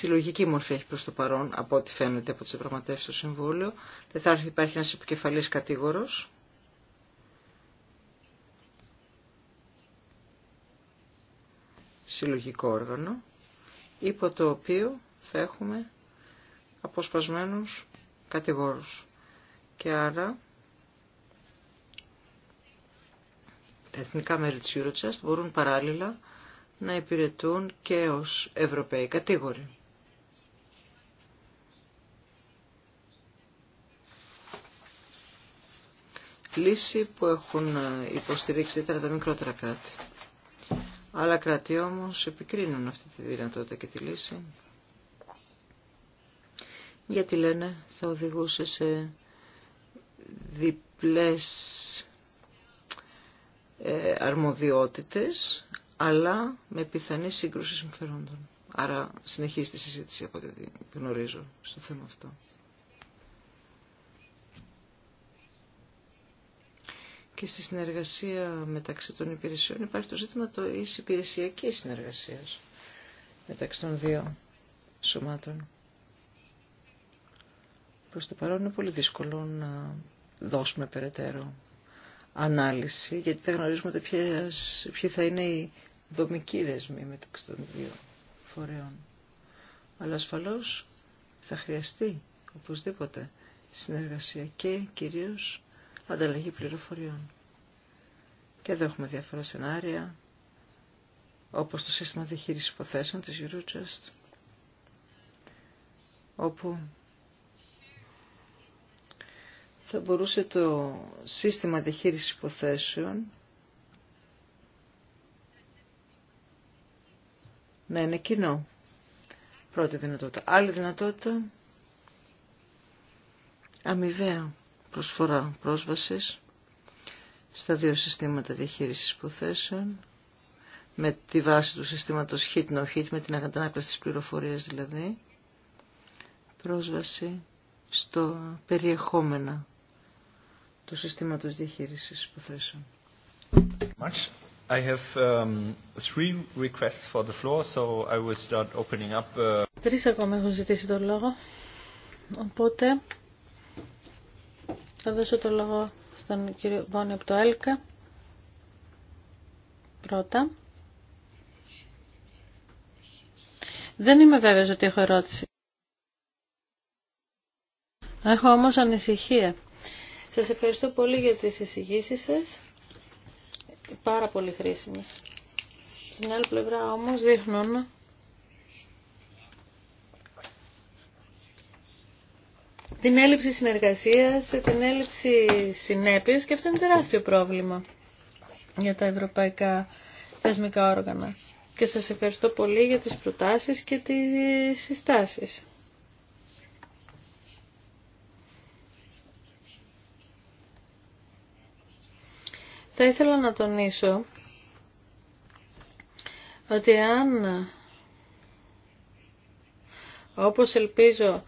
συλλογική μορφή έχει προς το παρόν, από ό,τι φαίνεται από τις διαπραγματεύσεις στο Συμβούλιο. Δεν θα υπάρχει ένας επικεφαλής κατήγορος. Συλλογικό όργανο, υπό το οποίο θα έχουμε αποσπασμένους κατηγόρους. Και άρα τα εθνικά μέρη της Eurochest μπορούν παράλληλα να υπηρετούν και ως Ευρωπαίοι κατήγοροι. λύση που έχουν υποστηρίξει τα μικρότερα κράτη. Άλλα κράτη όμως επικρίνουν αυτή τη δυνατότητα και τη λύση. Γιατί λένε θα οδηγούσε σε διπλές ε, αρμοδιότητες, αλλά με πιθανή σύγκρουση συμφερόντων. Άρα συνεχίζει τη συζήτηση από ό,τι γνωρίζω στο θέμα αυτό. και στη συνεργασία μεταξύ των υπηρεσιών υπάρχει το ζήτημα της υπηρεσιακής συνεργασίας μεταξύ των δύο σωμάτων. Προς το παρόν είναι πολύ δύσκολο να δώσουμε περαιτέρω ανάλυση, γιατί δεν γνωρίζουμε ποιοι θα είναι οι δομικοί δεσμοί μεταξύ των δύο φορέων. Αλλά ασφαλώς θα χρειαστεί οπωσδήποτε συνεργασία και κυρίως ανταλλαγή πληροφοριών. Και εδώ έχουμε διάφορα σενάρια, όπως το σύστημα διαχείρισης υποθέσεων της Eurojust, όπου θα μπορούσε το σύστημα διαχείρισης υποθέσεων να είναι κοινό. Πρώτη δυνατότητα. Άλλη δυνατότητα, αμοιβαία προσφορά πρόσβασης στα δύο συστήματα διαχείρισης υποθέσεων με τη βάση του συστήματος hit no hit, με την αγαντανάκλαση της πληροφορίας δηλαδή, πρόσβαση στο περιεχόμενα του συστήματος διαχείρισης υποθέσεων. Much. I Τρεις ακόμα έχουν ζητήσει τον λόγο, οπότε θα δώσω το λόγο στον κύριο Βόνι από το ΕΛΚΑ. Πρώτα. Δεν είμαι βέβαιος ότι έχω ερώτηση. Έχω όμως ανησυχία. Σας ευχαριστώ πολύ για τις εισηγήσεις σας. Πάρα πολύ χρήσιμες. Στην άλλη πλευρά όμως δείχνουν την έλλειψη συνεργασίας, την έλλειψη συνέπειας και αυτό είναι τεράστιο πρόβλημα για τα ευρωπαϊκά θεσμικά όργανα. Και σας ευχαριστώ πολύ για τις προτάσεις και τις συστάσεις. Θα ήθελα να τονίσω ότι αν, όπως ελπίζω,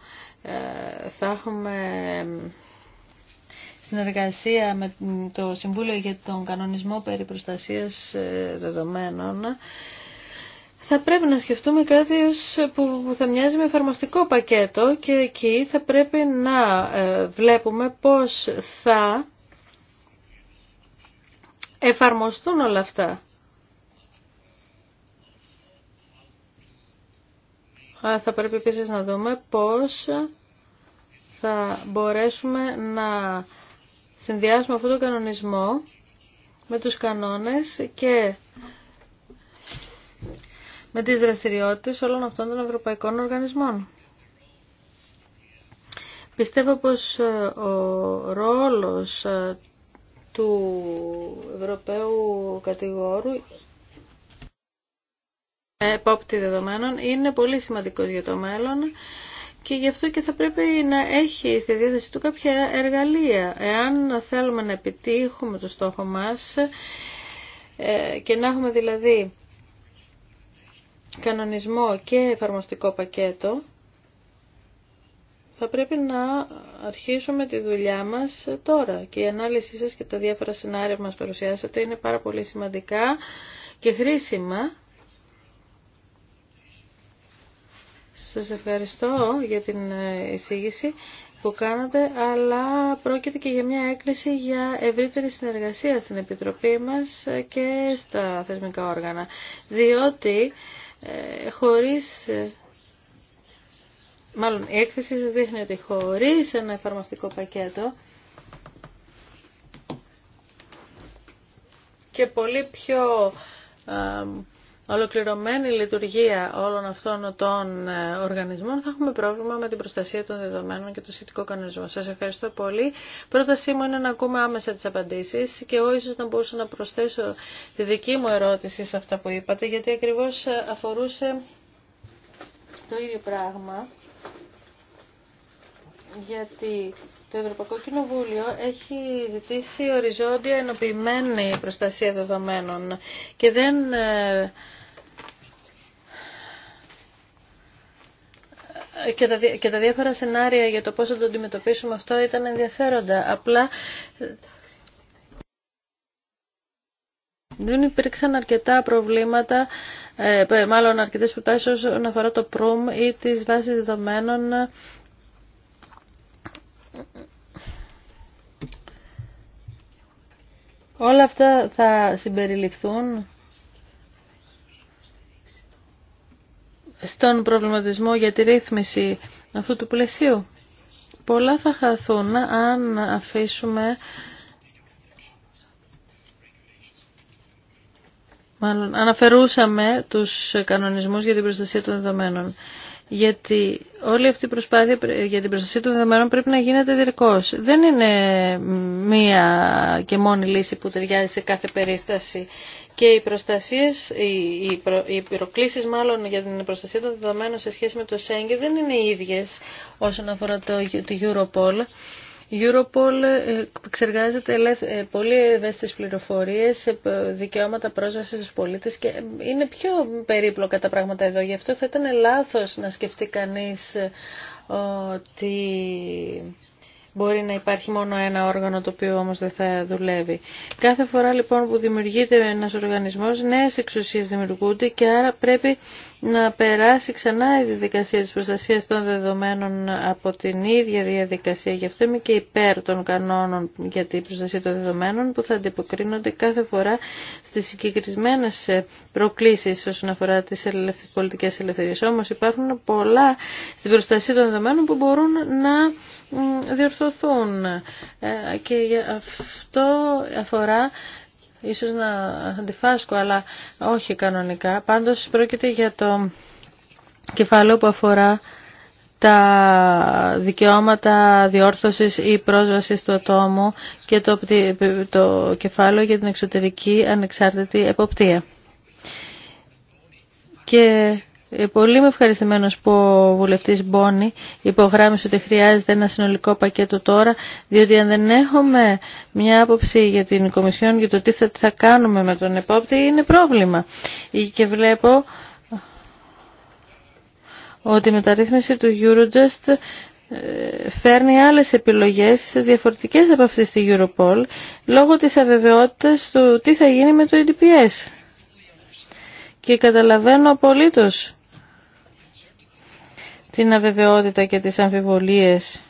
ε, θα έχουμε συνεργασία με το Συμβούλιο για τον Κανονισμό περί προστασίας ε, δεδομένων θα πρέπει να σκεφτούμε κάτι που θα μοιάζει με εφαρμοστικό πακέτο και εκεί θα πρέπει να ε, βλέπουμε πώς θα εφαρμοστούν όλα αυτά. θα πρέπει επίσης να δούμε πώς θα μπορέσουμε να συνδυάσουμε αυτόν τον κανονισμό με τους κανόνες και με τις δραστηριότητες όλων αυτών των ευρωπαϊκών οργανισμών. Πιστεύω πως ε, ο ρόλος ε, του Ευρωπαίου κατηγόρου επόπτη δεδομένων είναι πολύ σημαντικό για το μέλλον και γι' αυτό και θα πρέπει να έχει στη διάθεση του κάποια εργαλεία. Εάν θέλουμε να επιτύχουμε το στόχο μας ε, και να έχουμε δηλαδή κανονισμό και εφαρμοστικό πακέτο, θα πρέπει να αρχίσουμε τη δουλειά μας τώρα. Και η ανάλυση σας και τα διάφορα σενάρια που μας παρουσιάσατε είναι πάρα πολύ σημαντικά και χρήσιμα Σας ευχαριστώ για την ε, εισήγηση που κάνατε, αλλά πρόκειται και για μια έκκληση για ευρύτερη συνεργασία στην Επιτροπή μας και στα θεσμικά όργανα. Διότι ε, χωρίς... Ε, μάλλον η έκθεση σας δείχνει ότι χωρίς ένα εφαρμοστικό πακέτο και πολύ πιο ε, ολοκληρωμένη λειτουργία όλων αυτών των ε, οργανισμών θα έχουμε πρόβλημα με την προστασία των δεδομένων και το σχετικό κανονισμό. Σας ευχαριστώ πολύ. Πρότασή μου είναι να ακούμε άμεσα τις απαντήσεις και εγώ ίσως να μπορούσα να προσθέσω τη δική μου ερώτηση σε αυτά που είπατε γιατί ακριβώς ε, αφορούσε το ίδιο πράγμα γιατί το Ευρωπαϊκό Κοινοβούλιο έχει ζητήσει οριζόντια ενοποιημένη προστασία δεδομένων και δεν ε, και τα, διάφορα σενάρια για το πώς θα το αντιμετωπίσουμε αυτό ήταν ενδιαφέροντα. Απλά δεν υπήρξαν αρκετά προβλήματα, ε, μάλλον αρκετές προτάσεις όσον αφορά το προύμ ή τις βάσεις δεδομένων Όλα αυτά θα συμπεριληφθούν στον προβληματισμό για τη ρύθμιση αυτού του πλαισίου. Πολλά θα χαθούν αν αφήσουμε Μάλλον, αναφερούσαμε τους κανονισμούς για την προστασία των δεδομένων. Γιατί όλη αυτή η προσπάθεια για την προστασία των δεδομένων πρέπει να γίνεται διερκώς. Δεν είναι μία και μόνη λύση που ταιριάζει σε κάθε περίσταση και οι προστασίες, οι, προ, προκλήσεις μάλλον για την προστασία των δεδομένων σε σχέση με το ΣΕΝΚΕ δεν είναι οι ίδιες όσον αφορά το, το Europol. Η Europol ε, εξεργάζεται ε, πολύ ευαίσθητες πληροφορίες, ε, δικαιώματα πρόσβασης στους πολίτες και είναι πιο περίπλοκα τα πράγματα εδώ. Γι' αυτό θα ήταν λάθος να σκεφτεί κανείς ότι Μπορεί να υπάρχει μόνο ένα όργανο το οποίο όμως δεν θα δουλεύει. Κάθε φορά λοιπόν που δημιουργείται ένας οργανισμός, νέες εξουσίες δημιουργούνται και άρα πρέπει να περάσει ξανά η διαδικασία της προστασίας των δεδομένων από την ίδια διαδικασία. Γι' αυτό είμαι και υπέρ των κανόνων για την προστασία των δεδομένων που θα αντιποκρίνονται κάθε φορά στις συγκεκριμένε προκλήσεις όσον αφορά τις πολιτικές ελευθερίες. Όμως υπάρχουν πολλά στην προστασία των δεδομένων που μπορούν να διορθωθούν. Ε, και αυτό αφορά ίσως να αντιφάσκω, αλλά όχι κανονικά. Πάντως πρόκειται για το κεφάλαιο που αφορά τα δικαιώματα διόρθωσης ή πρόσβασης του ατόμου και το, το κεφάλαιο για την εξωτερική ανεξάρτητη εποπτεία. Και ε, πολύ είμαι ευχαριστημένο που ο βουλευτή Μπόνι υπογράμμισε ότι χρειάζεται ένα συνολικό πακέτο τώρα, διότι αν δεν έχουμε μια άποψη για την Κομισιόν για το τι θα, θα κάνουμε με τον επόπτη, είναι πρόβλημα. Ε, και βλέπω ότι η μεταρρύθμιση του Eurojust ε, φέρνει άλλες επιλογές διαφορετικές από αυτές στη Europol λόγω της αβεβαιότητας του τι θα γίνει με το EDPS. Και καταλαβαίνω απολύτως την αβεβαιότητα και τις αμφιβολίες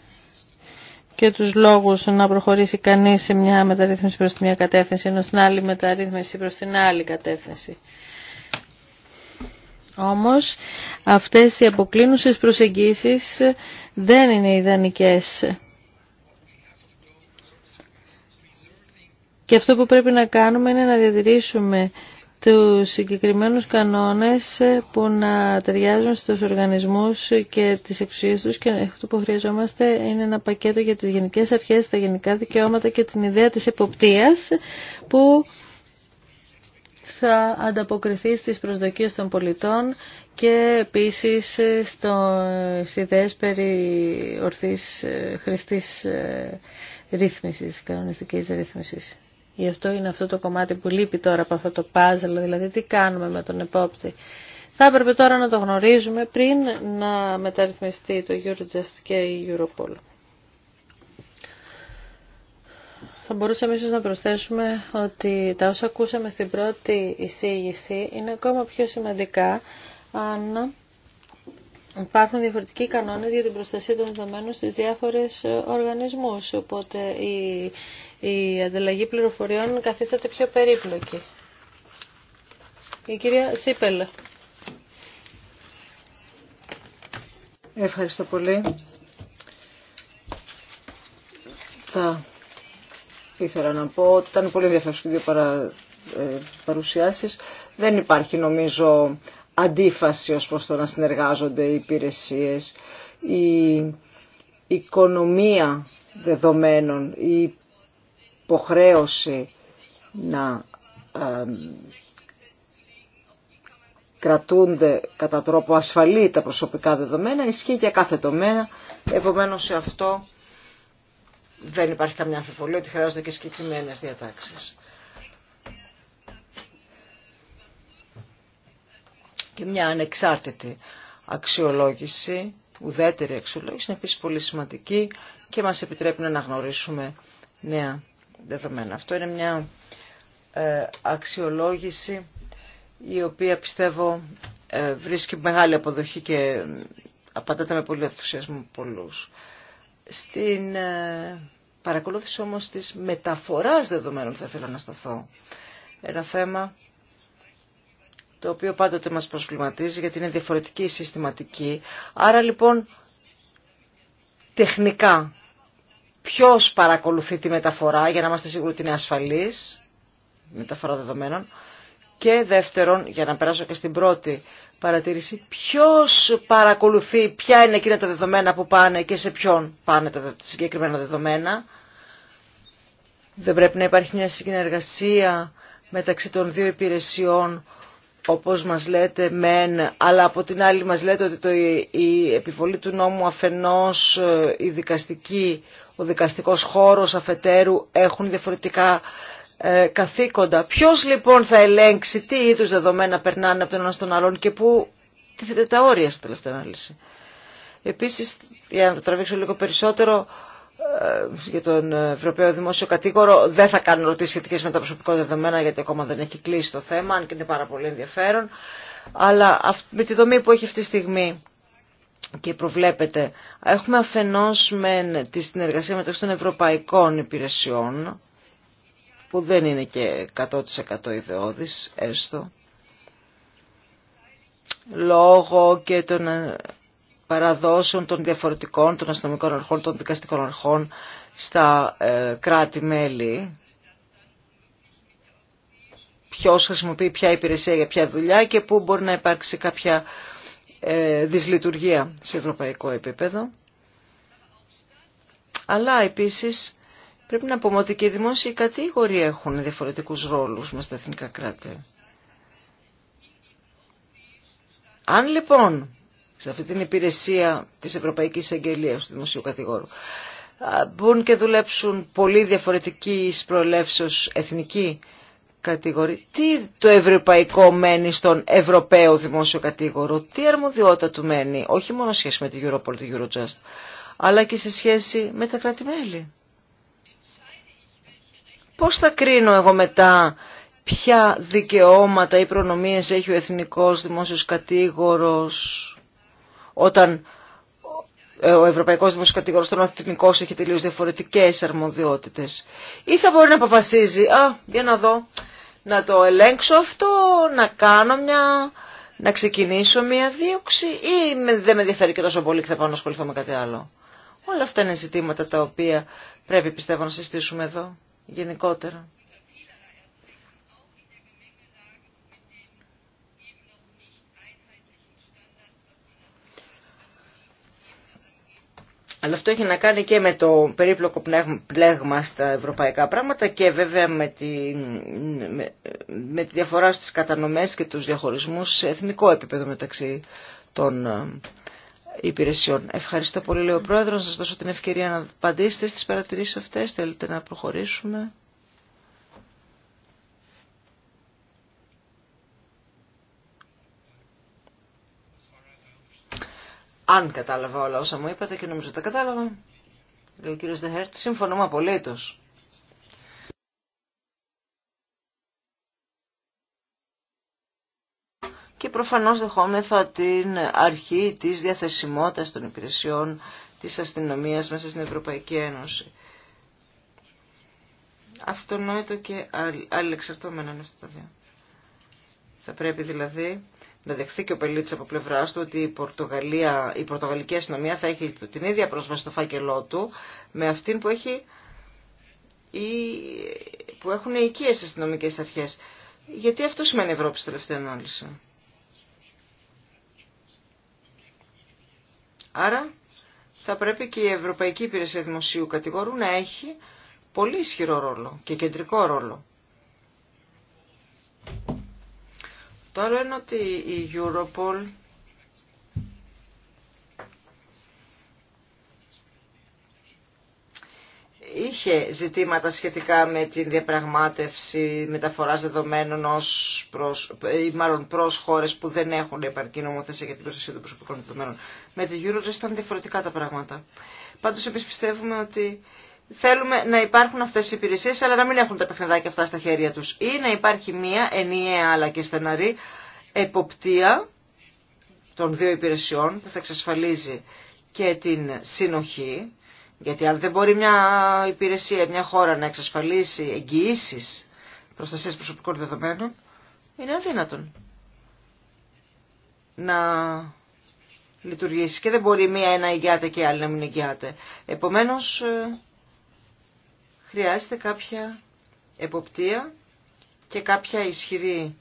και τους λόγους να προχωρήσει κανείς σε μια μεταρρύθμιση προς τη μια κατεύθυνση ενώ στην άλλη μεταρρύθμιση προς την άλλη κατεύθυνση. Όμως αυτές οι αποκλίνουσες προσεγγίσεις δεν είναι ιδανικές. Και αυτό που πρέπει να κάνουμε είναι να διατηρήσουμε τους συγκεκριμένους κανόνες που να ταιριάζουν στους οργανισμούς και τις εξουσίες τους και αυτό που χρειαζόμαστε είναι ένα πακέτο για τις γενικές αρχές, τα γενικά δικαιώματα και την ιδέα της εποπτείας που θα ανταποκριθεί στις προσδοκίες των πολιτών και επίσης στις ιδέες περί ορθής ε, χρηστής ε, ρύθμισης, κανονιστικής ρύθμισης. Γι' αυτό είναι αυτό το κομμάτι που λείπει τώρα από αυτό το puzzle, δηλαδή τι κάνουμε με τον επόπτη. Θα έπρεπε τώρα να το γνωρίζουμε πριν να μεταρρυθμιστεί το Eurojust και η Europol. Θα μπορούσαμε ίσως να προσθέσουμε ότι τα όσα ακούσαμε στην πρώτη εισήγηση είναι ακόμα πιο σημαντικά αν Υπάρχουν διαφορετικοί κανόνες για την προστασία των δεδομένων στι διάφορες ε, οργανισμούς, οπότε η, η ανταλλαγή πληροφοριών καθίσταται πιο περίπλοκη. Η κυρία Σίπελ. Ευχαριστώ πολύ. Θα ήθελα να πω ότι ήταν πολύ ενδιαφέρουσε οι δύο παρα, ε, παρουσιάσεις. Δεν υπάρχει νομίζω αντίφαση ως προς το να συνεργάζονται οι υπηρεσίες, η οικονομία δεδομένων, η υποχρέωση να κρατούνται κατά τρόπο ασφαλή τα προσωπικά δεδομένα, ισχύει για κάθε τομέα, επομένως σε αυτό δεν υπάρχει καμιά αμφιβολία ότι χρειάζονται και συγκεκριμένε διατάξεις. και μια ανεξάρτητη αξιολόγηση, ουδέτερη αξιολόγηση, είναι επίσης πολύ σημαντική και μας επιτρέπει να αναγνωρίσουμε νέα δεδομένα. Αυτό είναι μια ε, αξιολόγηση η οποία πιστεύω ε, βρίσκει μεγάλη αποδοχή και απαντάται με πολύ ενθουσιασμό πολλούς. Στην ε, παρακολούθηση όμως της μεταφοράς δεδομένων θα ήθελα να σταθώ. Ένα θέμα το οποίο πάντοτε μας προσβληματίζει γιατί είναι διαφορετική η συστηματική. Άρα λοιπόν τεχνικά ποιος παρακολουθεί τη μεταφορά για να είμαστε σίγουροι ότι είναι ασφαλής, μεταφορά δεδομένων, και δεύτερον, για να περάσω και στην πρώτη παρατήρηση, ποιος παρακολουθεί, ποια είναι εκείνα τα δεδομένα που πάνε και σε ποιον πάνε τα συγκεκριμένα δεδομένα. Δεν πρέπει να υπάρχει μια συνεργασία μεταξύ των δύο υπηρεσιών όπως μας λέτε μεν, αλλά από την άλλη μας λέτε ότι το, η επιβολή του νόμου αφενός, ε, η δικαστική, ο δικαστικός χώρος αφετέρου έχουν διαφορετικά ε, καθήκοντα. Ποιος λοιπόν θα ελέγξει τι είδους δεδομένα περνάνε από τον ένα στον άλλον και πού τίθεται τα όρια στην τελευταία ανάλυση. Επίσης, για να το τραβήξω λίγο περισσότερο, ε, για τον Ευρωπαίο Δημόσιο Κατήγορο. Δεν θα κάνω ρωτήσει σχετικέ με τα προσωπικά δεδομένα, γιατί ακόμα δεν έχει κλείσει το θέμα, αν και είναι πάρα πολύ ενδιαφέρον. Αλλά με τη δομή που έχει αυτή τη στιγμή και προβλέπεται, έχουμε αφενός με τη συνεργασία μεταξύ των ευρωπαϊκών υπηρεσιών, που δεν είναι και 100% ιδεώδης, έστω, λόγω και των ε, παραδόσεων των διαφορετικών, των αστυνομικών αρχών, των δικαστικών αρχών στα ε, κράτη-μέλη. Ποιος χρησιμοποιεί ποια υπηρεσία για ποια δουλειά και πού μπορεί να υπάρξει κάποια ε, δυσλειτουργία σε ευρωπαϊκό επίπεδο. Αλλά επίσης πρέπει να πούμε ότι και οι δημόσιοι κατήγοροι έχουν διαφορετικούς ρόλους με στα εθνικά κράτη. Αν λοιπόν σε αυτή την υπηρεσία της Ευρωπαϊκής Αγγελίας του Δημοσίου Κατηγόρου. Μπορούν και δουλέψουν πολύ διαφορετική προελεύσεως εθνική κατηγορία. Τι το ευρωπαϊκό μένει στον Ευρωπαίο Δημόσιο Κατήγορο, τι αρμοδιότητα του μένει, όχι μόνο σε σχέση με τη Europol, την Eurojust, αλλά και σε σχέση με τα κράτη-μέλη. Πώς θα κρίνω εγώ μετά ποια δικαιώματα ή προνομίες έχει ο Εθνικός Δημόσιος Κατήγορος όταν ε, ο Ευρωπαϊκό Δημοσιοκατηγορό των Αθηνικό έχει τελείω διαφορετικέ αρμοδιότητε. Ή θα μπορεί να αποφασίζει, α, για να δω, να το ελέγξω αυτό, να κάνω μια, να ξεκινήσω μια δίωξη, ή δεν με ενδιαφέρει και τόσο πολύ και θα πάω να ασχοληθώ με κάτι άλλο. Όλα αυτά είναι ζητήματα τα οποία πρέπει πιστεύω να συστήσουμε εδώ, γενικότερα. Αλλά αυτό έχει να κάνει και με το περίπλοκο πλέγμα στα ευρωπαϊκά πράγματα και βέβαια με τη, με, τη διαφορά στις κατανομές και τους διαχωρισμούς σε εθνικό επίπεδο μεταξύ των ε, υπηρεσιών. Ευχαριστώ πολύ, λέει ο Πρόεδρος. Σας δώσω την ευκαιρία να απαντήσετε στις παρατηρήσεις αυτές. Θέλετε να προχωρήσουμε. Αν κατάλαβα όλα όσα μου είπατε και νομίζω τα κατάλαβα, λέει ο κύριος Δεχέρτ, συμφωνούμε απολύτως. Και προφανώς δεχόμεθα την αρχή της διαθεσιμότητας των υπηρεσιών της αστυνομίας μέσα στην Ευρωπαϊκή Ένωση. Αυτονόητο και αλληλεξαρτώμενο είναι αυτά τα δύο. Θα πρέπει δηλαδή να δεχθεί και ο Πελίτη από πλευρά του ότι η, Πορτογαλία, η Πορτογαλική αστυνομία θα έχει την ίδια πρόσβαση στο φάκελό του με αυτήν που, έχει η, που έχουν οι οικίε αστυνομικέ αρχέ. Γιατί αυτό σημαίνει Ευρώπη στην τελευταία ανάλυση. Άρα θα πρέπει και η Ευρωπαϊκή Υπηρεσία Δημοσίου Κατηγορού να έχει πολύ ισχυρό ρόλο και κεντρικό ρόλο. Το άλλο είναι ότι η Europol είχε ζητήματα σχετικά με την διαπραγμάτευση μεταφοράς δεδομένων ως προς, ή μάλλον προς χώρες που δεν έχουν επαρκή νομοθεσία για την προστασία των προσωπικών δεδομένων. Με τη Eurojust ήταν διαφορετικά τα πράγματα. Πάντως εμείς πιστεύουμε ότι θέλουμε να υπάρχουν αυτές οι υπηρεσίες, αλλά να μην έχουν τα παιχνιδάκια αυτά στα χέρια τους. Ή να υπάρχει μία ενιαία αλλά και στεναρή εποπτεία των δύο υπηρεσιών που θα εξασφαλίζει και την συνοχή, γιατί αν δεν μπορεί μια υπηρεσία, μια χώρα να εξασφαλίσει εγγυήσει προστασίας προσωπικών δεδομένων, είναι αδύνατον να λειτουργήσει και δεν μπορεί μία να εγγυάται και άλλη να μην εγγυάται. Επομένως, ε, χρειάζεται κάποια εποπτεία και κάποια ισχυρή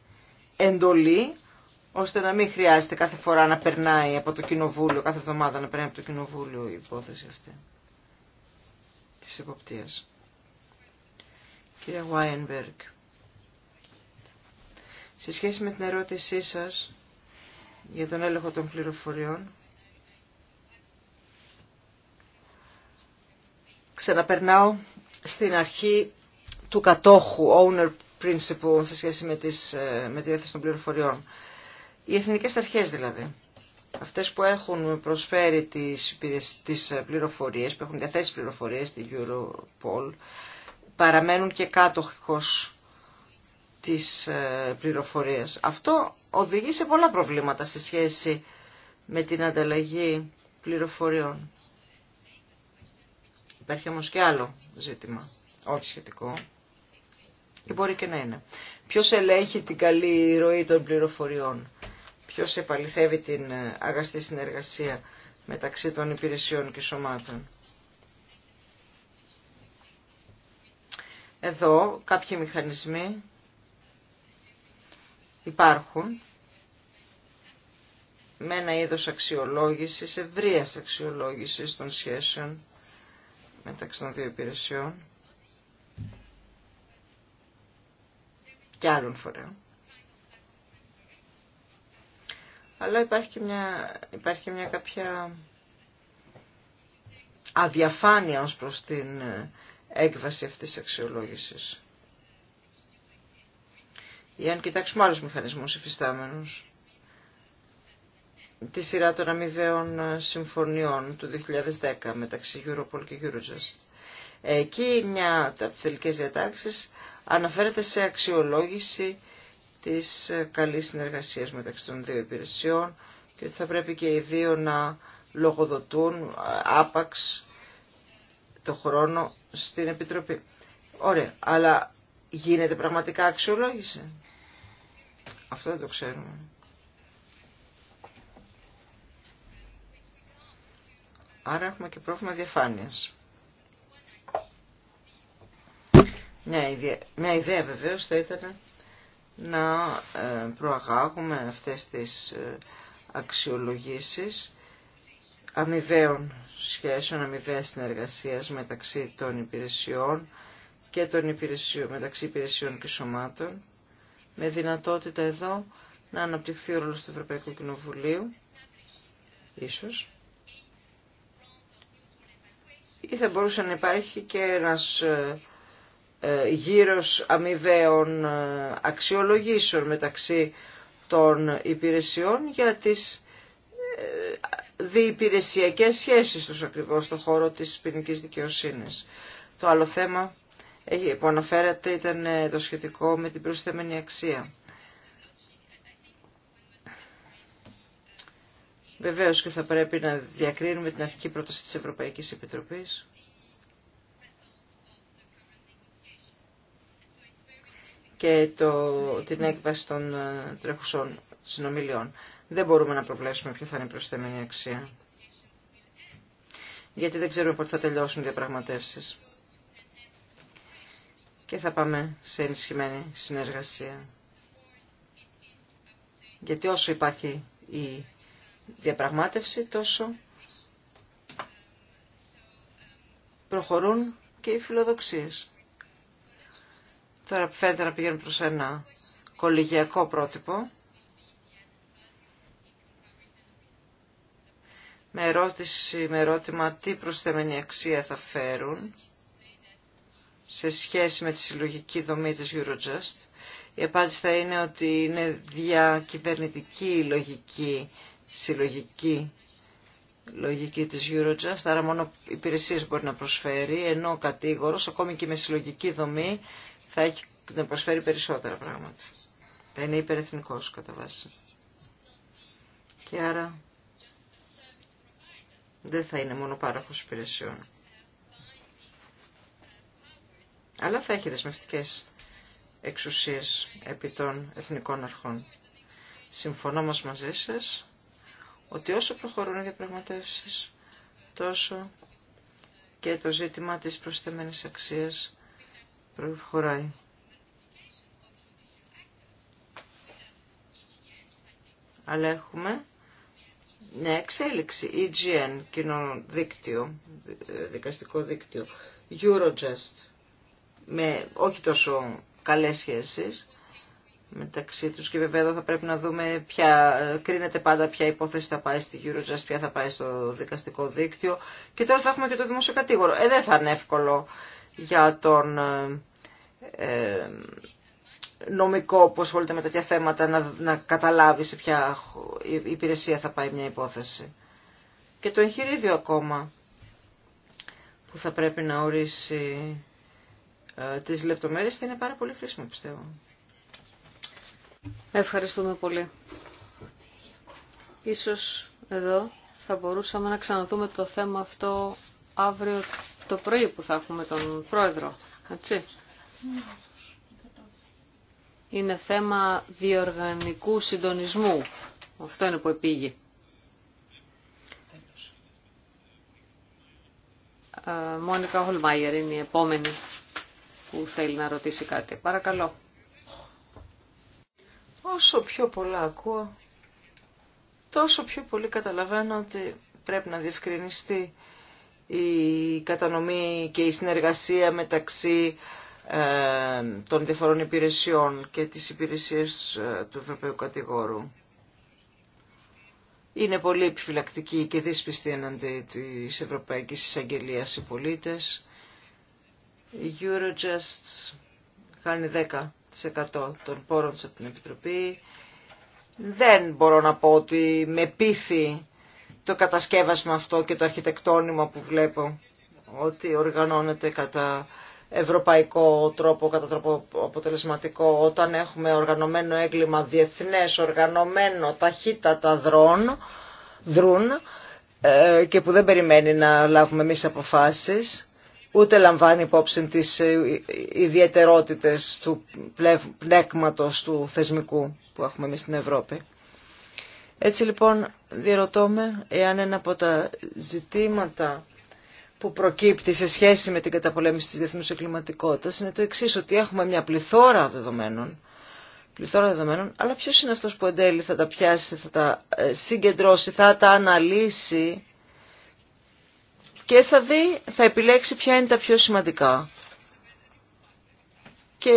εντολή ώστε να μην χρειάζεται κάθε φορά να περνάει από το κοινοβούλιο, κάθε εβδομάδα να περνάει από το κοινοβούλιο η υπόθεση αυτή της εποπτείας. Κύριε Βάιενμπεργκ, σε σχέση με την ερώτησή σας για τον έλεγχο των πληροφοριών, ξαναπερνάω στην αρχή του κατόχου, owner principle, σε σχέση με, τις, ε, με τη διάθεση των πληροφοριών. Οι εθνικές αρχές δηλαδή, αυτές που έχουν προσφέρει τις, τις ε, πληροφορίες, που έχουν διαθέσει πληροφορίες στην Europol, παραμένουν και κάτοχος της ε, πληροφορίας. Αυτό οδηγεί σε πολλά προβλήματα σε σχέση με την ανταλλαγή πληροφοριών. Υπάρχει όμως και άλλο ζήτημα, όχι σχετικό. Ή μπορεί και να είναι. Ποιος ελέγχει την καλή ροή των πληροφοριών. Ποιος επαληθεύει την ε, αγαστή συνεργασία μεταξύ των υπηρεσιών και σωμάτων. Εδώ κάποιοι μηχανισμοί υπάρχουν με ένα είδος αξιολόγησης, ευρείας αξιολόγησης των σχέσεων μεταξύ των δύο υπηρεσιών και άλλων φορέων. Αλλά υπάρχει και μια, υπάρχει μια κάποια αδιαφάνεια ως προς την ε, έκβαση αυτής της αξιολόγησης. Ή αν κοιτάξουμε άλλους μηχανισμούς υφιστάμενους, τη σειρά των αμοιβαίων ε, συμφωνιών του 2010 μεταξύ Europol και Eurojust. Εκεί μια από τις τελικές διατάξεις αναφέρεται σε αξιολόγηση της ε, καλής συνεργασίας μεταξύ των δύο υπηρεσιών και ότι θα πρέπει και οι δύο να λογοδοτούν ε, άπαξ το χρόνο στην Επιτροπή. Ωραία, αλλά γίνεται πραγματικά αξιολόγηση. Αυτό δεν το ξέρουμε. Άρα έχουμε και πρόβλημα διαφάνειας. Μια ιδέα, μια ιδέα βεβαίως θα ήταν να ε, προαγάγουμε αυτές τις ε, αξιολογήσεις αμοιβαίων σχέσεων, αμοιβαίας συνεργασίας μεταξύ των υπηρεσιών και των υπηρεσιών, μεταξύ υπηρεσιών και σωμάτων, με δυνατότητα εδώ να αναπτυχθεί ο ρόλος του Ευρωπαϊκού Κοινοβουλίου, ίσως, ή θα μπορούσε να υπάρχει και ένας ε, ε, γύρος αμοιβαίων ε, αξιολογήσεων μεταξύ των υπηρεσιών για τις διυπηρεσιακές σχέσεις τους ακριβώς στον χώρο της ποινική δικαιοσύνης. Το άλλο θέμα που αναφέρατε ήταν το σχετικό με την προσθέμενη αξία. Βεβαίως και θα πρέπει να διακρίνουμε την αρχική πρόταση της Ευρωπαϊκής Επιτροπής. και το, την έκβαση των ε, τρέχουσων συνομιλιών. Δεν μπορούμε να προβλέψουμε ποια θα είναι η προσθέμενη αξία. Γιατί δεν ξέρουμε πότε θα τελειώσουν οι διαπραγματεύσεις. Και θα πάμε σε ενισχυμένη συνεργασία. Γιατί όσο υπάρχει η διαπραγμάτευση, τόσο προχωρούν και οι φιλοδοξίες. Τώρα φαίνεται να πηγαίνουν προς ένα κολυγιακό πρότυπο. Με, ερώτηση, με ερώτημα τι προσθεμένη αξία θα φέρουν σε σχέση με τη συλλογική δομή της Eurojust. Η απάντηση θα είναι ότι είναι διακυβερνητική η λογική συλλογική λογική της Eurojust, άρα μόνο υπηρεσίες μπορεί να προσφέρει, ενώ ο κατήγορος, ακόμη και με συλλογική δομή, θα έχει να προσφέρει περισσότερα πράγματα. Θα είναι υπερεθνικός κατά βάση. Και άρα δεν θα είναι μόνο πάροχος υπηρεσιών. Αλλά θα έχει δεσμευτικέ εξουσίες επί των εθνικών αρχών. Συμφωνώ μας μαζί σας ότι όσο προχωρούν οι διαπραγματεύσει, τόσο και το ζήτημα της προσθεμένης αξίας προχωράει. Αλλά έχουμε ναι, εξέλιξη, EGN, κοινό δίκτυο, δικαστικό δίκτυο, Eurojust, με όχι τόσο καλές σχέσεις, μεταξύ τους και βέβαια εδώ θα πρέπει να δούμε ποια, κρίνεται πάντα ποια υπόθεση θα πάει στη Eurojust, ποια θα πάει στο δικαστικό δίκτυο και τώρα θα έχουμε και το δημόσιο κατήγορο. Ε, δεν θα είναι εύκολο για τον ε, ε, νομικό που ασχολείται με τέτοια θέματα να, να καταλάβει σε ποια υπηρεσία θα πάει μια υπόθεση. Και το εγχειρίδιο ακόμα που θα πρέπει να ορίσει ε, τις λεπτομέρειες θα είναι πάρα πολύ χρήσιμο πιστεύω. Ευχαριστούμε πολύ. Ίσως εδώ θα μπορούσαμε να ξαναδούμε το θέμα αυτό αύριο το πρωί που θα έχουμε τον πρόεδρο. Έτσι. Είναι θέμα διοργανικού συντονισμού. Αυτό είναι που επήγει. Ε, Μόνικα Χολμάιερ είναι η επόμενη που θέλει να ρωτήσει κάτι. Παρακαλώ. Όσο πιο πολλά ακούω, τόσο πιο πολύ καταλαβαίνω ότι πρέπει να διευκρινιστεί η κατανομή και η συνεργασία μεταξύ ε, των διαφορών υπηρεσιών και τις υπηρεσίες ε, του Ευρωπαίου Κατηγόρου. Είναι πολύ επιφυλακτική και δυσπιστή εναντί της Ευρωπαϊκής Εισαγγελίας οι πολίτες. Η Eurojust κάνει δέκα των πόρων σε την Επιτροπή. Δεν μπορώ να πω ότι με πείθει το κατασκεύασμα αυτό και το αρχιτεκτόνιμο που βλέπω ότι οργανώνεται κατά ευρωπαϊκό τρόπο, κατά τρόπο αποτελεσματικό, όταν έχουμε οργανωμένο έγκλημα διεθνές, οργανωμένο ταχύτατα δρόν, δρούν ε, και που δεν περιμένει να λάβουμε εμεί αποφάσεις, ούτε λαμβάνει υπόψη τις ε, ιδιαιτερότητες του πνεύματος του θεσμικού που έχουμε εμείς στην Ευρώπη. Έτσι λοιπόν διερωτώ εάν ένα από τα ζητήματα που προκύπτει σε σχέση με την καταπολέμηση της διεθνούς εγκληματικότητας είναι το εξής, ότι έχουμε μια πληθώρα δεδομένων, πληθώρα δεδομένων, αλλά ποιος είναι αυτός που εν τέλει θα τα πιάσει, θα τα ε, συγκεντρώσει, θα τα αναλύσει και θα δει, θα επιλέξει ποια είναι τα πιο σημαντικά. Και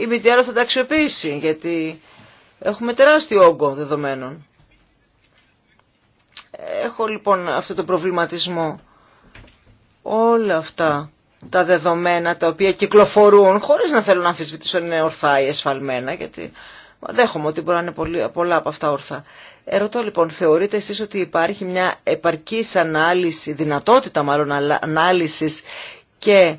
η μητέρα θα τα αξιοποιήσει, γιατί έχουμε τεράστιο όγκο δεδομένων. Έχω λοιπόν αυτό το προβληματισμό. Όλα αυτά τα δεδομένα τα οποία κυκλοφορούν, χωρίς να θέλω να αμφισβητήσω είναι ορθά ή εσφαλμένα, γιατί δέχομαι ότι μπορεί να είναι πολλά από αυτά ορθά. Ερωτώ λοιπόν, θεωρείτε εσείς ότι υπάρχει μια επαρκής ανάλυση, δυνατότητα μάλλον ανάλυσης και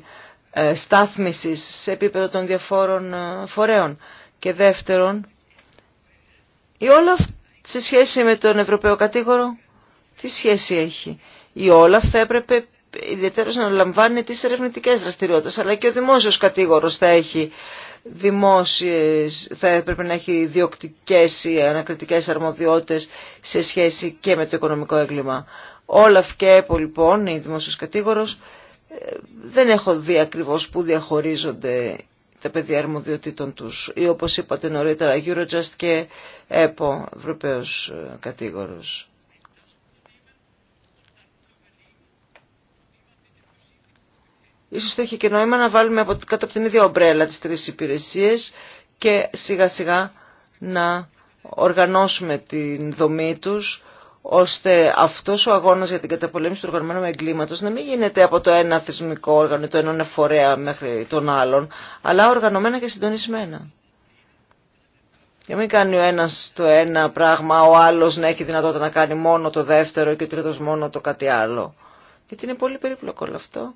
ε, στάθμισης σε επίπεδο των διαφόρων ε, φορέων. Και δεύτερον, η Όλαφ σε σχέση με τον Ευρωπαίο κατήγορο, τι σχέση έχει. Η Όλαφ θα έπρεπε ιδιαίτερα να λαμβάνει τις ερευνητικές δραστηριότητες, αλλά και ο δημόσιος κατήγορος θα έχει δημόσιες, θα έπρεπε να έχει διοκτικές ή ανακριτικές αρμοδιότητες σε σχέση και με το οικονομικό έγκλημα. Όλαφ και ΕΠΟ λοιπόν, η δημόσιος κατήγορος, ε, δεν έχω δει ακριβώ πού διαχωρίζονται τα παιδιά αρμοδιοτήτων τους ή όπως είπατε νωρίτερα Eurojust και ΕΠΟ, Ευρωπαίος ε, κατήγορος. Ίσως θα είχε και νόημα να βάλουμε από, κάτω από την ίδια ομπρέλα τις τρεις υπηρεσίες και σιγά σιγά να οργανώσουμε την δομή τους ώστε αυτός ο αγώνας για την καταπολέμηση του οργανωμένου εγκλήματος να μην γίνεται από το ένα θεσμικό όργανο, το ένα φορέα μέχρι τον άλλον, αλλά οργανωμένα και συντονισμένα. Για μην κάνει ο ένας το ένα πράγμα, ο άλλος να έχει δυνατότητα να κάνει μόνο το δεύτερο και ο τρίτος μόνο το κάτι άλλο. Γιατί είναι πολύ περίπλοκο όλο αυτό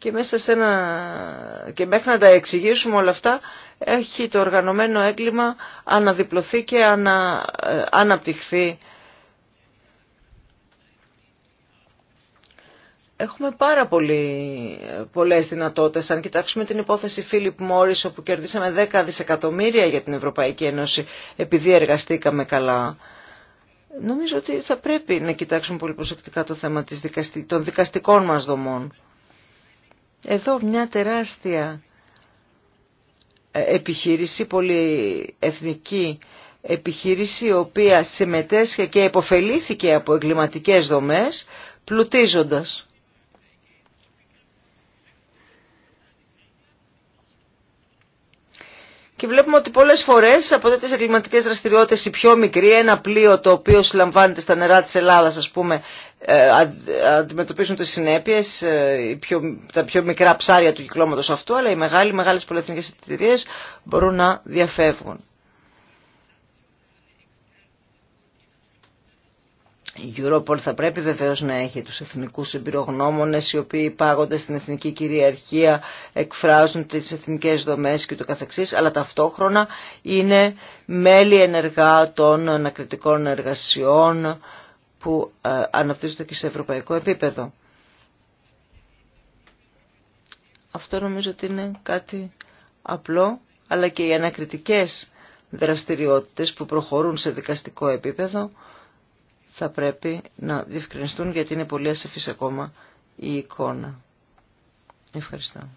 και, μέσα σε ένα... και μέχρι να τα εξηγήσουμε όλα αυτά έχει το οργανωμένο έγκλημα αναδιπλωθεί και ανα... Ε, αναπτυχθεί. Έχουμε πάρα πολύ, ε, πολλές δυνατότητες. Αν κοιτάξουμε την υπόθεση Φίλιπ Μόρις, όπου κερδίσαμε 10 δισεκατομμύρια για την Ευρωπαϊκή Ένωση, επειδή εργαστήκαμε καλά. Νομίζω ότι θα πρέπει να κοιτάξουμε πολύ προσεκτικά το θέμα των δικαστικών μας δομών. Εδώ μια τεράστια ε, επιχείρηση, πολυεθνική επιχείρηση, η οποία συμμετέσχε και υποφελήθηκε από εγκληματικές δομές, πλουτίζοντας. Και βλέπουμε ότι πολλές φορές από τέτοιες εγκληματικέ δραστηριότητες οι πιο μικροί, ένα πλοίο το οποίο συλλαμβάνεται στα νερά της Ελλάδας ας πούμε, ε, αντιμετωπίζουν τις συνέπειες, ε, τα πιο μικρά ψάρια του κυκλώματο αυτού, αλλά οι μεγάλοι, μεγάλες εταιρείε μπορούν να διαφεύγουν. Η Europol θα πρέπει βεβαίως να έχει τους εθνικούς εμπειρογνώμονες οι οποίοι πάγονται στην εθνική κυριαρχία, εκφράζουν τις εθνικές δομές και το καθεξής, αλλά ταυτόχρονα είναι μέλη ενεργά των ανακριτικών εργασιών που ε, αναπτύσσονται και σε ευρωπαϊκό επίπεδο. Αυτό νομίζω ότι είναι κάτι απλό, αλλά και οι ανακριτικές δραστηριότητες που προχωρούν σε δικαστικό επίπεδο θα πρέπει να διευκρινιστούν γιατί είναι πολύ ασαφής ακόμα η εικόνα. Ευχαριστώ.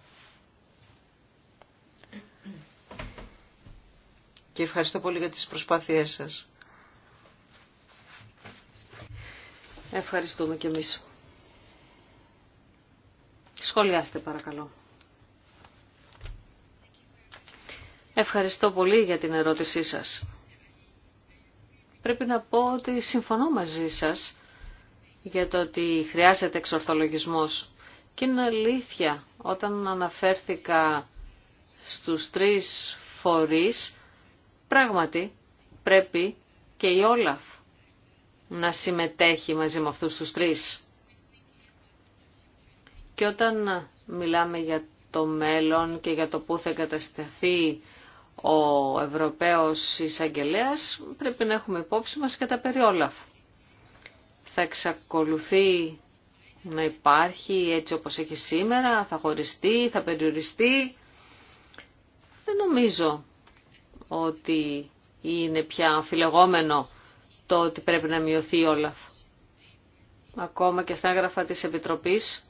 Και ευχαριστώ πολύ για τις προσπάθειές σας. Ευχαριστούμε και εμείς. Σχολιάστε παρακαλώ. Ευχαριστώ πολύ για την ερώτησή σας πρέπει να πω ότι συμφωνώ μαζί σας για το ότι χρειάζεται εξορθολογισμός. Και είναι αλήθεια, όταν αναφέρθηκα στους τρεις φορείς, πράγματι πρέπει και η Όλαφ να συμμετέχει μαζί με αυτούς τους τρεις. Και όταν μιλάμε για το μέλλον και για το πού θα εγκατασταθεί ο Ευρωπαίος εισαγγελέα πρέπει να έχουμε υπόψη μας και τα περιόλαφ. Θα εξακολουθεί να υπάρχει έτσι όπως έχει σήμερα, θα χωριστεί, θα περιοριστεί. Δεν νομίζω ότι είναι πια αμφιλεγόμενο το ότι πρέπει να μειωθεί όλαφ. Ακόμα και στα έγγραφα της Επιτροπής,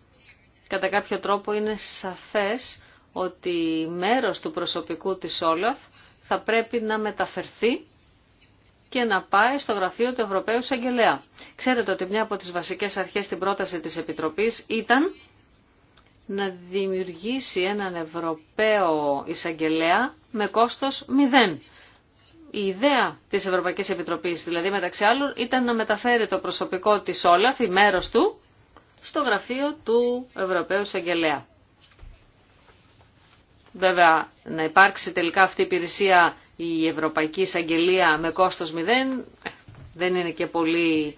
κατά κάποιο τρόπο είναι σαφές ότι μέρος του προσωπικού της Όλαφ θα πρέπει να μεταφερθεί και να πάει στο γραφείο του Ευρωπαίου Εισαγγελέα. Ξέρετε ότι μια από τις βασικές αρχές στην πρόταση της Επιτροπής ήταν να δημιουργήσει έναν Ευρωπαίο Εισαγγελέα με κόστος μηδέν. Η ιδέα της Ευρωπαϊκής Επιτροπής, δηλαδή μεταξύ άλλων, ήταν να μεταφέρει το προσωπικό της Όλαφ, η μέρος του, στο γραφείο του Ευρωπαίου Εισαγγελέα. Βέβαια, να υπάρξει τελικά αυτή η υπηρεσία η Ευρωπαϊκή Εισαγγελία με κόστος μηδέν ε, δεν είναι και πολύ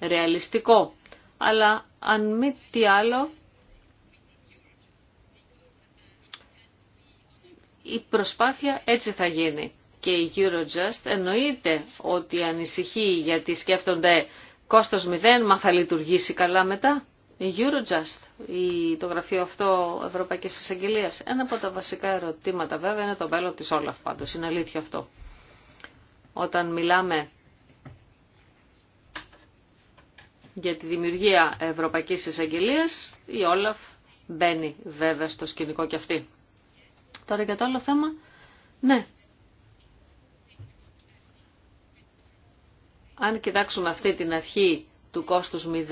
ρεαλιστικό. Αλλά αν μη τι άλλο, η προσπάθεια έτσι θα γίνει. Και η Eurojust εννοείται ότι ανησυχεί γιατί σκέφτονται κόστος μηδέν, μα θα λειτουργήσει καλά μετά. Η Eurojust, το γραφείο αυτό Ευρωπαϊκή Εισαγγελία. Ένα από τα βασικά ερωτήματα βέβαια είναι το μέλλον τη Όλαφ πάντως. Είναι αλήθεια αυτό. Όταν μιλάμε για τη δημιουργία Ευρωπαϊκής Εισαγγελίας, η Όλαφ μπαίνει βέβαια στο σκηνικό και αυτή. Τώρα για το άλλο θέμα, ναι. Αν κοιτάξουμε αυτή την αρχή του κόστους 0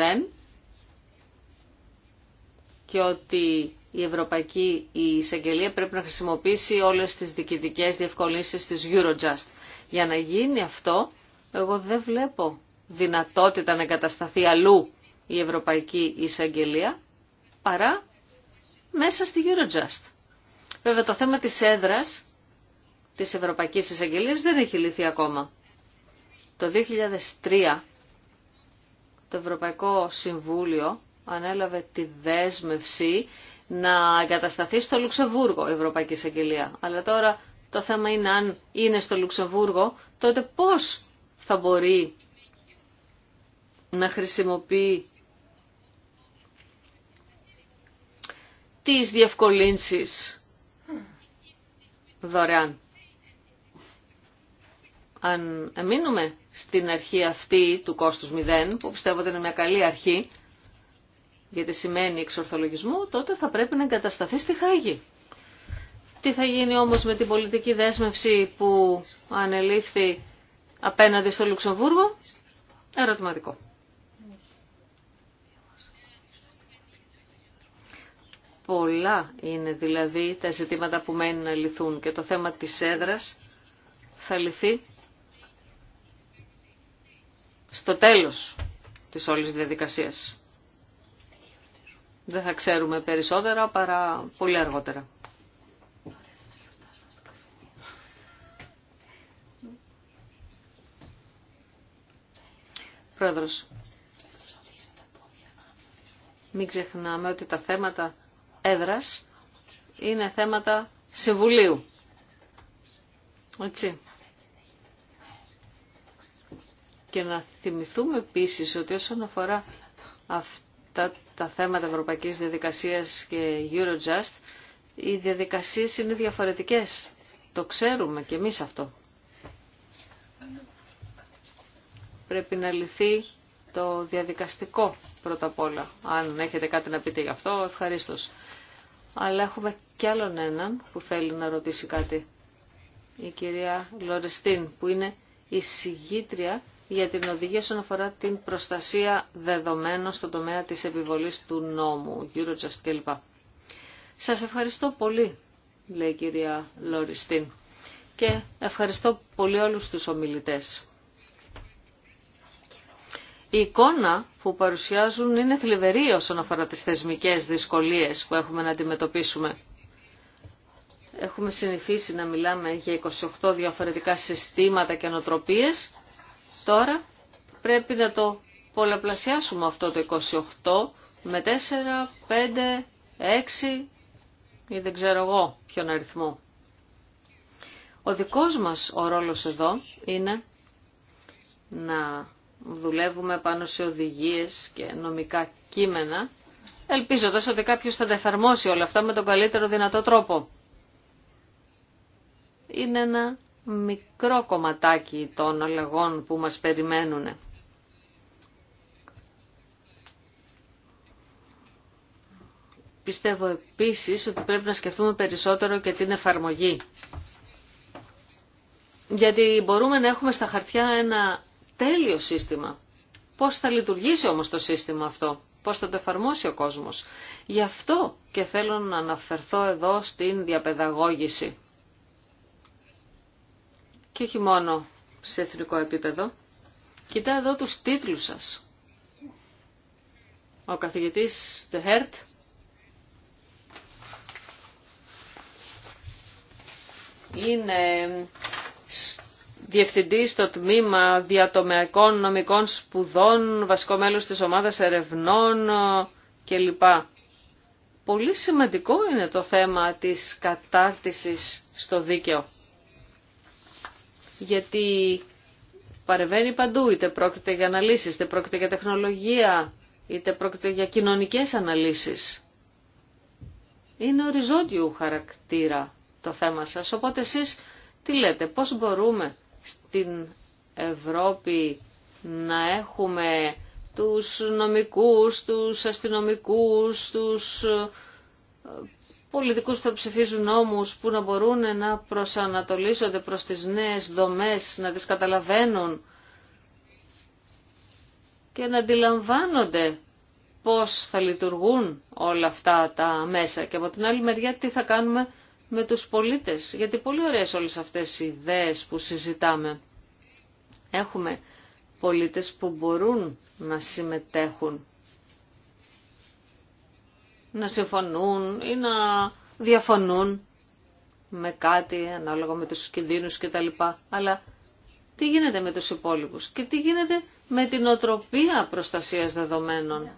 και ότι η Ευρωπαϊκή Εισαγγελία πρέπει να χρησιμοποιήσει όλες τις διοικητικές διευκολύνσεις της Eurojust. Για να γίνει αυτό, εγώ δεν βλέπω δυνατότητα να εγκατασταθεί αλλού η Ευρωπαϊκή Εισαγγελία παρά μέσα στη Eurojust. Βέβαια το θέμα της έδρας της Ευρωπαϊκής Εισαγγελίας δεν έχει λυθεί ακόμα. Το 2003 το Ευρωπαϊκό Συμβούλιο ανέλαβε τη δέσμευση να εγκατασταθεί στο Λουξεμβούργο η Ευρωπαϊκή Εισαγγελία. Αλλά τώρα το θέμα είναι αν είναι στο Λουξεμβούργο, τότε πώς θα μπορεί να χρησιμοποιεί τις διευκολύνσεις δωρεάν. Αν μείνουμε στην αρχή αυτή του κόστους μηδέν, που πιστεύω ότι είναι μια καλή αρχή, γιατί σημαίνει εξορθολογισμό, τότε θα πρέπει να εγκατασταθεί στη Χάγη. Τι θα γίνει όμως με την πολιτική δέσμευση που ανελήφθη απέναντι στο Λουξεμβούργο, ερωτηματικό. Πολλά είναι δηλαδή τα ζητήματα που μένουν να λυθούν και το θέμα της έδρας θα λυθεί στο τέλος της όλης διαδικασίας. Δεν θα ξέρουμε περισσότερα παρά πολύ αργότερα. Πρόεδρος, μην ξεχνάμε ότι τα θέματα έδρας είναι θέματα συμβουλίου. Έτσι. Και να θυμηθούμε επίσης ότι όσον αφορά αυτό τα θέματα ευρωπαϊκής διαδικασίας και Eurojust, οι διαδικασίες είναι διαφορετικές. Το ξέρουμε και εμείς αυτό. Πρέπει να λυθεί το διαδικαστικό πρώτα απ' όλα. Αν έχετε κάτι να πείτε γι' αυτό, ευχαρίστω. Αλλά έχουμε κι άλλον έναν που θέλει να ρωτήσει κάτι. Η κυρία Λορεστίν, που είναι η συγγήτρια για την οδηγία όσον αφορά την προστασία δεδομένων στον τομέα της επιβολής του νόμου, Eurojust κλπ. Σας ευχαριστώ πολύ, λέει η κυρία Λοριστίν, και ευχαριστώ πολύ όλους τους ομιλητές. Η εικόνα που παρουσιάζουν είναι θλιβερή όσον αφορά τις θεσμικές δυσκολίες που έχουμε να αντιμετωπίσουμε. Έχουμε συνηθίσει να μιλάμε για 28 διαφορετικά συστήματα και νοτροπίες Τώρα πρέπει να το πολλαπλασιάσουμε αυτό το 28 με 4, 5, 6 ή δεν ξέρω εγώ ποιον αριθμό. Ο δικός μας ο ρόλος εδώ είναι να δουλεύουμε πάνω σε οδηγίες και νομικά κείμενα, ελπίζοντας ότι κάποιος θα τα εφαρμόσει όλα αυτά με τον καλύτερο δυνατό τρόπο. Είναι ένα μικρό κομματάκι των αλλαγών που μας περιμένουν. Πιστεύω επίσης ότι πρέπει να σκεφτούμε περισσότερο και την εφαρμογή. Γιατί μπορούμε να έχουμε στα χαρτιά ένα τέλειο σύστημα. Πώς θα λειτουργήσει όμως το σύστημα αυτό, πώς θα το εφαρμόσει ο κόσμος. Γι' αυτό και θέλω να αναφερθώ εδώ στην διαπαιδαγώγηση και όχι μόνο σε εθνικό επίπεδο. Κοιτά εδώ τους τίτλους σας. Ο καθηγητής Τεχέρτ είναι διευθυντή στο τμήμα διατομεακών νομικών σπουδών, βασικό μέλος της ομάδας ερευνών κλπ. Πολύ σημαντικό είναι το θέμα της κατάρτισης στο δίκαιο γιατί παρεβαίνει παντού, είτε πρόκειται για αναλύσεις, είτε πρόκειται για τεχνολογία, είτε πρόκειται για κοινωνικές αναλύσεις. Είναι οριζόντιου χαρακτήρα το θέμα σας, οπότε εσείς τι λέτε, πώς μπορούμε στην Ευρώπη να έχουμε τους νομικούς, τους αστυνομικούς, τους πολιτικούς που θα ψηφίζουν νόμους που να μπορούν να προσανατολίζονται προς τις νέες δομές, να τις καταλαβαίνουν και να αντιλαμβάνονται πώς θα λειτουργούν όλα αυτά τα μέσα και από την άλλη μεριά τι θα κάνουμε με τους πολίτες. Γιατί πολύ ωραίες όλες αυτές οι ιδέες που συζητάμε. Έχουμε πολίτες που μπορούν να συμμετέχουν να συμφωνούν ή να διαφωνούν με κάτι ανάλογα με τους κινδύνους λοιπά. Αλλά τι γίνεται με τους υπόλοιπους και τι γίνεται με την οτροπία προστασίας δεδομένων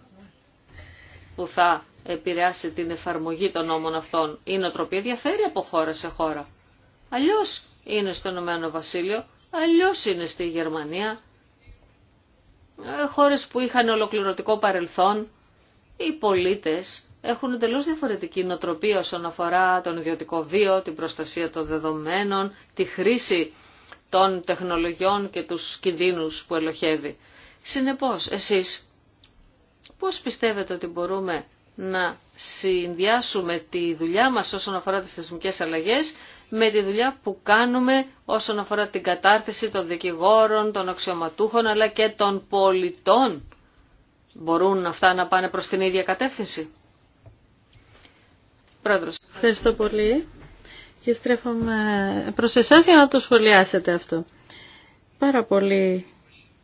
που θα επηρεάσει την εφαρμογή των νόμων αυτών. Η νοοτροπία διαφέρει από χώρα σε χώρα. Αλλιώς είναι στο Ηνωμένο Βασίλειο, αλλιώς είναι στη Γερμανία. Ε, χώρες που είχαν ολοκληρωτικό παρελθόν οι πολίτες έχουν εντελώ διαφορετική νοοτροπία όσον αφορά τον ιδιωτικό βίο, την προστασία των δεδομένων, τη χρήση των τεχνολογιών και τους κινδύνους που ελοχεύει. Συνεπώς, εσείς πώς πιστεύετε ότι μπορούμε να συνδυάσουμε τη δουλειά μας όσον αφορά τις θεσμικές αλλαγές με τη δουλειά που κάνουμε όσον αφορά την κατάρτιση των δικηγόρων, των αξιωματούχων αλλά και των πολιτών Μπορούν αυτά να πάνε προς την ίδια κατεύθυνση. Πρόεδρος. Ευχαριστώ πολύ και στρέφομαι προς εσάς για να το σχολιάσετε αυτό. Πάρα πολύ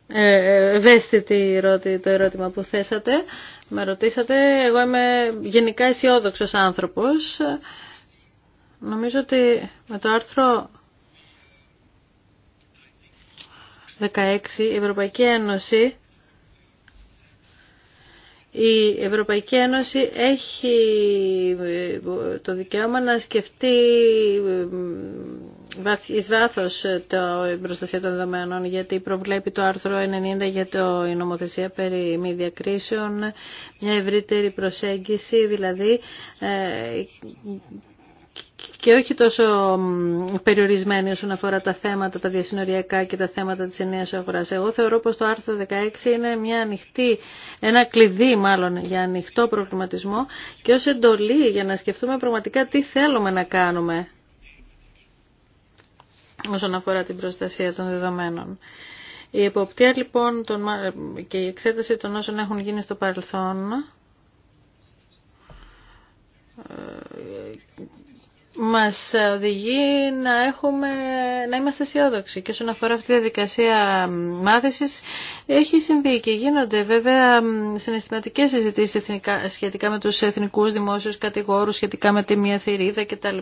ε, ε, ευαίσθητη το ερώτημα που θέσατε. Με ρωτήσατε, εγώ είμαι γενικά αισιόδοξο άνθρωπος. Νομίζω ότι με το άρθρο 16 η Ευρωπαϊκή Ένωση η Ευρωπαϊκή Ένωση έχει ε, το δικαίωμα να σκεφτεί ε, εις βάθος το, προστασία των δεδομένων γιατί προβλέπει το άρθρο 90 για το, η νομοθεσία περί μη διακρίσεων μια ευρύτερη προσέγγιση δηλαδή ε, και όχι τόσο περιορισμένη όσον αφορά τα θέματα, τα διασυνοριακά και τα θέματα της ενέας αγοράς. Εγώ θεωρώ πως το άρθρο 16 είναι μια ανοιχτή, ένα κλειδί μάλλον για ανοιχτό προβληματισμό και ως εντολή για να σκεφτούμε πραγματικά τι θέλουμε να κάνουμε όσον αφορά την προστασία των δεδομένων. Η εποπτεία λοιπόν και η εξέταση των όσων έχουν γίνει στο παρελθόν ε, μας οδηγεί να, έχουμε, να είμαστε αισιόδοξοι. Και όσον αφορά αυτή τη διαδικασία μάθησης, έχει συμβεί και γίνονται βέβαια συναισθηματικές συζητήσεις σχετικά με τους εθνικούς δημόσιους κατηγόρους, σχετικά με τη μία θηρίδα κτλ.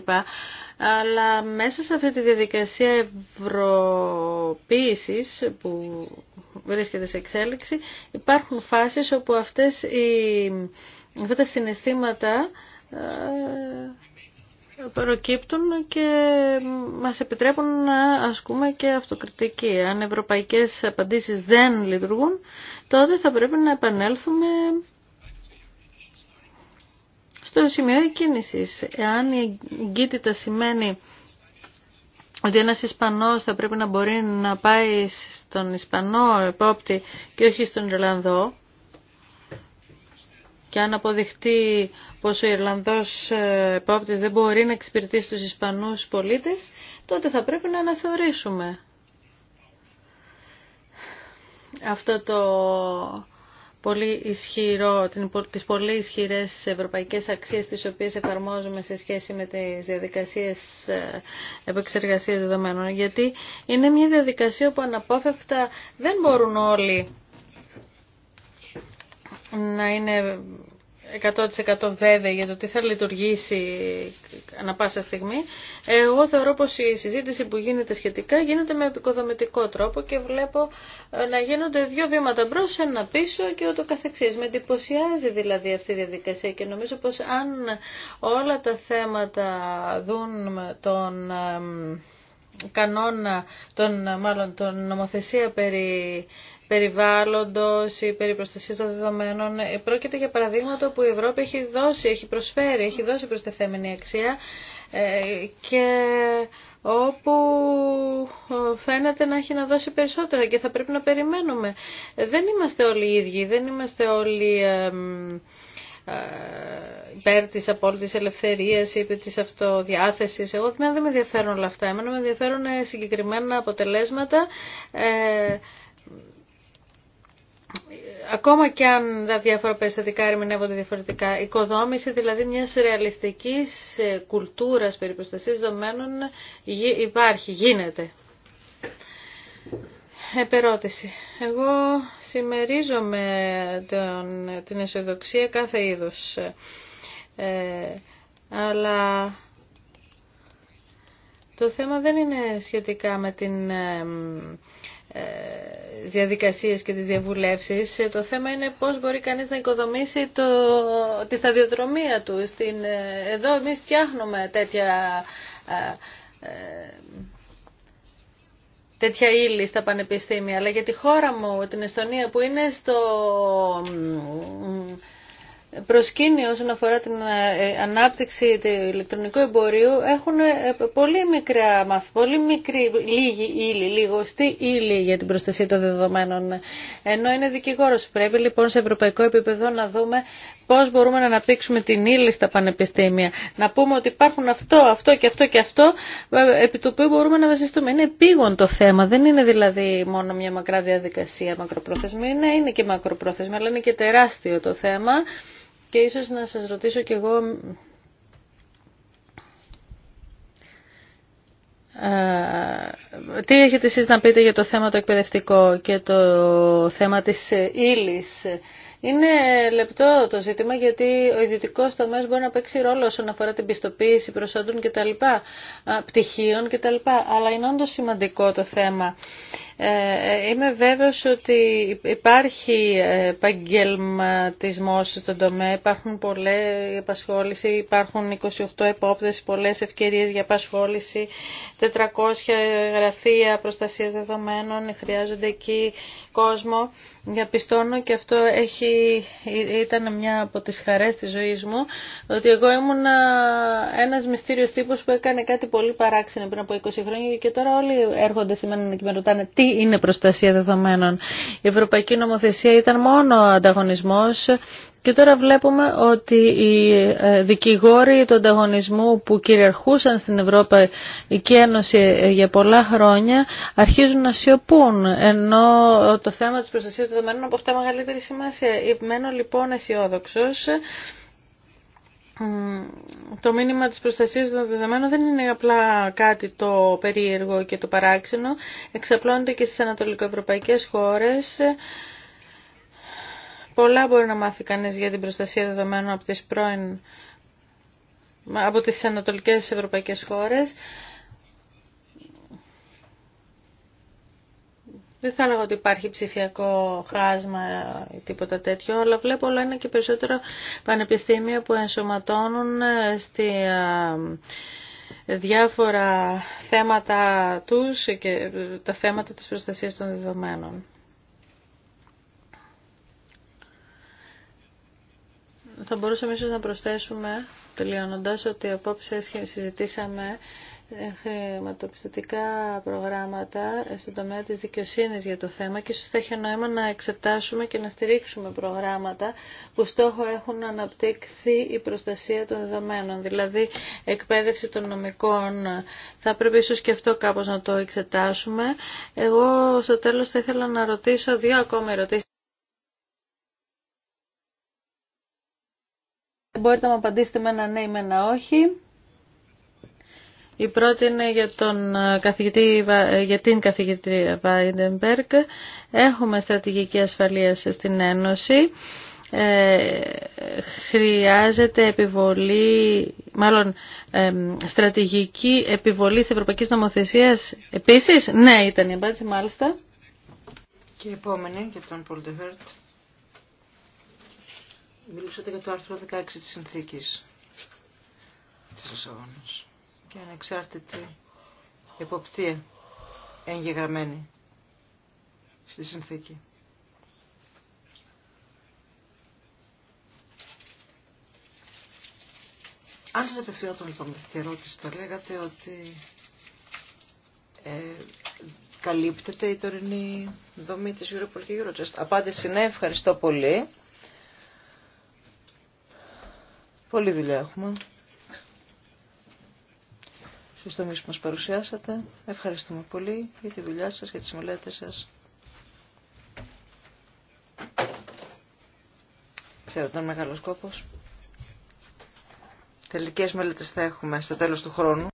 Αλλά μέσα σε αυτή τη διαδικασία ευρωποίησης που βρίσκεται σε εξέλιξη, υπάρχουν φάσεις όπου αυτές οι, αυτά τα συναισθήματα ε, προκύπτουν και μας επιτρέπουν να ασκούμε και αυτοκριτική. Αν ευρωπαϊκές απαντήσεις δεν λειτουργούν, τότε θα πρέπει να επανέλθουμε στο σημείο εκκίνησης. Εάν η εγκύτητα σημαίνει ότι ένας Ισπανός θα πρέπει να μπορεί να πάει στον Ισπανό επόπτη και όχι στον Ιρλανδό, και αν αποδειχτεί πως ο Ιρλανδός ε, επόπτης δεν μπορεί να εξυπηρετήσει τους Ισπανούς πολίτες, τότε θα πρέπει να αναθεωρήσουμε αυτό το πολύ ισχυρό, τις πολύ ισχυρές ευρωπαϊκές αξίες τις οποίες εφαρμόζουμε σε σχέση με τις διαδικασίες ε, επεξεργασίας δεδομένων γιατί είναι μια διαδικασία που αναπόφευκτα δεν μπορούν όλοι να είναι 100% βέβαια για το τι θα λειτουργήσει ανα πάσα στιγμή, εγώ θεωρώ πως η συζήτηση που γίνεται σχετικά γίνεται με επικοδομητικό τρόπο και βλέπω ε, να γίνονται δύο βήματα μπρος, ένα πίσω και ούτω καθεξής. Με εντυπωσιάζει δηλαδή αυτή η διαδικασία και νομίζω πως αν όλα τα θέματα δουν τον κανόνα, τον, μάλλον τον νομοθεσία περί περιβάλλοντος ή περί των δεδομένων. Ε, πρόκειται για παραδείγματα που η Ευρώπη έχει δώσει, έχει προσφέρει, έχει δώσει προστεθέμενη αξία ε, και όπου ε, φαίνεται να έχει να δώσει περισσότερα και θα πρέπει να περιμένουμε. Δεν είμαστε όλοι οι ίδιοι, δεν είμαστε όλοι υπέρ της απόλυτης ελευθερίας ή της αυτοδιάθεσης. Εγώ δεν με ενδιαφέρουν όλα αυτά. Εμένα με ενδιαφέρουν συγκεκριμένα αποτελέσματα Ακόμα και αν τα διάφορα περιστατικά ερμηνεύονται διαφορετικά, οικοδόμηση δηλαδή μια ρεαλιστική ε, κουλτούρας περί δομένων υπάρχει, γίνεται. Επερώτηση. Εγώ συμμερίζομαι τον, την αισιοδοξία κάθε είδους, ε, αλλά το θέμα δεν είναι σχετικά με την... Ε, ε, διαδικασίες και τις διαβουλεύσεις. Ε, το θέμα είναι πώς μπορεί κανείς να οικοδομήσει το, τη σταδιοδρομία του. Στην, ε, εδώ εμείς φτιάχνουμε τέτοια, τέτοια ύλη στα πανεπιστήμια, αλλά για τη χώρα μου, την Εστονία που είναι στο προσκήνιο όσον αφορά την ε, ε, ανάπτυξη του ηλεκτρονικού εμπορίου έχουν ε, πολύ μικρά πολύ μικρή λίγη ύλη, λιγοστή ύλη για την προστασία των δεδομένων. Ενώ είναι δικηγόρος. Πρέπει λοιπόν σε ευρωπαϊκό επίπεδο να δούμε πώς μπορούμε να αναπτύξουμε την ύλη στα πανεπιστήμια. Να πούμε ότι υπάρχουν αυτό, αυτό και αυτό και αυτό, επί του οποίου μπορούμε να βασιστούμε. Είναι επίγον το θέμα, δεν είναι δηλαδή μόνο μια μακρά διαδικασία μακροπρόθεσμη. Είναι, είναι και μακροπρόθεσμη, αλλά είναι και τεράστιο το θέμα και ίσως να σας ρωτήσω κι εγώ ε, τι έχετε εσείς να πείτε για το θέμα το εκπαιδευτικό και το θέμα της ε, ύλη. Είναι λεπτό το ζήτημα γιατί ο ιδιωτικό τομέα μπορεί να παίξει ρόλο όσον αφορά την πιστοποίηση προσόντων κτλ. Ε, πτυχίων κτλ. Αλλά είναι όντω σημαντικό το θέμα. Ε, είμαι βέβαιος ότι υπάρχει επαγγελματισμό στον τομέα, υπάρχουν πολλές επασχόληση, υπάρχουν 28 επόπτες, πολλές ευκαιρίες για επασχόληση, 400 γραφεία προστασίας δεδομένων, χρειάζονται εκεί κόσμο. για πιστώνω και αυτό έχει, ε, ήταν μια από τις χαρές της ζωής μου, ότι εγώ ήμουν ένας μυστήριος τύπος που έκανε κάτι πολύ παράξενο πριν από 20 χρόνια και τώρα όλοι έρχονται σήμερα και με ρωτάνε τι είναι προστασία δεδομένων. Η Ευρωπαϊκή Νομοθεσία ήταν μόνο ανταγωνισμός και τώρα βλέπουμε ότι οι ε, δικηγόροι του ανταγωνισμού που κυριαρχούσαν στην Ευρωπαϊκή Ένωση ε, για πολλά χρόνια αρχίζουν να σιωπούν, ενώ το θέμα της προστασίας δεδομένων αυτά μεγαλύτερη σημασία. Μένω λοιπόν αισιόδοξο το μήνυμα της προστασίας των δεδομένων δεν είναι απλά κάτι το περίεργο και το παράξενο. Εξαπλώνεται και στις ανατολικοευρωπαϊκές χώρες. Πολλά μπορεί να μάθει κανείς για την προστασία δεδομένων από τις πρώην από τις ανατολικές ευρωπαϊκές χώρες. Δεν θα έλεγα ότι υπάρχει ψηφιακό χάσμα ή τίποτα τέτοιο, αλλά βλέπω όλα είναι και περισσότερο πανεπιστήμια που ενσωματώνουν ε, στη διάφορα θέματα τους και ε, τα θέματα της προστασίας των δεδομένων. Θα μπορούσαμε ίσως να προσθέσουμε, τελειώνοντας, ότι απόψε συζητήσαμε ε, χρηματοπιστωτικά προγράμματα ε, στον τομέα της δικαιοσύνης για το θέμα και ίσως θα έχει νόημα να εξετάσουμε και να στηρίξουμε προγράμματα που στόχο έχουν να αναπτύξει η προστασία των δεδομένων, δηλαδή εκπαίδευση των νομικών. Θα πρέπει ίσως και αυτό κάπως να το εξετάσουμε. Εγώ στο τέλος θα ήθελα να ρωτήσω δύο ακόμα ερωτήσεις. Μπορείτε να μου απαντήσετε με ένα ναι ή με ένα όχι. Η πρώτη είναι για, τον ε, καθηγητή, ε, για την καθηγητρία Βάιντεμπεργκ. Έχουμε στρατηγική ασφαλεία στην Ένωση. Ε, χρειάζεται επιβολή, μάλλον στρατηγική επιβολή της Ευρωπαϊκής Νομοθεσίας επίσης. Ναι, ήταν η απάντηση μάλιστα. Και η επόμενη για τον Πολτεβέρτ. Μιλούσατε για το άρθρο 16 της συνθήκης της και ανεξάρτητη εποπτεία εγγεγραμμένη στη συνθήκη. Αν σας απευθυνόταν λοιπόν με ερώτηση, θα λέγατε ότι ε, καλύπτεται η τωρινή δομή της Europol και Eurojust. Απάντηση ναι, ευχαριστώ πολύ. Πολύ δουλειά έχουμε στους τομείς που μας παρουσιάσατε. Ευχαριστούμε πολύ για τη δουλειά σας, για τις μελέτες σας. Ξέρω ότι ήταν μεγάλο κόπος. Τελικέ μελέτε θα έχουμε στο τέλος του χρόνου.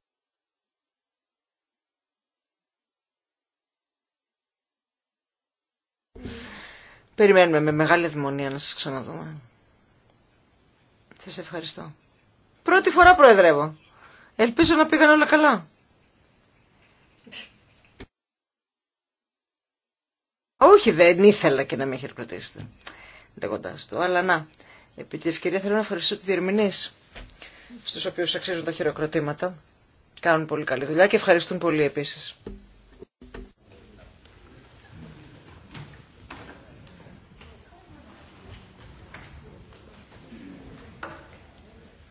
Περιμένουμε με μεγάλη ευμονία να σα ξαναδούμε. Σα ευχαριστώ. Πρώτη φορά προεδρεύω. Ελπίζω να πήγαν όλα καλά. Όχι, δεν ήθελα και να με χειροκροτήσετε, λέγοντά το. Αλλά να, επί τη ευκαιρία θέλω να ευχαριστήσω του διερμηνεί, στου οποίου αξίζουν τα χειροκροτήματα. Κάνουν πολύ καλή δουλειά και ευχαριστούν πολύ επίση.